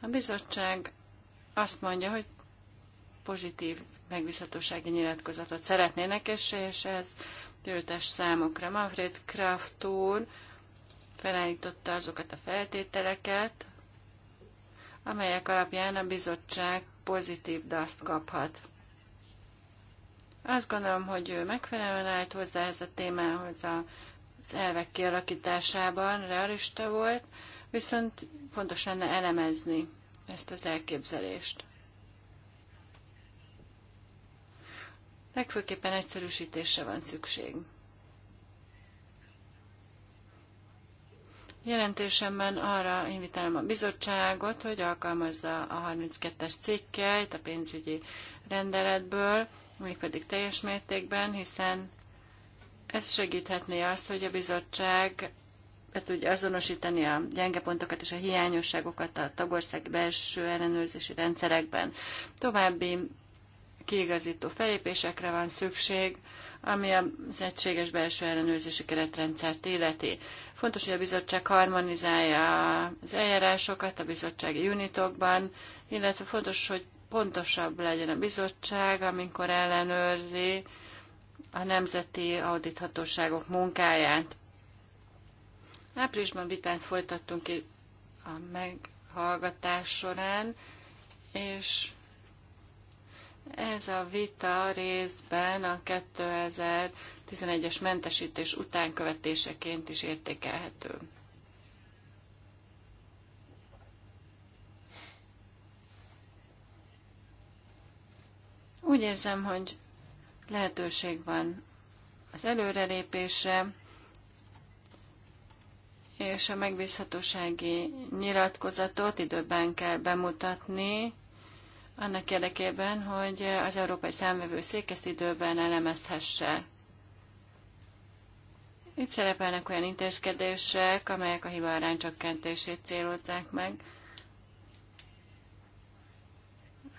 A bizottság azt mondja, hogy pozitív megbízhatósági nyilatkozatot szeretnének, és, és ez tőtes számokra. Manfred Kraft úr felállította azokat a feltételeket, amelyek alapján a bizottság pozitív daszt kaphat. Azt gondolom, hogy ő megfelelően állt hozzá ez a témához az elvek kialakításában, realista volt, viszont fontos lenne elemezni ezt az elképzelést. Legfőképpen egyszerűsítésre van szükség. Jelentésemben arra invitálom a bizottságot, hogy alkalmazza a 32-es cikkeit a pénzügyi rendeletből, mégpedig teljes mértékben, hiszen ez segíthetné azt, hogy a bizottság be tudja azonosítani a gyenge pontokat és a hiányosságokat a tagország belső ellenőrzési rendszerekben. További kiigazító felépésekre van szükség, ami az egységes belső ellenőrzési keretrendszert illeti. Fontos, hogy a bizottság harmonizálja az eljárásokat a bizottsági unitokban, illetve fontos, hogy pontosabb legyen a bizottság, amikor ellenőrzi a nemzeti audithatóságok munkáját. Áprilisban vitát folytattunk itt a meghallgatás során, és ez a vita részben a 2011-es mentesítés utánkövetéseként is értékelhető. Úgy érzem, hogy lehetőség van az előrelépésre, és a megbízhatósági nyilatkozatot időben kell bemutatni, annak érdekében, hogy az Európai Számvevőszék ezt időben elemezhesse. Itt szerepelnek olyan intézkedések, amelyek a hiba csökkentését célozzák meg,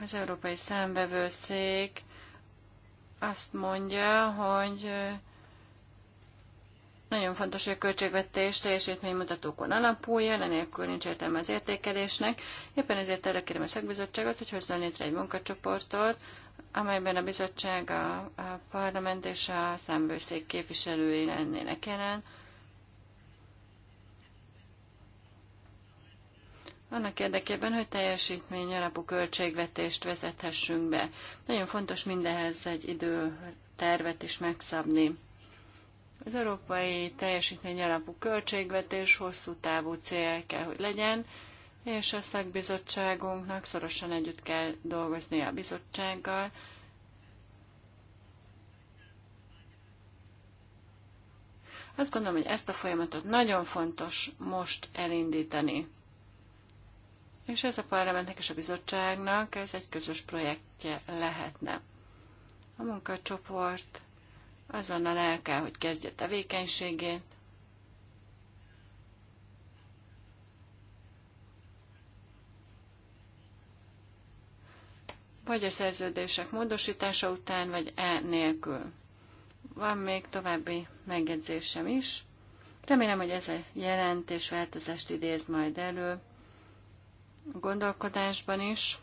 az Európai Számbevőszék azt mondja, hogy nagyon fontos, hogy a költségvetés teljesítménymutatókon alapuljon, enélkül nincs értelme az értékelésnek. Éppen ezért erre kérem a szakbizottságot, hogy hozzon létre egy munkacsoportot, amelyben a bizottság, a, a parlament és a számbőszék képviselői lennének jelen. annak érdekében, hogy teljesítmény alapú költségvetést vezethessünk be. Nagyon fontos mindehez egy időtervet is megszabni. Az európai teljesítmény alapú költségvetés hosszú távú cél kell, hogy legyen, és a szakbizottságunknak szorosan együtt kell dolgozni a bizottsággal, Azt gondolom, hogy ezt a folyamatot nagyon fontos most elindítani és ez a parlamentnek és a bizottságnak ez egy közös projektje lehetne. A munkacsoport azonnal el kell, hogy kezdje tevékenységét, vagy a szerződések módosítása után, vagy e nélkül. Van még további megjegyzésem is. Remélem, hogy ez a jelentés változást idéz majd elő gondolkodásban is.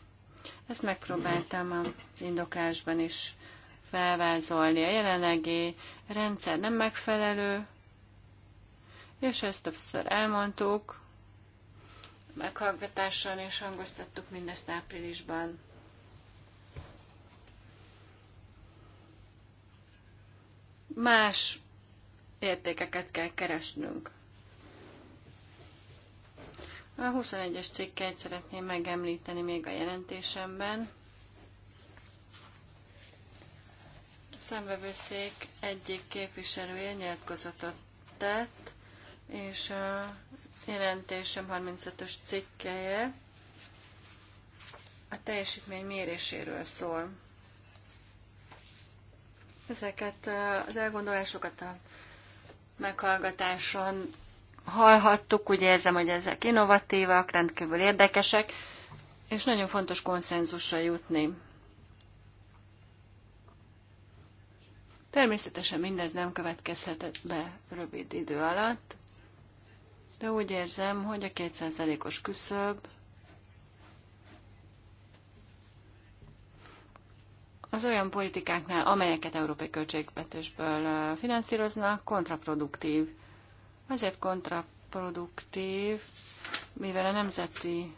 Ezt megpróbáltam az indoklásban is felvázolni. A jelenlegi rendszer nem megfelelő, és ezt többször elmondtuk, meghallgatáson és hangoztattuk mindezt áprilisban. Más értékeket kell keresnünk. A 21-es cikket szeretném megemlíteni még a jelentésemben. A szembevőszék egyik képviselője nyilatkozatot tett, és a jelentésem 35-ös cikkeje a teljesítmény méréséről szól. Ezeket eh, az elgondolásokat a meghallgatáson hallhattuk, úgy érzem, hogy ezek innovatívak, rendkívül érdekesek, és nagyon fontos konszenzusra jutni. Természetesen mindez nem következhet be rövid idő alatt, de úgy érzem, hogy a 200 os küszöb az olyan politikáknál, amelyeket európai költségvetésből finanszíroznak, kontraproduktív azért kontraproduktív, mivel a nemzeti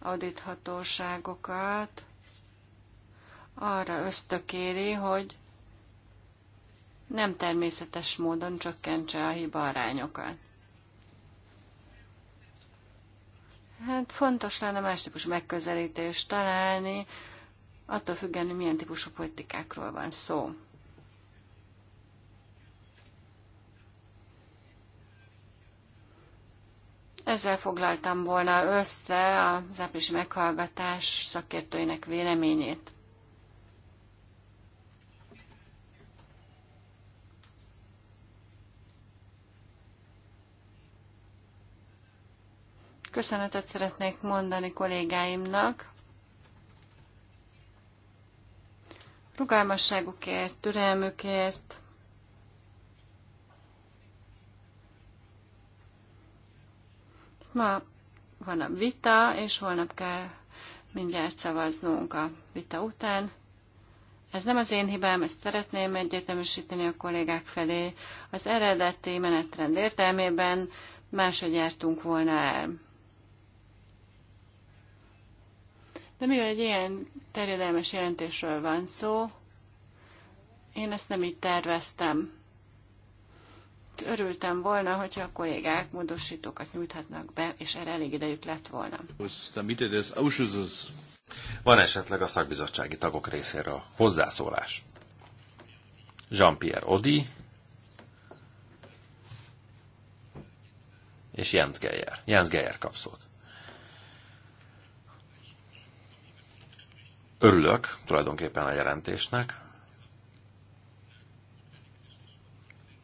audithatóságokat arra ösztökéri, hogy nem természetes módon csökkentse a hiba arányokat. Hát fontos lenne más típusú megközelítést találni, attól függően, milyen típusú politikákról van szó. Ezzel foglaltam volna össze az április meghallgatás szakértőinek véleményét. Köszönetet szeretnék mondani kollégáimnak. Rugalmasságukért, türelmükért, Ma van a vita, és holnap kell mindjárt szavaznunk a vita után. Ez nem az én hibám, ezt szeretném egyértelműsíteni a kollégák felé. Az eredeti menetrend értelmében máshogy jártunk volna el. De mivel egy ilyen terjedelmes jelentésről van szó, én ezt nem így terveztem örültem volna, hogyha a kollégák módosítókat nyújthatnak be, és erre elég idejük lett volna. Van esetleg a szakbizottsági tagok részéről hozzászólás. Jean-Pierre Odi és Jens Geyer. Jens Geyer kap szót. Örülök tulajdonképpen a jelentésnek,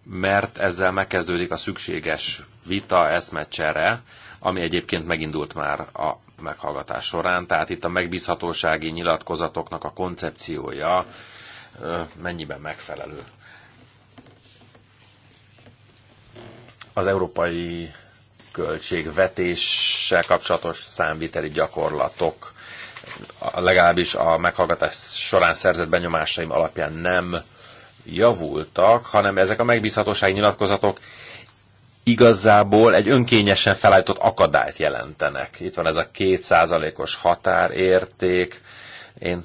mert ezzel megkezdődik a szükséges vita, eszmecsere, ami egyébként megindult már a meghallgatás során. Tehát itt a megbízhatósági nyilatkozatoknak a koncepciója mennyiben megfelelő. Az európai költségvetéssel kapcsolatos számviteli gyakorlatok legalábbis a meghallgatás során szerzett benyomásaim alapján nem javultak, hanem ezek a megbízhatósági nyilatkozatok igazából egy önkényesen felállított akadályt jelentenek. Itt van ez a kétszázalékos határérték. Én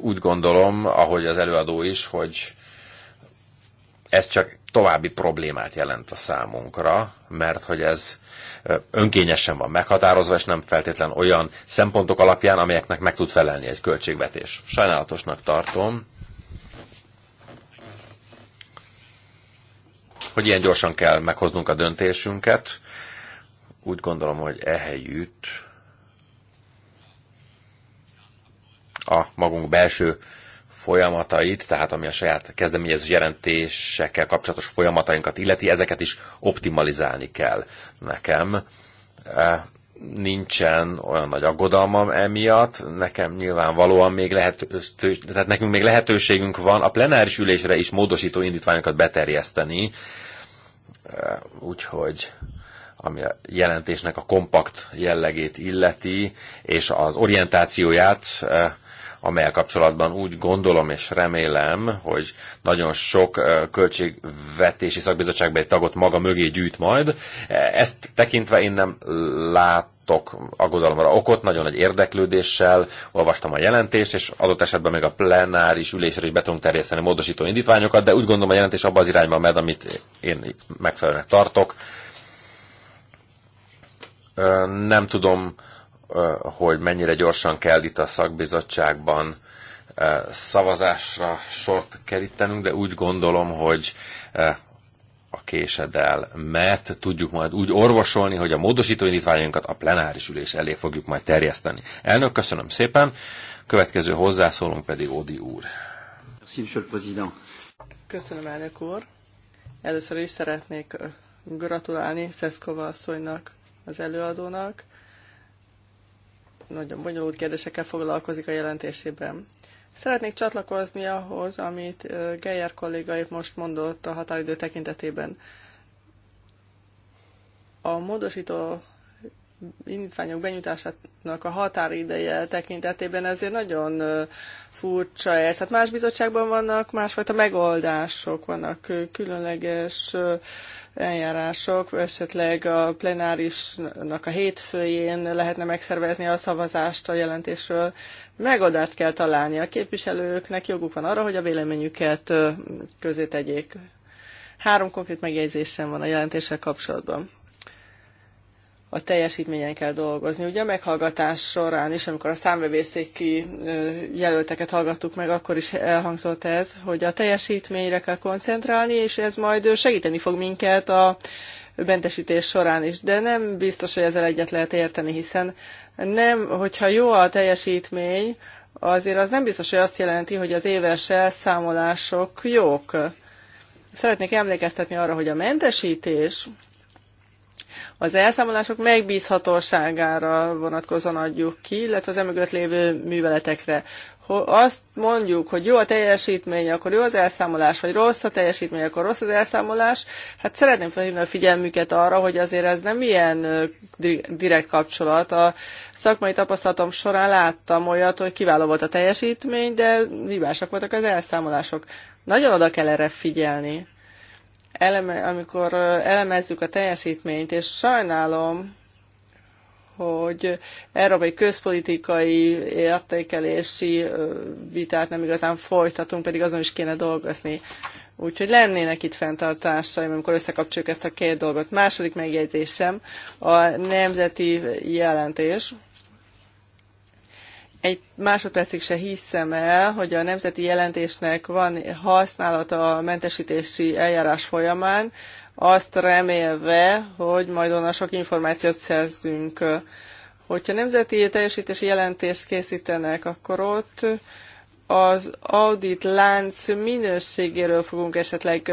úgy gondolom, ahogy az előadó is, hogy ez csak további problémát jelent a számunkra, mert hogy ez önkényesen van meghatározva, és nem feltétlen olyan szempontok alapján, amelyeknek meg tud felelni egy költségvetés. Sajnálatosnak tartom, hogy ilyen gyorsan kell meghoznunk a döntésünket. Úgy gondolom, hogy ehelyütt a magunk belső folyamatait, tehát ami a saját kezdeményező jelentésekkel kapcsolatos folyamatainkat illeti, ezeket is optimalizálni kell nekem nincsen olyan nagy aggodalmam emiatt, nekem nyilvánvalóan még lehetőség, tehát nekünk még lehetőségünk van a plenáris ülésre is módosító indítványokat beterjeszteni, úgyhogy ami a jelentésnek a kompakt jellegét illeti, és az orientációját amelyel kapcsolatban úgy gondolom és remélem, hogy nagyon sok költségvetési egy tagot maga mögé gyűjt majd. E, ezt tekintve én nem látok aggodalomra okot, nagyon nagy érdeklődéssel olvastam a jelentést, és adott esetben még a plenáris ülésre is be tudunk terjeszteni módosító indítványokat, de úgy gondolom a jelentés abban az irányban megy, amit én megfelelőnek tartok. Nem tudom, hogy mennyire gyorsan kell itt a szakbizottságban szavazásra sort kerítenünk, de úgy gondolom, hogy a mert tudjuk majd úgy orvosolni, hogy a módosító indítványunkat a plenáris ülés elé fogjuk majd terjeszteni. Elnök, köszönöm szépen. Következő hozzászólunk pedig Odi úr. Köszönöm, elnök úr. Először is szeretnék gratulálni Szeszkova asszonynak, az előadónak, nagyon bonyolult kérdésekkel foglalkozik a jelentésében. Szeretnék csatlakozni ahhoz, amit Geyer kolléga épp most mondott a határidő tekintetében. A módosító indítványok benyújtásának a határideje tekintetében ezért nagyon furcsa ez. Hát más bizottságban vannak másfajta megoldások, vannak különleges eljárások, esetleg a plenárisnak a hétfőjén lehetne megszervezni a szavazást a jelentésről. Megoldást kell találni. A képviselőknek joguk van arra, hogy a véleményüket közé tegyék. Három konkrét megjegyzésem van a jelentéssel kapcsolatban a teljesítményen kell dolgozni. Ugye a meghallgatás során is, amikor a számvevőszéki jelölteket hallgattuk meg, akkor is elhangzott ez, hogy a teljesítményre kell koncentrálni, és ez majd segíteni fog minket a mentesítés során is, de nem biztos, hogy ezzel egyet lehet érteni, hiszen nem, hogyha jó a teljesítmény, azért az nem biztos, hogy azt jelenti, hogy az éves elszámolások jók. Szeretnék emlékeztetni arra, hogy a mentesítés az elszámolások megbízhatóságára vonatkozóan adjuk ki, illetve az emögött lévő műveletekre. Ha azt mondjuk, hogy jó a teljesítmény, akkor jó az elszámolás, vagy rossz a teljesítmény, akkor rossz az elszámolás, hát szeretném felhívni a figyelmüket arra, hogy azért ez nem ilyen direkt kapcsolat. A szakmai tapasztalatom során láttam olyat, hogy kiváló volt a teljesítmény, de hibásak voltak az elszámolások. Nagyon oda kell erre figyelni eleme, amikor elemezzük a teljesítményt, és sajnálom, hogy európai közpolitikai értékelési vitát nem igazán folytatunk, pedig azon is kéne dolgozni. Úgyhogy lennének itt fenntartásaim, amikor összekapcsoljuk ezt a két dolgot. Második megjegyzésem a nemzeti jelentés egy másodpercig se hiszem el, hogy a nemzeti jelentésnek van használata a mentesítési eljárás folyamán, azt remélve, hogy majd onnan sok információt szerzünk. Hogyha nemzeti teljesítési jelentést készítenek, akkor ott az audit lánc minőségéről fogunk esetleg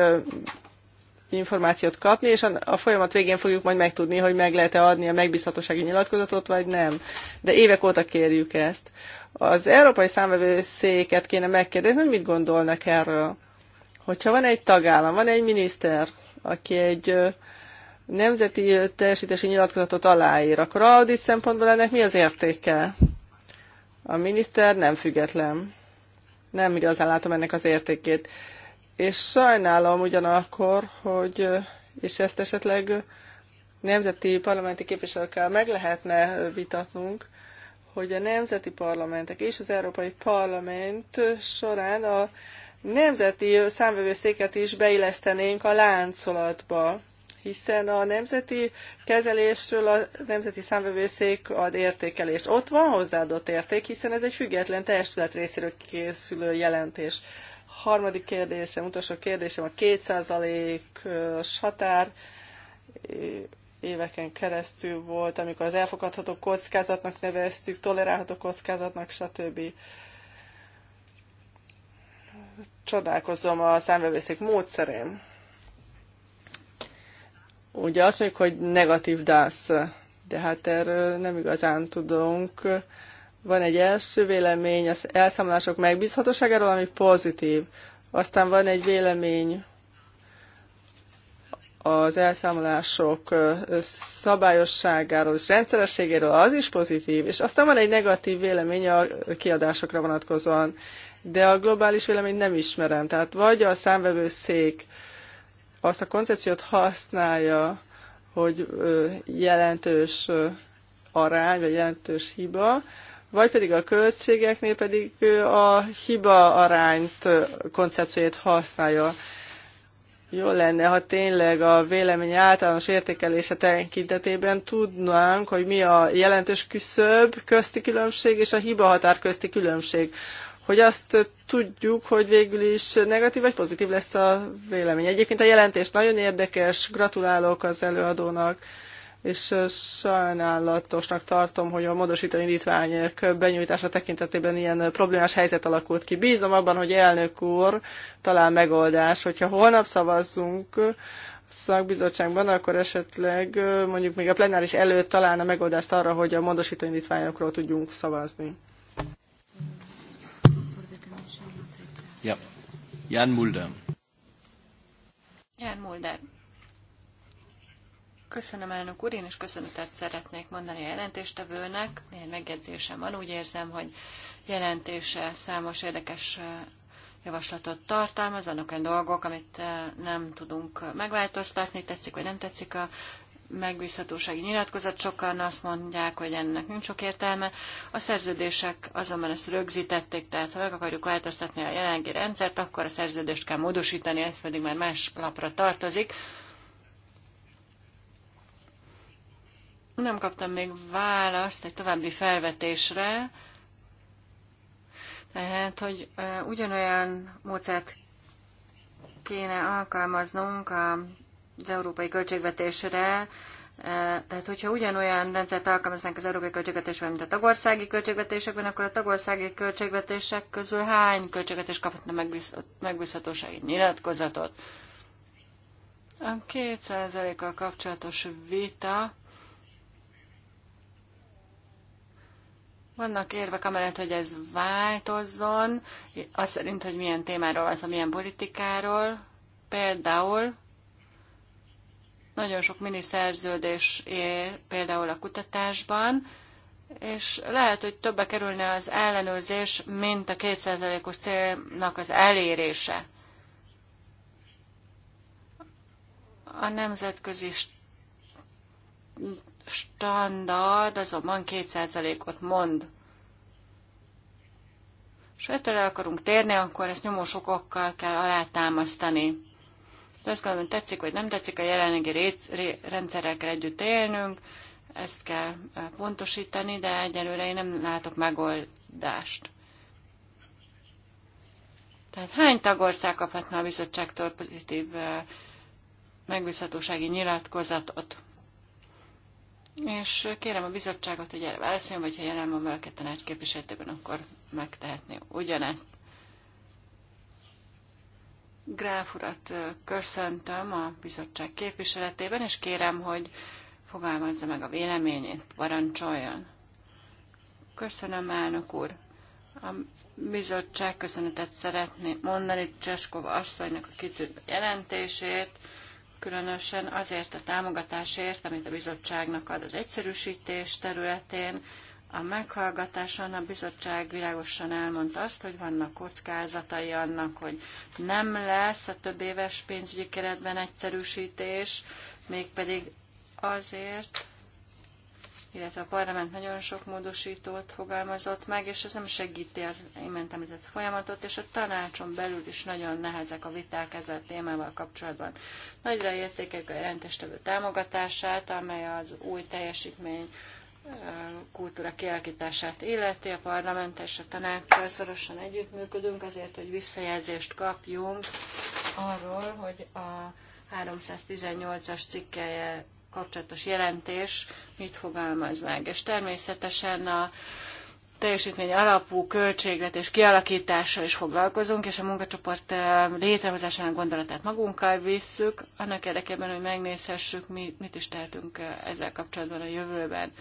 információt kapni, és a folyamat végén fogjuk majd megtudni, hogy meg lehet-e adni a megbízhatósági nyilatkozatot, vagy nem. De évek óta kérjük ezt. Az Európai Számvevőszéket kéne megkérdezni, hogy mit gondolnak erről. Hogyha van egy tagállam, van egy miniszter, aki egy nemzeti teljesítési nyilatkozatot aláír, akkor audit szempontból ennek mi az értéke? A miniszter nem független. Nem igazán látom ennek az értékét. És sajnálom ugyanakkor, hogy, eh, és ezt esetleg nemzeti parlamenti képviselőkkel meg lehetne eh, vitatnunk, hogy a nemzeti parlamentek és az Európai Parlament eh, során a nemzeti számvevőszéket is beillesztenénk a láncolatba, hiszen a nemzeti kezelésről a nemzeti számvevőszék ad értékelést. Ott van hozzáadott érték, hiszen ez egy független testület részéről készülő jelentés harmadik kérdésem, utolsó kérdésem a kétszázalékos határ éveken keresztül volt, amikor az elfogadható kockázatnak neveztük, tolerálható kockázatnak, stb. Csodálkozom a számbevészék módszerén. Ugye azt mondjuk, hogy negatív DASZ, de hát erről nem igazán tudunk van egy első vélemény az elszámolások megbízhatóságáról, ami pozitív. Aztán van egy vélemény az elszámolások szabályosságáról és rendszerességéről, az is pozitív, és aztán van egy negatív vélemény a kiadásokra vonatkozóan, de a globális véleményt nem ismerem. Tehát vagy a számvevőszék azt a koncepciót használja, hogy jelentős arány, vagy jelentős hiba, vagy pedig a költségeknél pedig a hiba arányt koncepcióját használja. Jó lenne, ha tényleg a vélemény általános értékelése tekintetében tudnánk, hogy mi a jelentős küszöb közti különbség és a hiba határ közti különbség. Hogy azt tudjuk, hogy végül is negatív vagy pozitív lesz a vélemény. Egyébként a jelentés nagyon érdekes, gratulálok az előadónak és sajnálatosnak tartom, hogy a módosító indítványok benyújtása tekintetében ilyen problémás helyzet alakult ki. Bízom abban, hogy elnök úr talál megoldás, hogyha holnap szavazzunk, szakbizottságban, akkor esetleg mondjuk még a plenáris előtt találna megoldást arra, hogy a módosító indítványokról tudjunk szavazni. Ja. Jan Mulder. Jan Mulder. Köszönöm, elnök úr, én is köszönetet szeretnék mondani a jelentéstevőnek. Néhány megjegyzésem van, úgy érzem, hogy jelentése számos érdekes javaslatot tartalmaz, annak olyan dolgok, amit nem tudunk megváltoztatni, tetszik vagy nem tetszik a megbízhatósági nyilatkozat. Sokan azt mondják, hogy ennek nincs sok értelme. A szerződések azonban ezt rögzítették, tehát ha meg akarjuk változtatni a jelenlegi rendszert, akkor a szerződést kell módosítani, ez pedig már más lapra tartozik. Nem kaptam még választ egy további felvetésre, tehát, hogy ugyanolyan módszert kéne alkalmaznunk az európai költségvetésre, tehát, hogyha ugyanolyan rendszert alkalmaznánk az európai költségvetésben, mint a tagországi költségvetésekben, akkor a tagországi költségvetések közül hány költségvetés kapna megbízhatósági nyilatkozatot? A 2%-kal kapcsolatos vita Vannak érvek amellett, hogy ez változzon, azt szerint, hogy milyen témáról van szó, milyen politikáról. Például nagyon sok szerződés él például a kutatásban, és lehet, hogy többe kerülne az ellenőrzés, mint a kétszerzelékos célnak az elérése. A nemzetközi standard azonban 2%-ot mond. És ha ettől el akarunk térni, akkor ezt nyomós okokkal kell alátámasztani. De hát azt gondolom, hogy tetszik vagy nem tetszik, a jelenlegi rendszerekkel együtt élnünk, ezt kell eh, pontosítani, de egyelőre én nem látok megoldást. Tehát hány tagország kaphatna a bizottságtól pozitív eh, megbízhatósági nyilatkozatot? És kérem a bizottságot, hogy erre válaszoljon, vagy ha jelen van vele tanács képviseletében, akkor megtehetné ugyanezt. Gráf urat köszöntöm a bizottság képviseletében, és kérem, hogy fogalmazza meg a véleményét, parancsoljon. Köszönöm, elnök úr. A bizottság köszönetet szeretné mondani Cseskova asszonynak a kitűnt jelentését, különösen azért a támogatásért, amit a bizottságnak ad az egyszerűsítés területén. A meghallgatáson a bizottság világosan elmondta azt, hogy vannak kockázatai annak, hogy nem lesz a több éves pénzügyi keretben egyszerűsítés, mégpedig azért, illetve a parlament nagyon sok módosítót fogalmazott meg, és ez nem segíti az imént említett folyamatot, és a tanácson belül is nagyon nehezek a viták ezzel a témával kapcsolatban. Nagyra értékek a jelentéstevő támogatását, amely az új teljesítmény kultúra kialakítását illeti, a parlament és a tanácssal szorosan együttműködünk azért, hogy visszajelzést kapjunk arról, hogy a 318-as cikkelje kapcsolatos jelentés mit fogalmaz meg. És természetesen a teljesítmény alapú és kialakítással is foglalkozunk, és a munkacsoport eh, létrehozásának gondolatát magunkkal visszük, annak érdekében, hogy megnézhessük, mit is tehetünk eh, ezzel kapcsolatban a jövőben.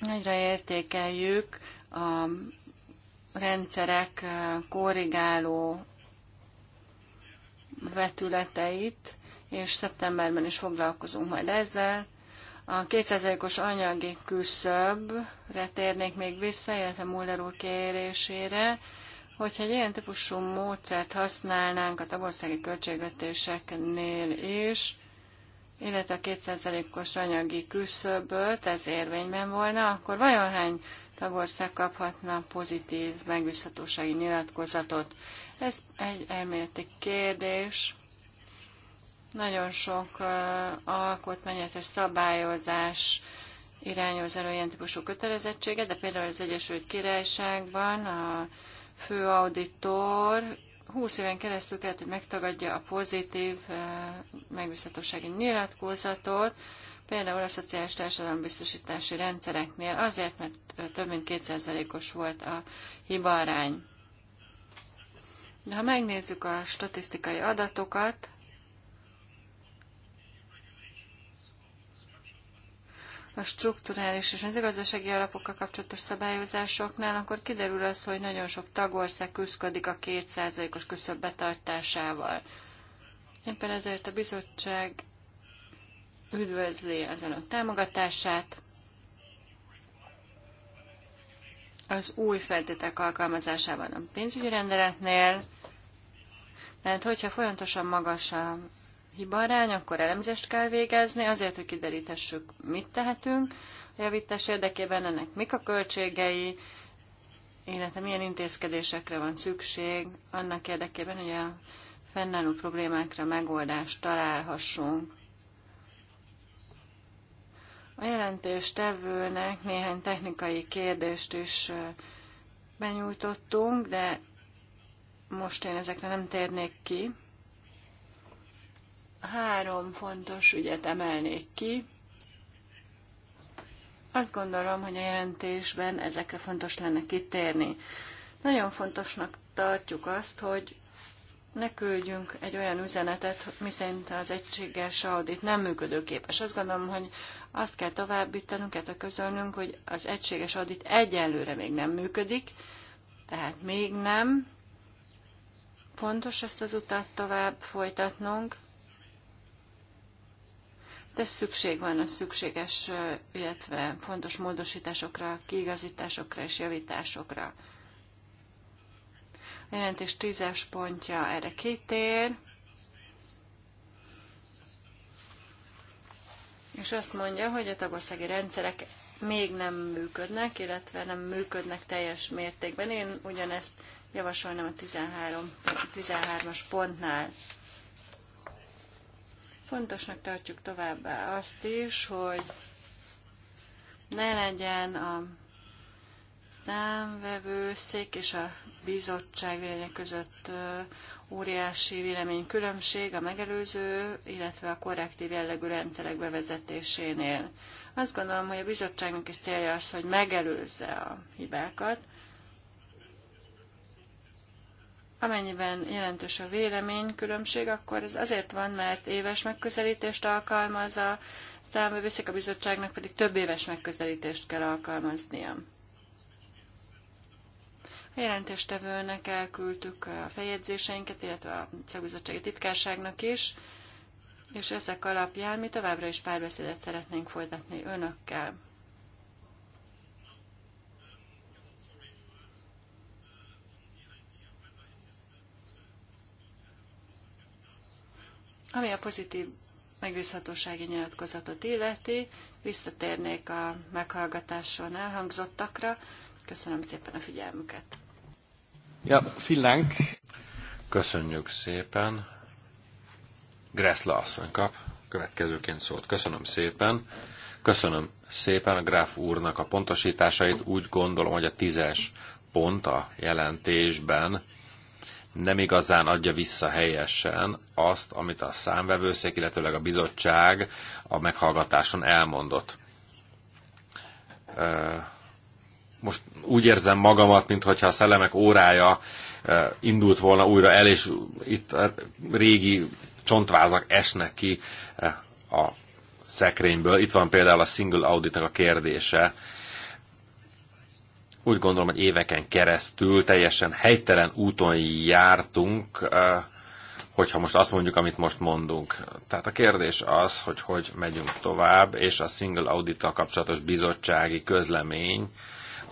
Nagyra értékeljük a rendszerek eh, korrigáló vetületeit, és szeptemberben is foglalkozunk majd ezzel. A 2000 os anyagi küszöbre térnék még vissza, illetve Muller úr kérésére, hogyha egy ilyen típusú módszert használnánk a tagországi költségvetéseknél is, illetve a 2000 os anyagi küszöböt, ez érvényben volna, akkor vajon hány tagország kaphatna pozitív megbízhatósági nyilatkozatot? Ez egy elméleti kérdés, nagyon sok alkotmányos és szabályozás irányoz elő ilyen típusú kötelezettséget, de például az Egyesült Királyságban a auditor 20 éven keresztül kellett, hogy megtagadja a pozitív megbízhatósági nyilatkozatot, például a szociális társadalombiztosítási rendszereknél, azért, mert több mint 2%-os volt a hibarány. De ha megnézzük a statisztikai adatokat, a strukturális és mezőgazdasági alapokkal kapcsolatos szabályozásoknál, akkor kiderül az, hogy nagyon sok tagország küzdik a kétszázalékos küszöb betartásával. Éppen ezért a bizottság üdvözli az önök támogatását. Az új feltétek alkalmazásában a pénzügyi rendeletnél, mert hogyha folyamatosan magas a hibarány, akkor elemzést kell végezni, azért, hogy kiderítessük, mit tehetünk a javítás érdekében, ennek mik a költségei, illetve milyen intézkedésekre van szükség annak érdekében, hogy a fennálló problémákra megoldást találhassunk. A jelentéstevőnek néhány technikai kérdést is benyújtottunk, de most én ezekre nem térnék ki. Három fontos ügyet emelnék ki. Azt gondolom, hogy a jelentésben ezekre fontos lenne kitérni. Nagyon fontosnak tartjuk azt, hogy ne küldjünk egy olyan üzenetet, miszerint az egységes audit nem működőképes. Azt gondolom, hogy azt kell továbbítanunk, kell közölnünk, hogy az egységes audit egyelőre még nem működik, tehát még nem. Fontos ezt az utat tovább folytatnunk, de szükség van a szükséges, illetve fontos módosításokra, kiigazításokra és javításokra. A jelentés tízes pontja erre kitér, és azt mondja, hogy a tagországi rendszerek még nem működnek, illetve nem működnek teljes mértékben. Én ugyanezt javasolnám a 13, 13-as pontnál. Fontosnak tartjuk továbbá azt is, hogy ne legyen a szék és a bizottság vélemény között óriási véleménykülönbség a megelőző, illetve a korrektív jellegű rendszerek bevezetésénél. Azt gondolom, hogy a bizottságnak is célja az, hogy megelőzze a hibákat, Amennyiben jelentős a véleménykülönbség, akkor ez azért van, mert éves megközelítést alkalmaz a számbeviszik, a bizottságnak pedig több éves megközelítést kell alkalmaznia. A jelentéstevőnek elküldtük a feljegyzéseinket, illetve a szakbizottsági titkárságnak is, és ezek alapján mi továbbra is párbeszédet szeretnénk folytatni önökkel. Ami a pozitív megbízhatósági nyilatkozatot illeti, visszatérnék a meghallgatáson elhangzottakra. Köszönöm szépen a figyelmüket. Ja, fillánk. Köszönjük szépen. Gressla asszony kap. Következőként szólt. Köszönöm szépen. Köszönöm szépen a Gráf úrnak a pontosításait. Úgy gondolom, hogy a tízes pont a jelentésben nem igazán adja vissza helyesen azt, amit a számvevőszék, illetőleg a bizottság a meghallgatáson elmondott. Most úgy érzem magamat, mintha a szellemek órája indult volna újra el, és itt hát, régi csontvázak esnek ki a szekrényből. Itt van például a single auditnak a kérdése, úgy gondolom, hogy éveken keresztül teljesen helytelen úton jártunk, eh, hogyha most azt mondjuk, amit most mondunk. Tehát a kérdés az, hogy hogy megyünk tovább, és a single audit kapcsolatos bizottsági közlemény,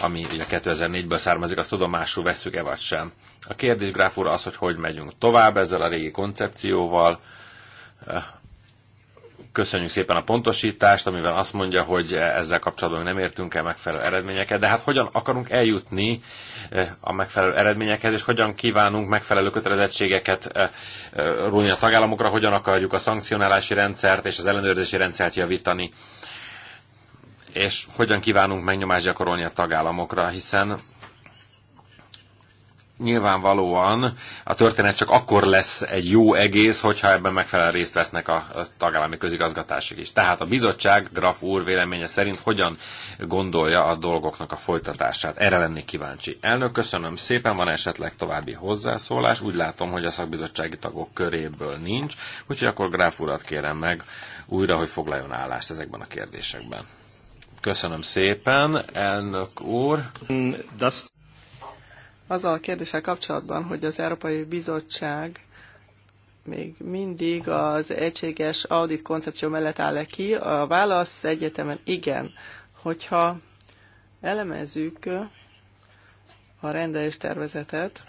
ami ugye 2004-ből származik, azt tudomásul veszük-e vagy sem. A kérdés gráfúra az, hogy hogy megyünk tovább ezzel a régi koncepcióval, eh, Köszönjük szépen a pontosítást, amivel azt mondja, hogy ezzel kapcsolatban nem értünk el megfelelő eredményeket, de hát hogyan akarunk eljutni eh, a megfelelő eredményekhez, és hogyan kívánunk megfelelő kötelezettségeket eh, eh, rúni a tagállamokra, hogyan akarjuk a szankcionálási rendszert és az ellenőrzési rendszert javítani, és hogyan kívánunk megnyomást gyakorolni a tagállamokra, hiszen nyilvánvalóan a történet csak akkor lesz egy jó egész, hogyha ebben megfelelően részt vesznek a tagállami közigazgatások is. Tehát a bizottság Graf úr véleménye szerint hogyan gondolja a dolgoknak a folytatását. Erre lennék kíváncsi. Elnök, köszönöm szépen, van esetleg további hozzászólás. Úgy látom, hogy a szakbizottsági tagok köréből nincs, úgyhogy akkor Graf urat kérem meg újra, hogy foglaljon állást ezekben a kérdésekben. Köszönöm szépen, elnök úr. Mm, azzal a kérdéssel kapcsolatban, hogy az Európai Bizottság még mindig az egységes audit koncepció mellett áll -e ki. A válasz egyetemen igen. Hogyha elemezzük a rendelés tervezetet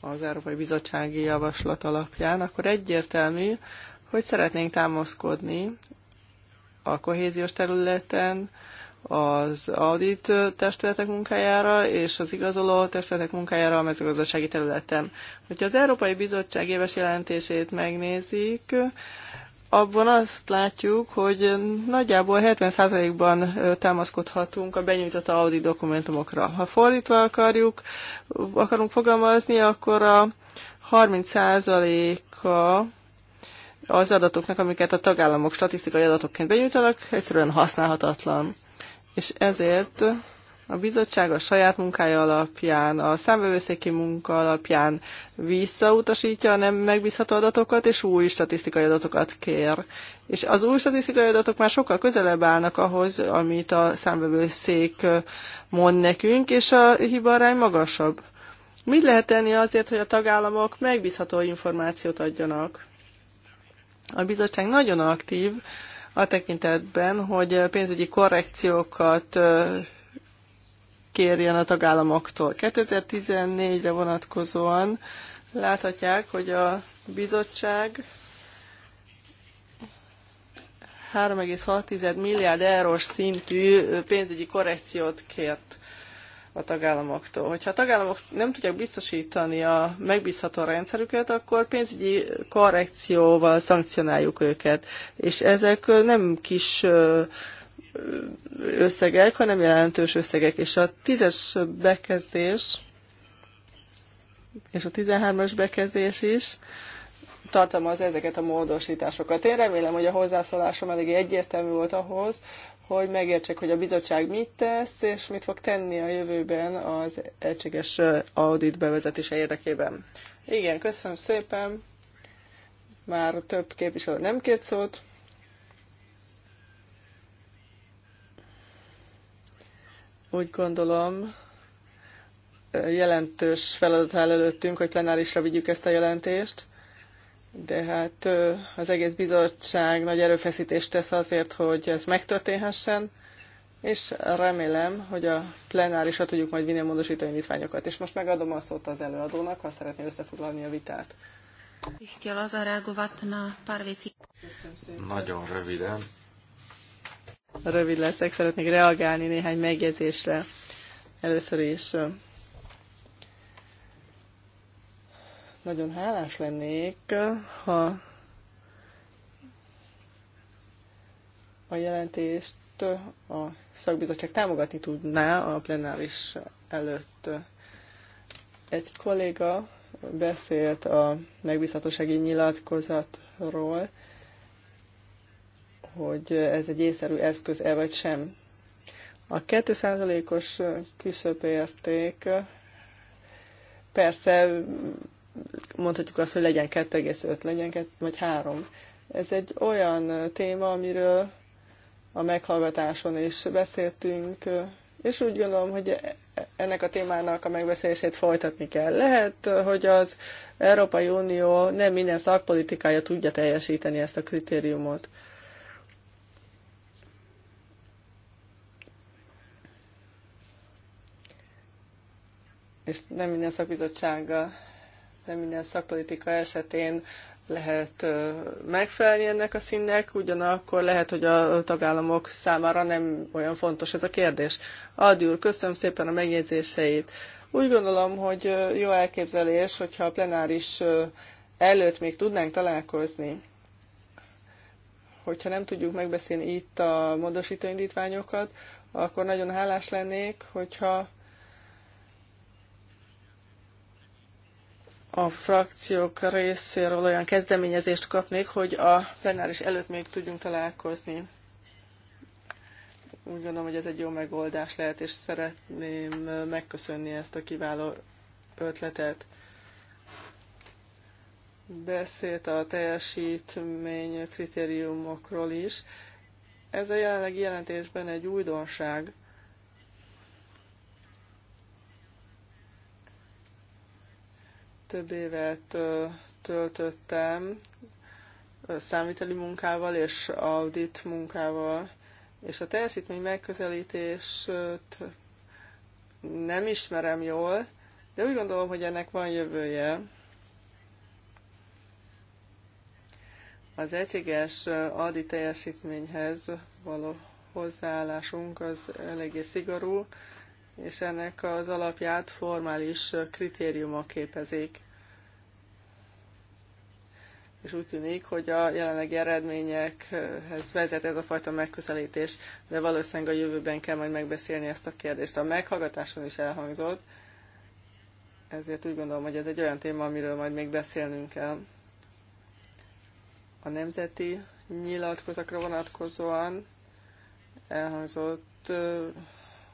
az Európai Bizottsági Javaslat alapján, akkor egyértelmű, hogy szeretnénk támaszkodni a kohéziós területen az audit testületek munkájára és az igazoló testületek munkájára a mezőgazdasági területen. Hogyha az Európai Bizottság éves jelentését megnézik, abban azt látjuk, hogy nagyjából 70%-ban támaszkodhatunk a benyújtott audit dokumentumokra. Ha fordítva akarjuk, akarunk fogalmazni, akkor a 30%-a az adatoknak, amiket a tagállamok statisztikai adatokként benyújtanak, egyszerűen használhatatlan és ezért a bizottság a saját munkája alapján, a számvevőszéki munka alapján visszautasítja a nem megbízható adatokat, és új statisztikai adatokat kér. És az új statisztikai adatok már sokkal közelebb állnak ahhoz, amit a számvevőszék mond nekünk, és a hibarány magasabb. Mit lehet tenni azért, hogy a tagállamok megbízható információt adjanak? A bizottság nagyon aktív, a tekintetben, hogy pénzügyi korrekciókat kérjen a tagállamoktól. 2014-re vonatkozóan láthatják, hogy a bizottság 3,6 milliárd eurós szintű pénzügyi korrekciót kért a tagállamoktól. Hogyha a tagállamok nem tudják biztosítani a megbízható rendszerüket, akkor pénzügyi korrekcióval szankcionáljuk őket. És ezek nem kis összegek, hanem jelentős összegek. És a tízes bekezdés, és a 13-as bekezdés is tartalmaz ezeket a módosításokat. Én remélem, hogy a hozzászólásom eléggé egyértelmű volt ahhoz, hogy megértsék, hogy a bizottság mit tesz, és mit fog tenni a jövőben az egységes audit bevezetése érdekében. Igen, köszönöm szépen. Már több képviselő nem kért szót. Úgy gondolom, jelentős feladat áll előttünk, hogy plenárisra vigyük ezt a jelentést de hát az egész bizottság nagy erőfeszítést tesz azért, hogy ez megtörténhessen, és remélem, hogy a plenárisra tudjuk majd vinni a módosítani nyitványokat. És most megadom a szót az előadónak, ha szeretné összefoglalni a vitát. Nagyon röviden. Rövid leszek, szeretnék reagálni néhány megjegyzésre. Először is Nagyon hálás lennék, ha a jelentést a szakbizottság támogatni tudná a plenáris előtt. Egy kolléga beszélt a megbízhatósági nyilatkozatról, hogy ez egy észszerű eszköz-e vagy sem. A 2%-os küszöbérték persze mondhatjuk azt, hogy legyen 2,5, legyen 2, vagy 3. Ez egy olyan téma, amiről a meghallgatáson is beszéltünk, és úgy gondolom, hogy e- ennek a témának a megbeszélését folytatni kell. Lehet, hogy az Európai Unió nem minden szakpolitikája tudja teljesíteni ezt a kritériumot. És nem minden szakbizottsága nem minden szakpolitika esetén lehet megfelelni ennek a színnek, ugyanakkor lehet, hogy a tagállamok számára nem olyan fontos ez a kérdés. Adi úr, köszönöm szépen a megjegyzéseit. Úgy gondolom, hogy jó elképzelés, hogyha a plenáris előtt még tudnánk találkozni, hogyha nem tudjuk megbeszélni itt a módosítóindítványokat, indítványokat, akkor nagyon hálás lennék, hogyha a frakciók részéről olyan kezdeményezést kapnék, hogy a plenáris előtt még tudjunk találkozni. Úgy gondolom, hogy ez egy jó megoldás lehet, és szeretném megköszönni ezt a kiváló ötletet. Beszélt a teljesítmény kritériumokról is. Ez a jelenlegi jelentésben egy újdonság, Több évet töltöttem számviteli munkával és audit munkával, és a teljesítmény megközelítést nem ismerem jól, de úgy gondolom, hogy ennek van jövője. Az egységes adi teljesítményhez való hozzáállásunk az eléggé szigorú, és ennek az alapját formális kritériumok képezik. És úgy tűnik, hogy a jelenlegi eredményekhez vezet ez a fajta megközelítés, de valószínűleg a jövőben kell majd megbeszélni ezt a kérdést. A meghallgatáson is elhangzott, ezért úgy gondolom, hogy ez egy olyan téma, amiről majd még beszélnünk kell. A nemzeti nyilatkozakra vonatkozóan elhangzott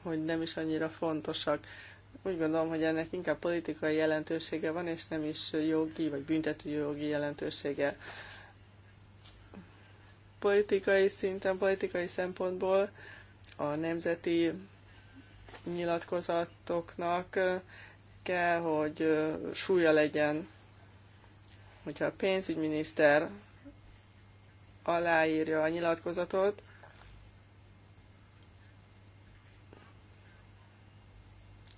hogy nem is annyira fontosak. Úgy gondolom, hogy ennek inkább politikai jelentősége van, és nem is jogi vagy büntetőjogi jelentősége. Politikai szinten, politikai szempontból a nemzeti nyilatkozatoknak kell, hogy súlya legyen. Hogyha a pénzügyminiszter aláírja a nyilatkozatot,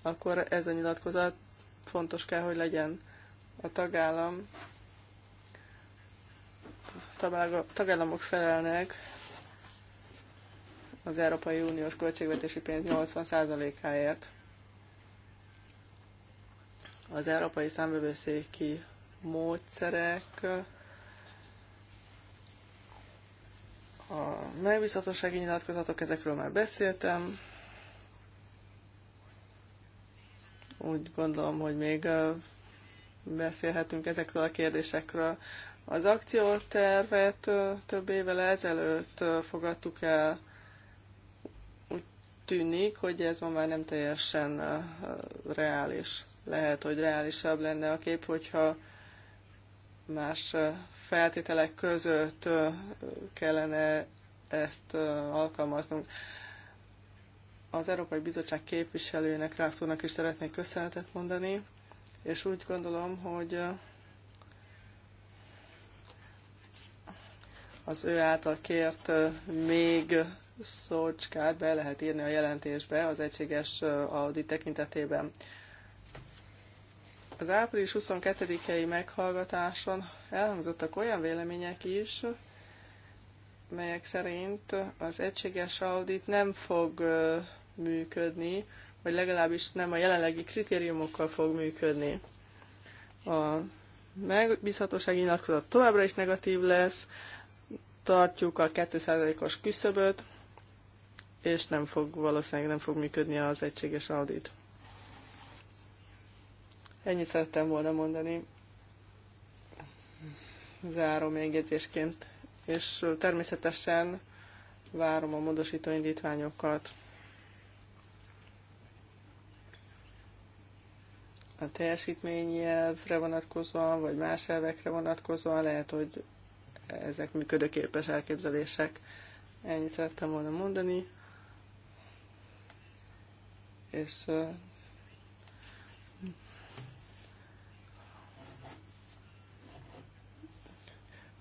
akkor ez a nyilatkozat fontos kell, hogy legyen a tagállam. a Tagállamok felelnek az Európai Uniós költségvetési pénz 80%-áért. Az Európai Számbevőszéki módszerek a megbízhatósági nyilatkozatok, ezekről már beszéltem. Úgy gondolom, hogy még beszélhetünk ezekről a kérdésekről. Az akciótervet több évvel ezelőtt fogadtuk el. Úgy tűnik, hogy ez ma már nem teljesen reális. Lehet, hogy reálisabb lenne a kép, hogyha más feltételek között kellene ezt alkalmaznunk az Európai Bizottság képviselőjének, Ráftónak is szeretnék köszönetet mondani, és úgy gondolom, hogy uh, az ő által kért uh, még szócskát be lehet írni a jelentésbe az egységes uh, audit tekintetében. Az április 22-i meghallgatáson elhangzottak olyan vélemények is, melyek szerint az egységes audit nem fog működni, vagy legalábbis nem a jelenlegi kritériumokkal fog működni. A megbízhatósági nyilatkozat továbbra is negatív lesz, tartjuk a 2%-os küszöböt, és nem fog, valószínűleg nem fog működni az egységes audit. Ennyit szerettem volna mondani záró megjegyzésként, és természetesen várom a módosító indítványokat. a teljesítményelvre vonatkozóan, vagy más elvekre vonatkozóan, lehet, hogy ezek működőképes elképzelések. Ennyit szerettem volna mondani. És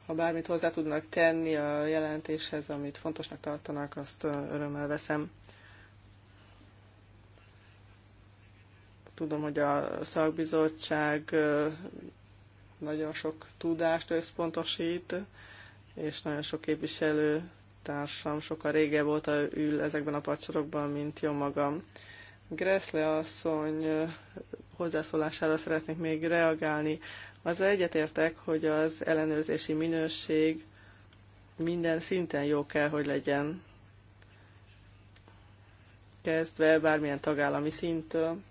ha bármit hozzá tudnak tenni a jelentéshez, amit fontosnak tartanak, azt örömmel veszem. Tudom, hogy a szakbizottság nagyon sok tudást összpontosít, és nagyon sok képviselő társam sokkal régebb óta ül ezekben a pacsorokban, mint jó magam. Gressle asszony hozzászólására szeretnék még reagálni. az egyetértek, hogy az ellenőrzési minőség minden szinten jó kell, hogy legyen. Kezdve bármilyen tagállami szinttől,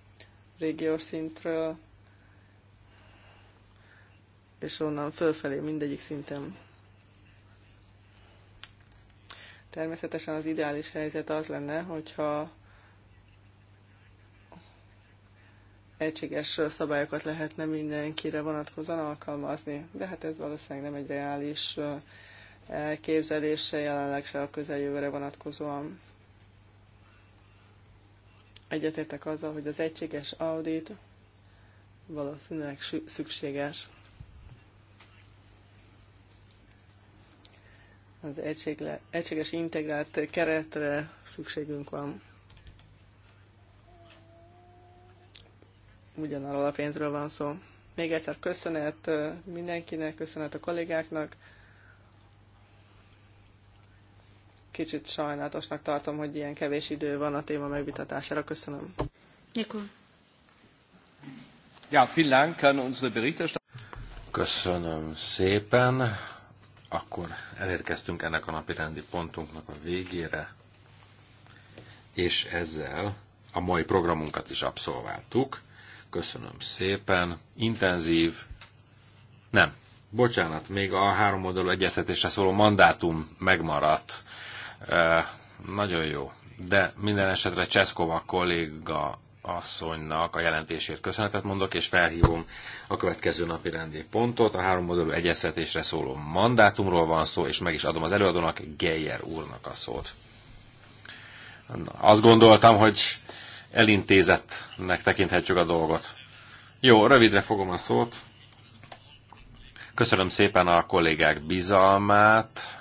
régiós szintről, és onnan fölfelé mindegyik szinten. Természetesen az ideális helyzet az lenne, hogyha egységes szabályokat lehetne mindenkire vonatkozóan alkalmazni, de hát ez valószínűleg nem egy reális elképzelése jelenleg se a közeljövőre vonatkozóan. Egyetértek azzal, hogy az egységes audit valószínűleg szükséges. Az egységle, egységes integrált keretre szükségünk van. Ugyanarról a pénzről van szó. Még egyszer köszönet mindenkinek, köszönet a kollégáknak. Kicsit sajnálatosnak tartom, hogy ilyen kevés idő van a téma megvitatására. Köszönöm. Ja, Köszönöm szépen. Akkor elérkeztünk ennek a napi rendi pontunknak a végére, és ezzel a mai programunkat is abszolváltuk. Köszönöm szépen. Intenzív. Nem. Bocsánat, még a három oldalú egyeztetésre szóló mandátum megmaradt. Nagyon jó. De minden esetre Cseszkova kolléga asszonynak a jelentésért köszönetet mondok, és felhívom a következő napi rendi pontot. A három oldalú egyeztetésre szóló mandátumról van szó, és meg is adom az előadónak, Geyer úrnak a szót. Azt gondoltam, hogy elintézettnek tekinthetjük a dolgot. Jó, rövidre fogom a szót. Köszönöm szépen a kollégák bizalmát,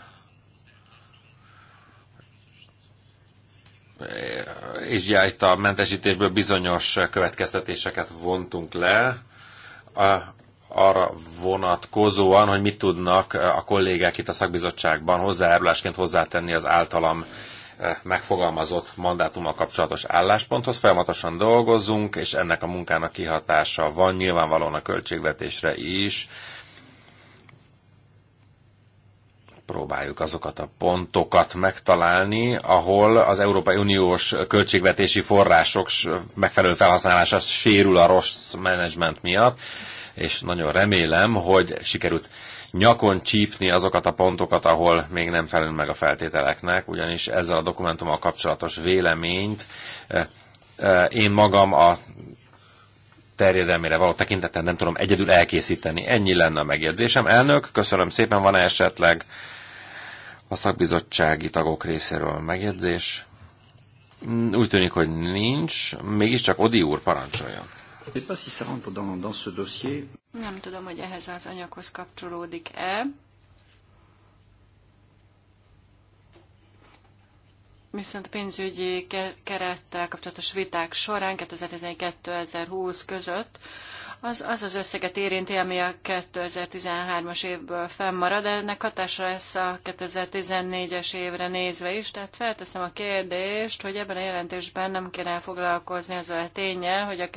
és ugye itt a mentesítésből bizonyos következtetéseket vontunk le a, arra vonatkozóan, hogy mit tudnak a kollégák itt a szakbizottságban hozzájárulásként hozzátenni az általam eh, megfogalmazott mandátummal kapcsolatos állásponthoz. Folyamatosan dolgozunk, és ennek a munkának kihatása van nyilvánvalóan a költségvetésre is próbáljuk azokat a pontokat megtalálni, ahol az Európai Uniós költségvetési források megfelelő felhasználása sérül a rossz menedzsment miatt, és nagyon remélem, hogy sikerült nyakon csípni azokat a pontokat, ahol még nem felül meg a feltételeknek, ugyanis ezzel a dokumentummal kapcsolatos véleményt eh, eh, én magam a terjedelmére való tekintetben nem tudom egyedül elkészíteni. Ennyi lenne a megjegyzésem. Elnök, köszönöm szépen, van -e esetleg a szakbizottsági tagok részéről megjegyzés. Úgy tűnik, hogy nincs, mégiscsak Odi úr parancsoljon. Nem tudom, hogy ehhez az anyaghoz kapcsolódik-e. Viszont a pénzügyi kerettel kapcsolatos viták során 2012-2020 között az az, az összeget érinti, ami a 2013-as évből fennmarad, ennek hatása lesz a 2014-es évre nézve is, tehát felteszem a kérdést, hogy ebben a jelentésben nem kéne foglalkozni azzal a tényel, hogy a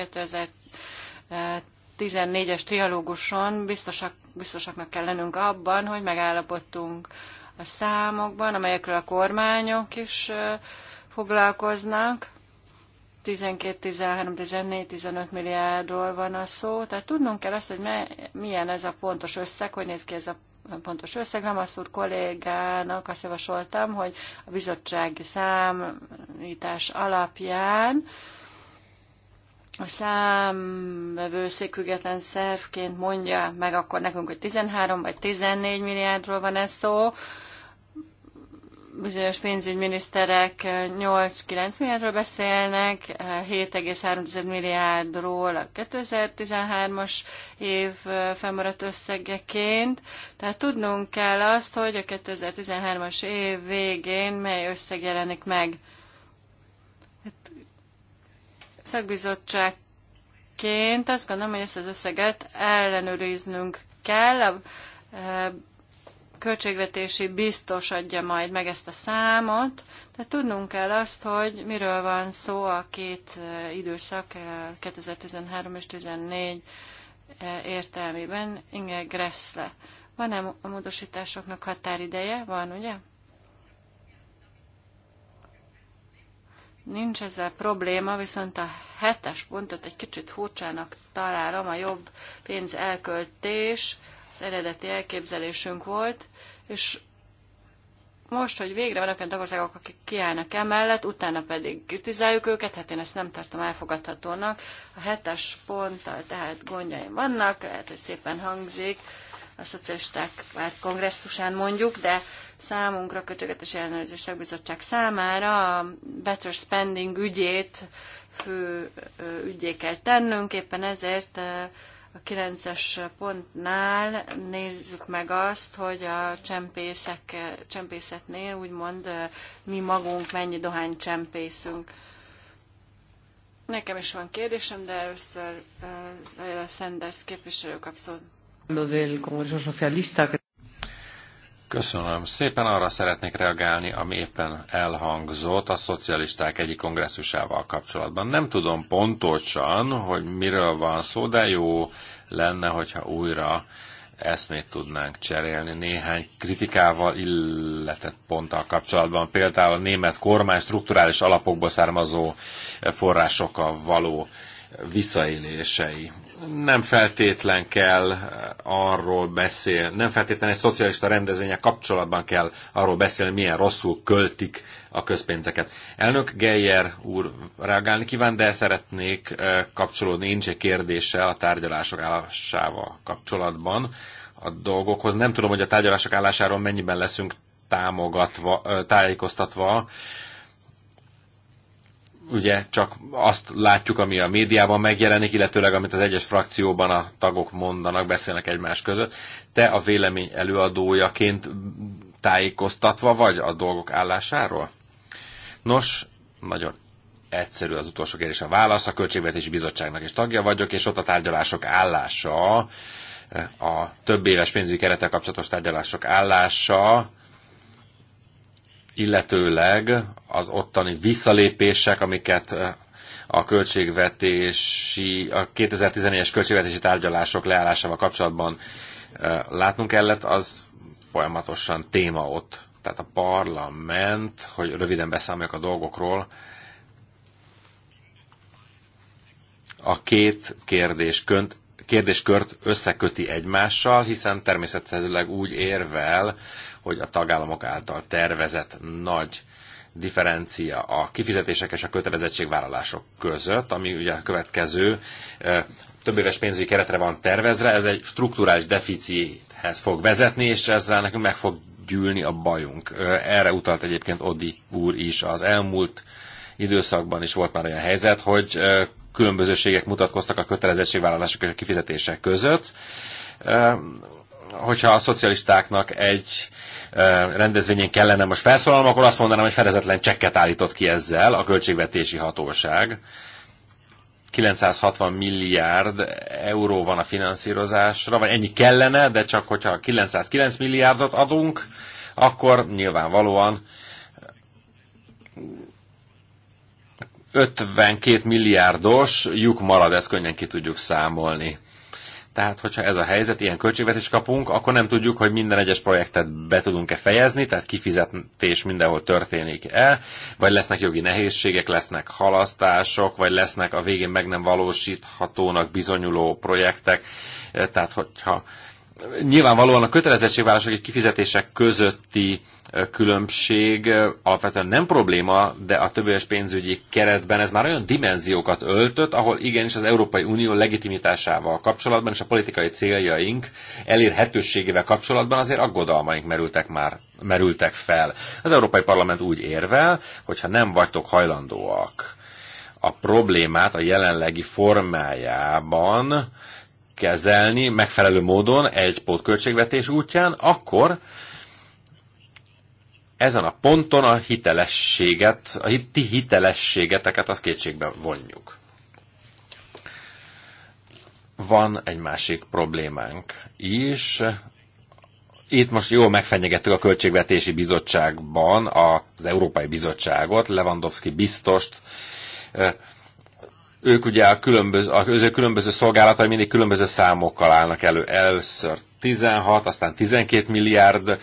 2014-es trialóguson biztosak, biztosaknak kell lennünk abban, hogy megállapodtunk a számokban, amelyekről a kormányok is foglalkoznak, 12, 13, 14, 15 milliárdról van a szó, tehát tudnunk kell azt, hogy milyen ez a pontos összeg, hogy néz ki ez a pontos összeg. Nem azt úr kollégának azt javasoltam, hogy a bizottsági számítás alapján a számvevőszék független szervként mondja meg akkor nekünk, hogy 13 vagy 14 milliárdról van ez szó, bizonyos pénzügyminiszterek 8-9 milliárdról beszélnek, 7,3 milliárdról a 2013-as év felmaradt összegeként. Tehát tudnunk kell azt, hogy a 2013-as év végén mely összeg jelenik meg. Hát, szakbizottságként azt gondolom, hogy ezt az összeget ellenőriznünk kell. A költségvetési biztos adja majd meg ezt a számot, de tudnunk kell azt, hogy miről van szó a két eh, időszak, 2013 eh, és 2014 eh, értelmében. Inge Gressle. Van-e a módosításoknak határideje? Van, ugye? Nincs ezzel probléma, viszont a hetes pontot egy kicsit furcsának találom, a jobb pénz elköltés az eredeti elképzelésünk volt, és most, hogy végre vannak olyan tagországok, akik kiállnak emellett, utána pedig kritizáljuk őket, hát én ezt nem tartom elfogadhatónak. A hetes ponttal tehát gondjaim vannak, lehet, hogy szépen hangzik, a szocialisták párt kongresszusán mondjuk, de számunkra, Költségvetési Ellenőrzések Bizottság számára a better spending ügyét fő ügyé kell tennünk, éppen ezért a 9-es pontnál nézzük meg azt, hogy a csempészek, csempészetnél úgymond mi magunk mennyi dohány csempészünk. Nekem is van kérdésem, de először uh, Sanders képviselő kapszol. Köszönöm szépen. Arra szeretnék reagálni, ami éppen elhangzott a szocialisták egyik kongresszusával kapcsolatban. Nem tudom pontosan, hogy miről van szó, de jó lenne, hogyha újra eszmét tudnánk cserélni néhány kritikával illetett ponttal kapcsolatban, például a német kormány strukturális alapokból származó forrásokkal való visszaélései nem feltétlen kell eh, arról beszél, nem feltétlen egy szocialista rendezvények kapcsolatban kell arról beszélni, milyen rosszul költik a közpénzeket. Elnök Geyer úr reagálni kíván, de szeretnék eh, kapcsolódni egy kérdése a tárgyalások állásával kapcsolatban a dolgokhoz. Nem tudom, hogy a tárgyalások állásáról mennyiben leszünk támogatva, eh, tájékoztatva, ugye csak azt látjuk, ami a médiában megjelenik, illetőleg amit az egyes frakcióban a tagok mondanak, beszélnek egymás között. Te a vélemény előadójaként tájékoztatva vagy a dolgok állásáról? Nos, nagyon egyszerű az utolsó kérdés a válasz. A Költségvetési Bizottságnak is tagja vagyok, és ott a tárgyalások állása, a több éves pénzügyi kerete kapcsolatos tárgyalások állása illetőleg az ottani visszalépések, amiket eh, a költségvetési, a 2014-es költségvetési tárgyalások leállásával kapcsolatban eh, látnunk kellett, az folyamatosan téma ott. Tehát a parlament, hogy röviden beszámoljak a dolgokról, a két kérdéskönt, kérdéskört összeköti egymással, hiszen természetesen úgy érvel, hogy a tagállamok által tervezett nagy differencia a kifizetések és a kötelezettségvállalások között, ami ugye a következő több éves pénzügyi keretre van tervezve, ez egy strukturális deficithez fog vezetni, és ezzel nekünk meg fog gyűlni a bajunk. Erre utalt egyébként Odi úr is. Az elmúlt időszakban is volt már olyan helyzet, hogy különbözőségek mutatkoztak a kötelezettségvállalások és a kifizetések között. Hogyha a szocialistáknak egy rendezvényén kellene most felszólalnom, akkor azt mondanám, hogy fedezetlen csekket állított ki ezzel a költségvetési hatóság. 960 milliárd euró van a finanszírozásra, vagy ennyi kellene, de csak hogyha 909 milliárdot adunk, akkor nyilvánvalóan 52 milliárdos lyuk marad, ezt könnyen ki tudjuk számolni. Tehát, hogyha ez a helyzet, ilyen költségvetés kapunk, akkor nem tudjuk, hogy minden egyes projektet be tudunk-e fejezni, tehát kifizetés mindenhol történik-e, vagy lesznek jogi nehézségek, lesznek halasztások, vagy lesznek a végén meg nem valósíthatónak bizonyuló projektek. Tehát, hogyha nyilvánvalóan a kötelezettségvállalások egy kifizetések közötti különbség eh, alapvetően nem probléma, de a többéves pénzügyi keretben ez már olyan dimenziókat öltött, ahol igenis az Európai Unió legitimitásával kapcsolatban és a politikai céljaink elérhetőségével kapcsolatban azért aggodalmaink merültek már merültek fel. Az Európai Parlament úgy érvel, hogyha nem vagytok hajlandóak a problémát a jelenlegi formájában kezelni megfelelő módon egy pótköltségvetés útján, akkor ezen a ponton a hitelességet, a ti hitelességeteket az kétségbe vonjuk. Van egy másik problémánk is. Itt most jól megfenyegettük a Költségvetési Bizottságban az Európai Bizottságot, Lewandowski biztost, ők ugye a különböző, az ő különböző szolgálatai mindig különböző számokkal állnak elő. Először 16, aztán 12 milliárd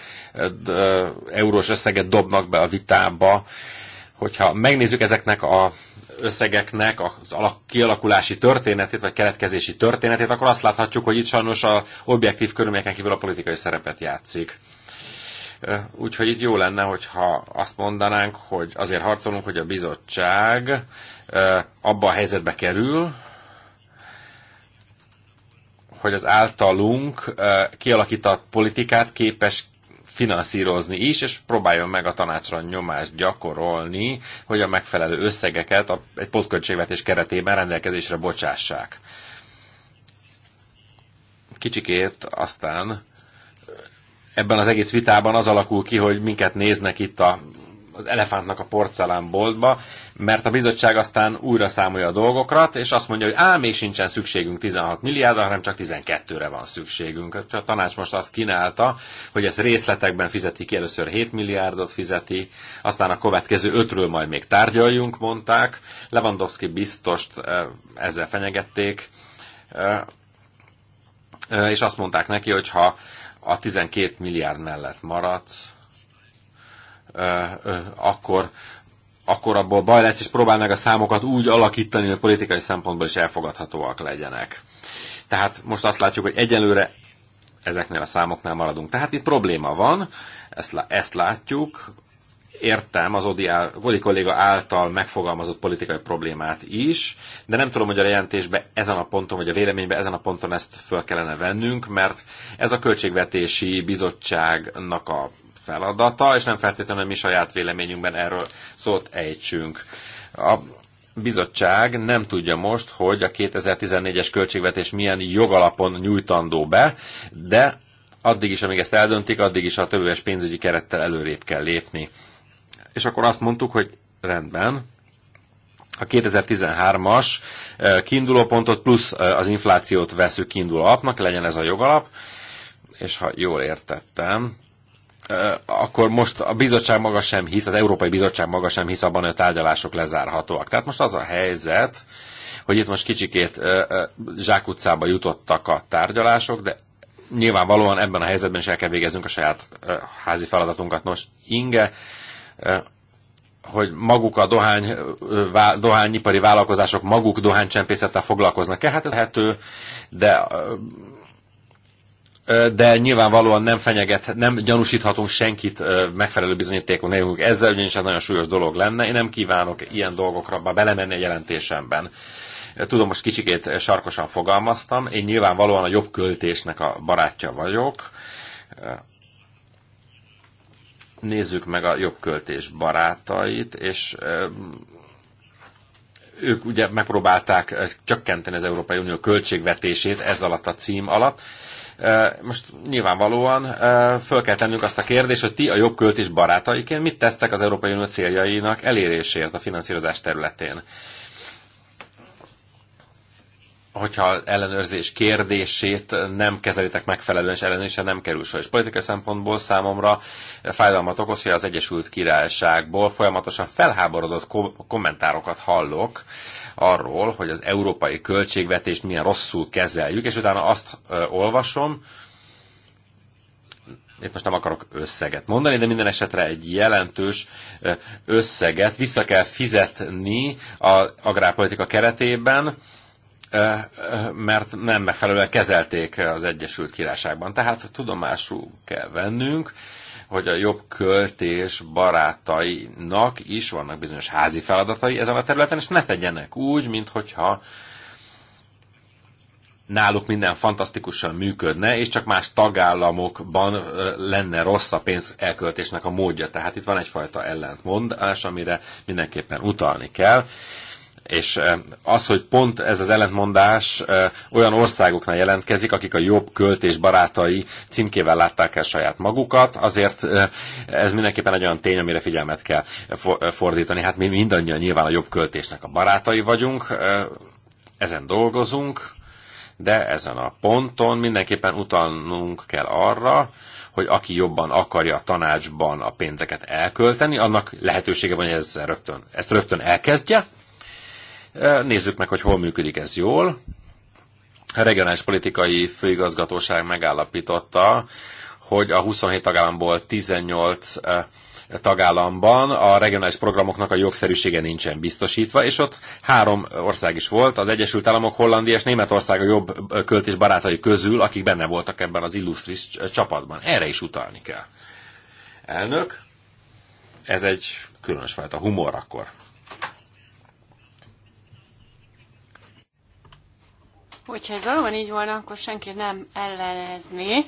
eurós összeget dobnak be a vitába. Hogyha megnézzük ezeknek a összegeknek az kialakulási történetét, vagy keletkezési történetét, akkor azt láthatjuk, hogy itt sajnos a objektív körülményeken kívül a politikai szerepet játszik. Úgyhogy itt jó lenne, hogyha azt mondanánk, hogy azért harcolunk, hogy a bizottság abba a helyzetbe kerül, hogy az általunk kialakított politikát képes finanszírozni is, és próbáljon meg a tanácsra nyomást gyakorolni, hogy a megfelelő összegeket a, egy pótköltségvetés keretében rendelkezésre bocsássák. Kicsikét aztán ebben az egész vitában az alakul ki, hogy minket néznek itt a az elefántnak a boltba, mert a bizottság aztán újra számolja a dolgokat, és azt mondja, hogy ám még sincsen szükségünk 16 milliárdra, hanem csak 12-re van szükségünk. A tanács most azt kínálta, hogy ez részletekben fizeti ki, először 7 milliárdot fizeti, aztán a következő 5-ről majd még tárgyaljunk, mondták. Lewandowski biztost ezzel fenyegették, és azt mondták neki, hogy ha a 12 milliárd mellett maradsz, akkor, akkor abból baj lesz, és próbál meg a számokat úgy alakítani, hogy politikai szempontból is elfogadhatóak legyenek. Tehát most azt látjuk, hogy egyelőre ezeknél a számoknál maradunk. Tehát itt probléma van, ezt, ezt látjuk, értem az Odi, áll, Odi kolléga által megfogalmazott politikai problémát is, de nem tudom, hogy a jelentésbe ezen a ponton, vagy a véleménybe ezen a ponton ezt föl kellene vennünk, mert ez a Költségvetési Bizottságnak a feladata, és nem feltétlenül mi saját véleményünkben erről szót ejtsünk. A bizottság nem tudja most, hogy a 2014-es költségvetés milyen jogalapon nyújtandó be, de addig is, amíg ezt eldöntik, addig is a többéves pénzügyi kerettel előrébb kell lépni. És akkor azt mondtuk, hogy rendben, a 2013-as eh, kiinduló pontot plusz eh, az inflációt veszük kiinduló alapnak, legyen ez a jogalap, és ha jól értettem, akkor most a bizottság maga sem hisz, az Európai Bizottság maga sem hisz abban, hogy a tárgyalások lezárhatóak. Tehát most az a helyzet, hogy itt most kicsikét zsákutcába jutottak a tárgyalások, de nyilvánvalóan ebben a helyzetben is el kell végeznünk a saját házi feladatunkat. Nos, Inge, hogy maguk a dohány, dohányipari vállalkozások maguk dohánycsempészettel foglalkoznak-e? Hát lehető, de de nyilvánvalóan nem fenyeget, nem gyanúsíthatunk senkit megfelelő bizonyítékon nélkül. Ezzel ugyanis egy nagyon súlyos dolog lenne. Én nem kívánok ilyen dolgokra belemenni a jelentésemben. Tudom, most kicsikét sarkosan fogalmaztam. Én nyilvánvalóan a jobb költésnek a barátja vagyok. Nézzük meg a jobb költés barátait, és ők ugye megpróbálták csökkenteni az Európai Unió költségvetését ez alatt a cím alatt most nyilvánvalóan föl kell tennünk azt a kérdést, hogy ti a jobb költés barátaiként mit tesztek az Európai Unió céljainak elérésért a finanszírozás területén? hogyha ellenőrzés kérdését nem kezelitek megfelelően, és ellenőrzésre nem kerül sor. És politikai szempontból számomra fájdalmat okoz, hogy az Egyesült Királyságból folyamatosan felháborodott kommentárokat hallok arról, hogy az európai költségvetést milyen rosszul kezeljük, és utána azt olvasom, itt most nem akarok összeget mondani, de minden esetre egy jelentős összeget vissza kell fizetni az agrárpolitika keretében, mert nem megfelelően kezelték az Egyesült Királyságban. Tehát tudomásul kell vennünk, hogy a jobb költés barátainak is vannak bizonyos házi feladatai ezen a területen, és ne tegyenek úgy, mint hogyha náluk minden fantasztikusan működne, és csak más tagállamokban lenne rossz a pénz elköltésnek a módja. Tehát itt van egyfajta ellentmondás, amire mindenképpen utalni kell. És az, hogy pont ez az ellentmondás olyan országoknál jelentkezik, akik a jobb költés barátai címkével látták el saját magukat, azért ez mindenképpen egy olyan tény, amire figyelmet kell fordítani. Hát mi mindannyian nyilván a jobb költésnek a barátai vagyunk, ezen dolgozunk, de ezen a ponton mindenképpen utalnunk kell arra, hogy aki jobban akarja a tanácsban a pénzeket elkölteni, annak lehetősége van, hogy ez rögtön, ezt rögtön elkezdje, E, nézzük meg, hogy hol működik ez jól. A regionális politikai főigazgatóság megállapította, hogy a 27 tagállamból 18 e, tagállamban a regionális programoknak a jogszerűsége nincsen biztosítva, és ott három ország is volt, az Egyesült Államok, Hollandia és Németország a jobb költés barátai közül, akik benne voltak ebben az illusztris csapatban. Erre is utalni kell. Elnök, ez egy különös fajta humor akkor. Hogyha ez valóban így volna, akkor senki nem ellenezné,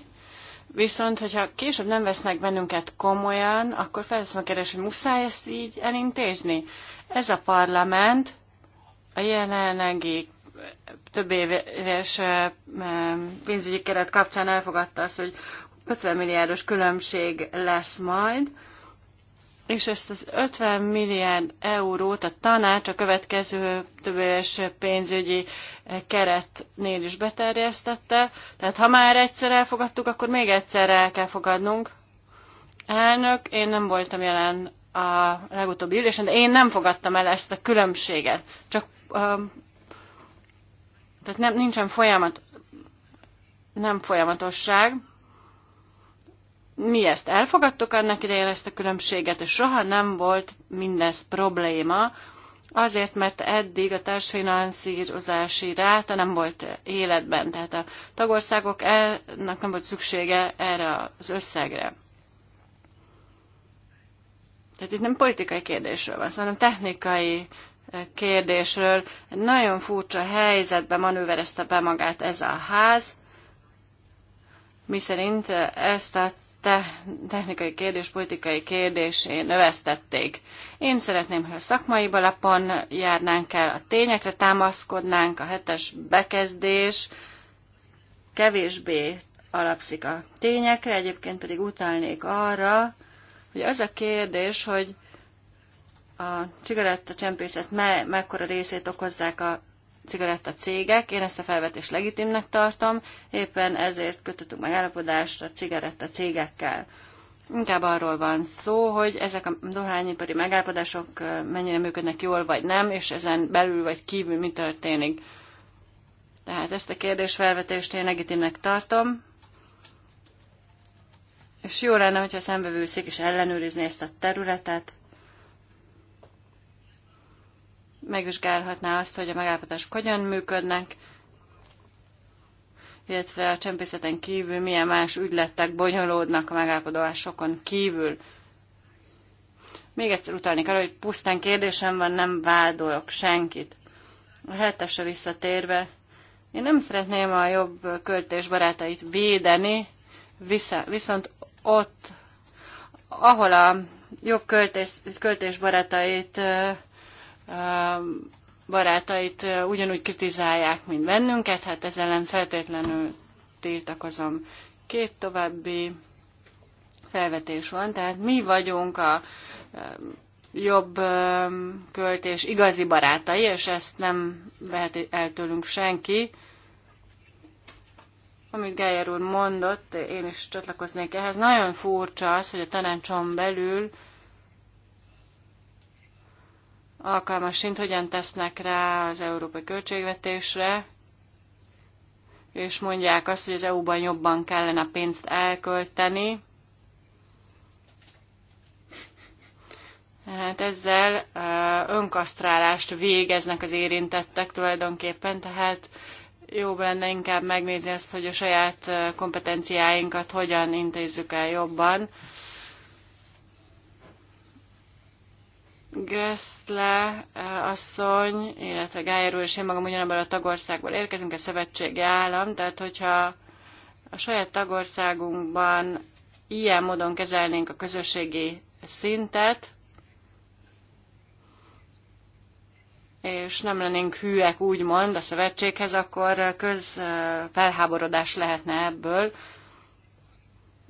viszont hogyha később nem vesznek bennünket komolyan, akkor felteszem a kérdés, hogy muszáj ezt így elintézni. Ez a parlament a jelenlegi több éves pénzügyi keret kapcsán elfogadta azt, hogy 50 milliárdos különbség lesz majd, és ezt az 50 milliárd eurót a tanács a következő többéves pénzügyi eh, keretnél is beterjesztette. Tehát ha már egyszer elfogadtuk, akkor még egyszer el kell fogadnunk. Elnök, én nem voltam jelen a legutóbbi ülésen, de én nem fogadtam el ezt a különbséget. Csak um, tehát nem, nincsen folyamat, nem folyamatosság mi ezt elfogadtuk annak idején, ezt a különbséget, és soha nem volt mindez probléma, azért, mert eddig a társfinanszírozási ráta nem volt életben, tehát a tagországoknak nem volt szüksége erre az összegre. Tehát itt nem politikai kérdésről van, hanem technikai eh, kérdésről. Egy nagyon furcsa helyzetben manőverezte be magát ez a ház, miszerint eh, ezt a technikai kérdés, politikai kérdésén növesztették. Én szeretném, hogy a szakmai balapon járnánk el, a tényekre támaszkodnánk, a hetes bekezdés kevésbé alapszik a tényekre, egyébként pedig utalnék arra, hogy az a kérdés, hogy a cigarettacsempészet me- mekkora részét okozzák a cigaretta cégek. Én ezt a felvetést legitimnek tartom, éppen ezért kötöttük megállapodást a cigaretta cégekkel. Inkább arról van szó, hogy ezek a dohányipari megállapodások mennyire működnek jól vagy nem, és ezen belül vagy kívül mi történik. Tehát ezt a kérdés felvetést én legitimnek tartom, és jó lenne, hogyha a és is ellenőrizni ezt a területet, megvizsgálhatná azt, hogy a megállapodások hogyan működnek, illetve a csempészeten kívül milyen más ügyletek bonyolódnak a megállapodásokon kívül. Még egyszer utalni kell, hogy pusztán kérdésem van, nem vádolok senkit. A hetesre visszatérve, én nem szeretném a jobb költés barátait védeni, vissza, viszont ott, ahol a jobb költés, költés barátait barátait ugyanúgy kritizálják, mint bennünket, hát ezzel nem feltétlenül tiltakozom. Két további felvetés van, tehát mi vagyunk a jobb költés igazi barátai, és ezt nem vehet el tőlünk senki. Amit Geyer úr mondott, én is csatlakoznék ehhez. Nagyon furcsa az, hogy a tanácson belül alkalmas szint, hogyan tesznek rá az európai költségvetésre, és mondják azt, hogy az EU-ban jobban kellene a pénzt elkölteni. Hát ezzel önkasztrálást végeznek az érintettek tulajdonképpen, tehát jobb lenne inkább megnézni azt, hogy a saját kompetenciáinkat hogyan intézzük el jobban, Gressle eh, asszony, illetve Gájer úr és én magam ugyanabban a tagországból érkezünk, a szövetségi állam, tehát hogyha a saját tagországunkban ilyen módon kezelnénk a közösségi szintet, és nem lennénk hűek, úgymond, a szövetséghez, akkor közfelháborodás eh, lehetne ebből.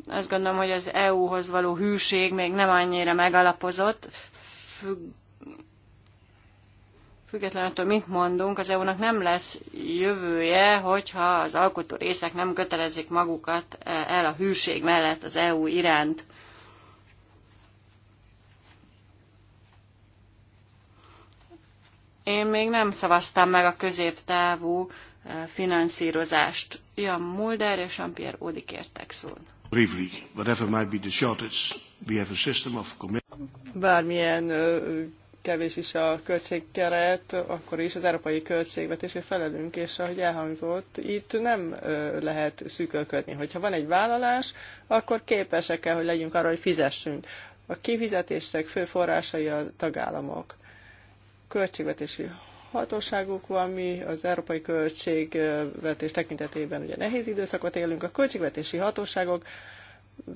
Azt gondolom, hogy az EU-hoz való hűség még nem annyira megalapozott, függ, független attól, mit mondunk, az EU-nak nem lesz jövője, hogyha az alkotó részek nem kötelezik magukat e, el a hűség mellett az EU iránt. Én még nem szavaztam meg a középtávú e, finanszírozást. Jan Mulder és Jean-Pierre Odi kértek szón. Briefly, whatever might be the shortage, we have a system of commitment bármilyen kevés is a költségkeret, akkor is az európai költségvetésre felelünk, és ahogy elhangzott, itt nem lehet szűkölködni. Hogyha van egy vállalás, akkor képesek kell, hogy legyünk arra, hogy fizessünk. A kifizetések fő forrásai a tagállamok. Költségvetési hatóságuk van, mi az európai költségvetés tekintetében ugye nehéz időszakot élünk, a költségvetési hatóságok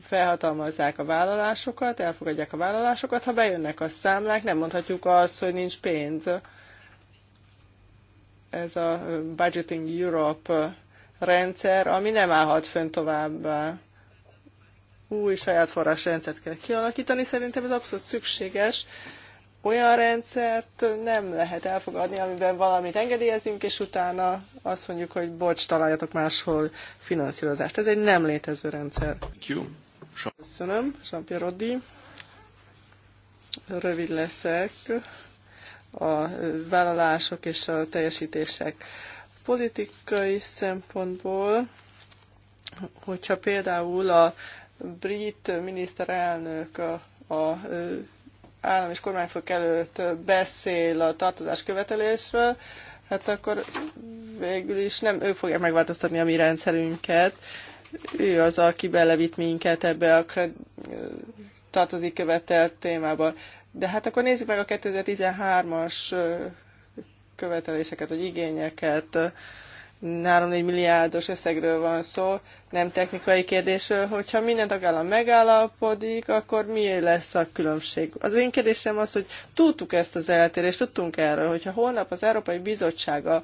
felhatalmazzák a vállalásokat, elfogadják a vállalásokat, ha bejönnek a számlák, nem mondhatjuk azt, hogy nincs pénz. Ez a Budgeting Europe rendszer, ami nem állhat fönn továbbá. Új saját forrásrendszert kell kialakítani, szerintem ez abszolút szükséges, olyan rendszert nem lehet elfogadni, amiben valamit engedélyezünk, és utána azt mondjuk, hogy bocs, találjatok máshol finanszírozást. Ez egy nem létező rendszer. Köszönöm, Jean-Pierre Roddi. Rövid leszek. A vállalások és a teljesítések politikai szempontból, hogyha például a brit miniszterelnök a, a állam és kormányfők előtt beszél a tartozás követelésről, hát akkor végül is nem ő fogja megváltoztatni a mi rendszerünket. Ő az, aki belevitt minket ebbe a tartozik követelt témába. De hát akkor nézzük meg a 2013-as követeléseket, vagy igényeket. 3-4 milliárdos összegről van szó, nem technikai kérdésről, hogyha minden tagállam megállapodik, akkor mi lesz a különbség? Az én kérdésem az, hogy tudtuk ezt az eltérést, tudtunk erről, hogyha holnap az Európai Bizottsága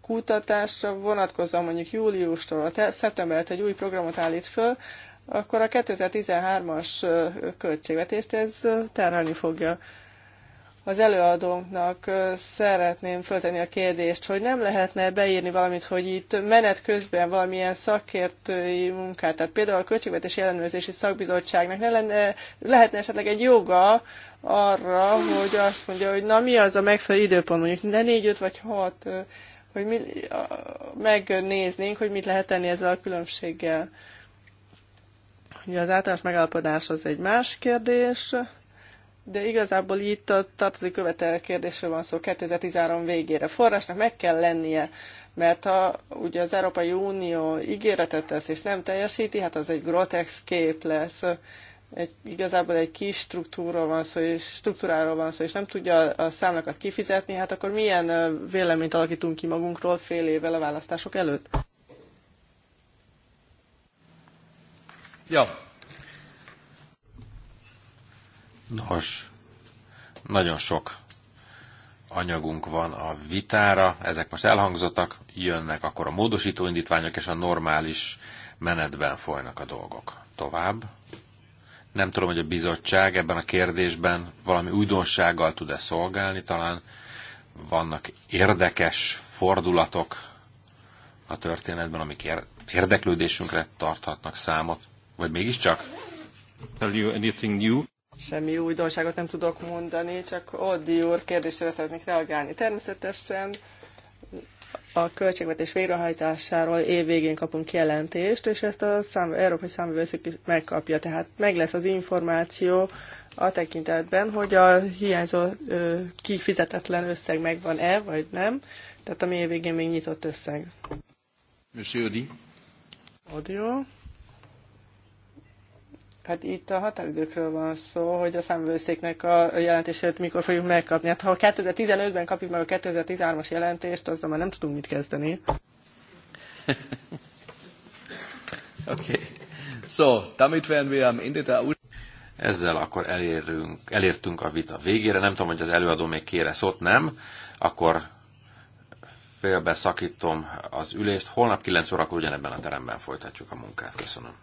kutatásra vonatkozóan mondjuk júliustól a szeptemberet egy új programot állít föl, akkor a 2013-as költségvetést ez terhelni fogja az előadónknak szeretném föltenni a kérdést, hogy nem lehetne beírni valamit, hogy itt menet közben valamilyen szakértői munkát, tehát például a Költségvetési Ellenőrzési Szakbizottságnak ne lenne, lehetne esetleg egy joga arra, hogy azt mondja, hogy na mi az a megfelelő időpont, mondjuk ne négy, öt vagy hat, hogy mi, megnéznénk, hogy mit lehet tenni ezzel a különbséggel. Ugye az általános megállapodás az egy más kérdés, de igazából itt a tartozik követel kérdésről van szó 2013 végére. Forrásnak meg kell lennie, mert ha ugye az Európai Unió ígéretet tesz és nem teljesíti, hát az egy grotex kép lesz. Egy, igazából egy kis struktúra van szó, és struktúráról van szó, és nem tudja a számlakat kifizetni, hát akkor milyen véleményt alakítunk ki magunkról fél évvel a választások előtt? Ja, Nos, nagyon sok anyagunk van a vitára, ezek most elhangzottak, jönnek akkor a módosító indítványok, és a normális menetben folynak a dolgok. Tovább. Nem tudom, hogy a bizottság ebben a kérdésben valami újdonsággal tud-e szolgálni, talán vannak érdekes fordulatok a történetben, amik érdeklődésünkre tarthatnak számot, vagy mégiscsak? Tell you anything new? Semmi újdonságot nem tudok mondani, csak Oddi úr kérdésére szeretnék reagálni. Természetesen a költségvetés végrehajtásáról évvégén kapunk jelentést, és ezt a szám, Európai Számvevőszék is megkapja. Tehát meg lesz az információ a tekintetben, hogy a hiányzó ö, kifizetetlen összeg megvan-e, vagy nem. Tehát a mi évvégén még nyitott összeg. Monsieur Audio. Hát itt a határidőkről van szó, hogy a számvevőszéknek a jelentését mikor fogjuk megkapni. Hát ha 2015-ben kapjuk meg a 2013-as jelentést, azzal már nem tudunk mit kezdeni. Oké. <laughs> Okay. So, damit werden wir am Ende der Ezzel akkor elérünk, elértünk a vita végére. Nem tudom, hogy az előadó még kére szót, nem? Akkor félbe szakítom az ülést. Holnap 9 órakor ugyanebben a teremben folytatjuk a munkát. Köszönöm.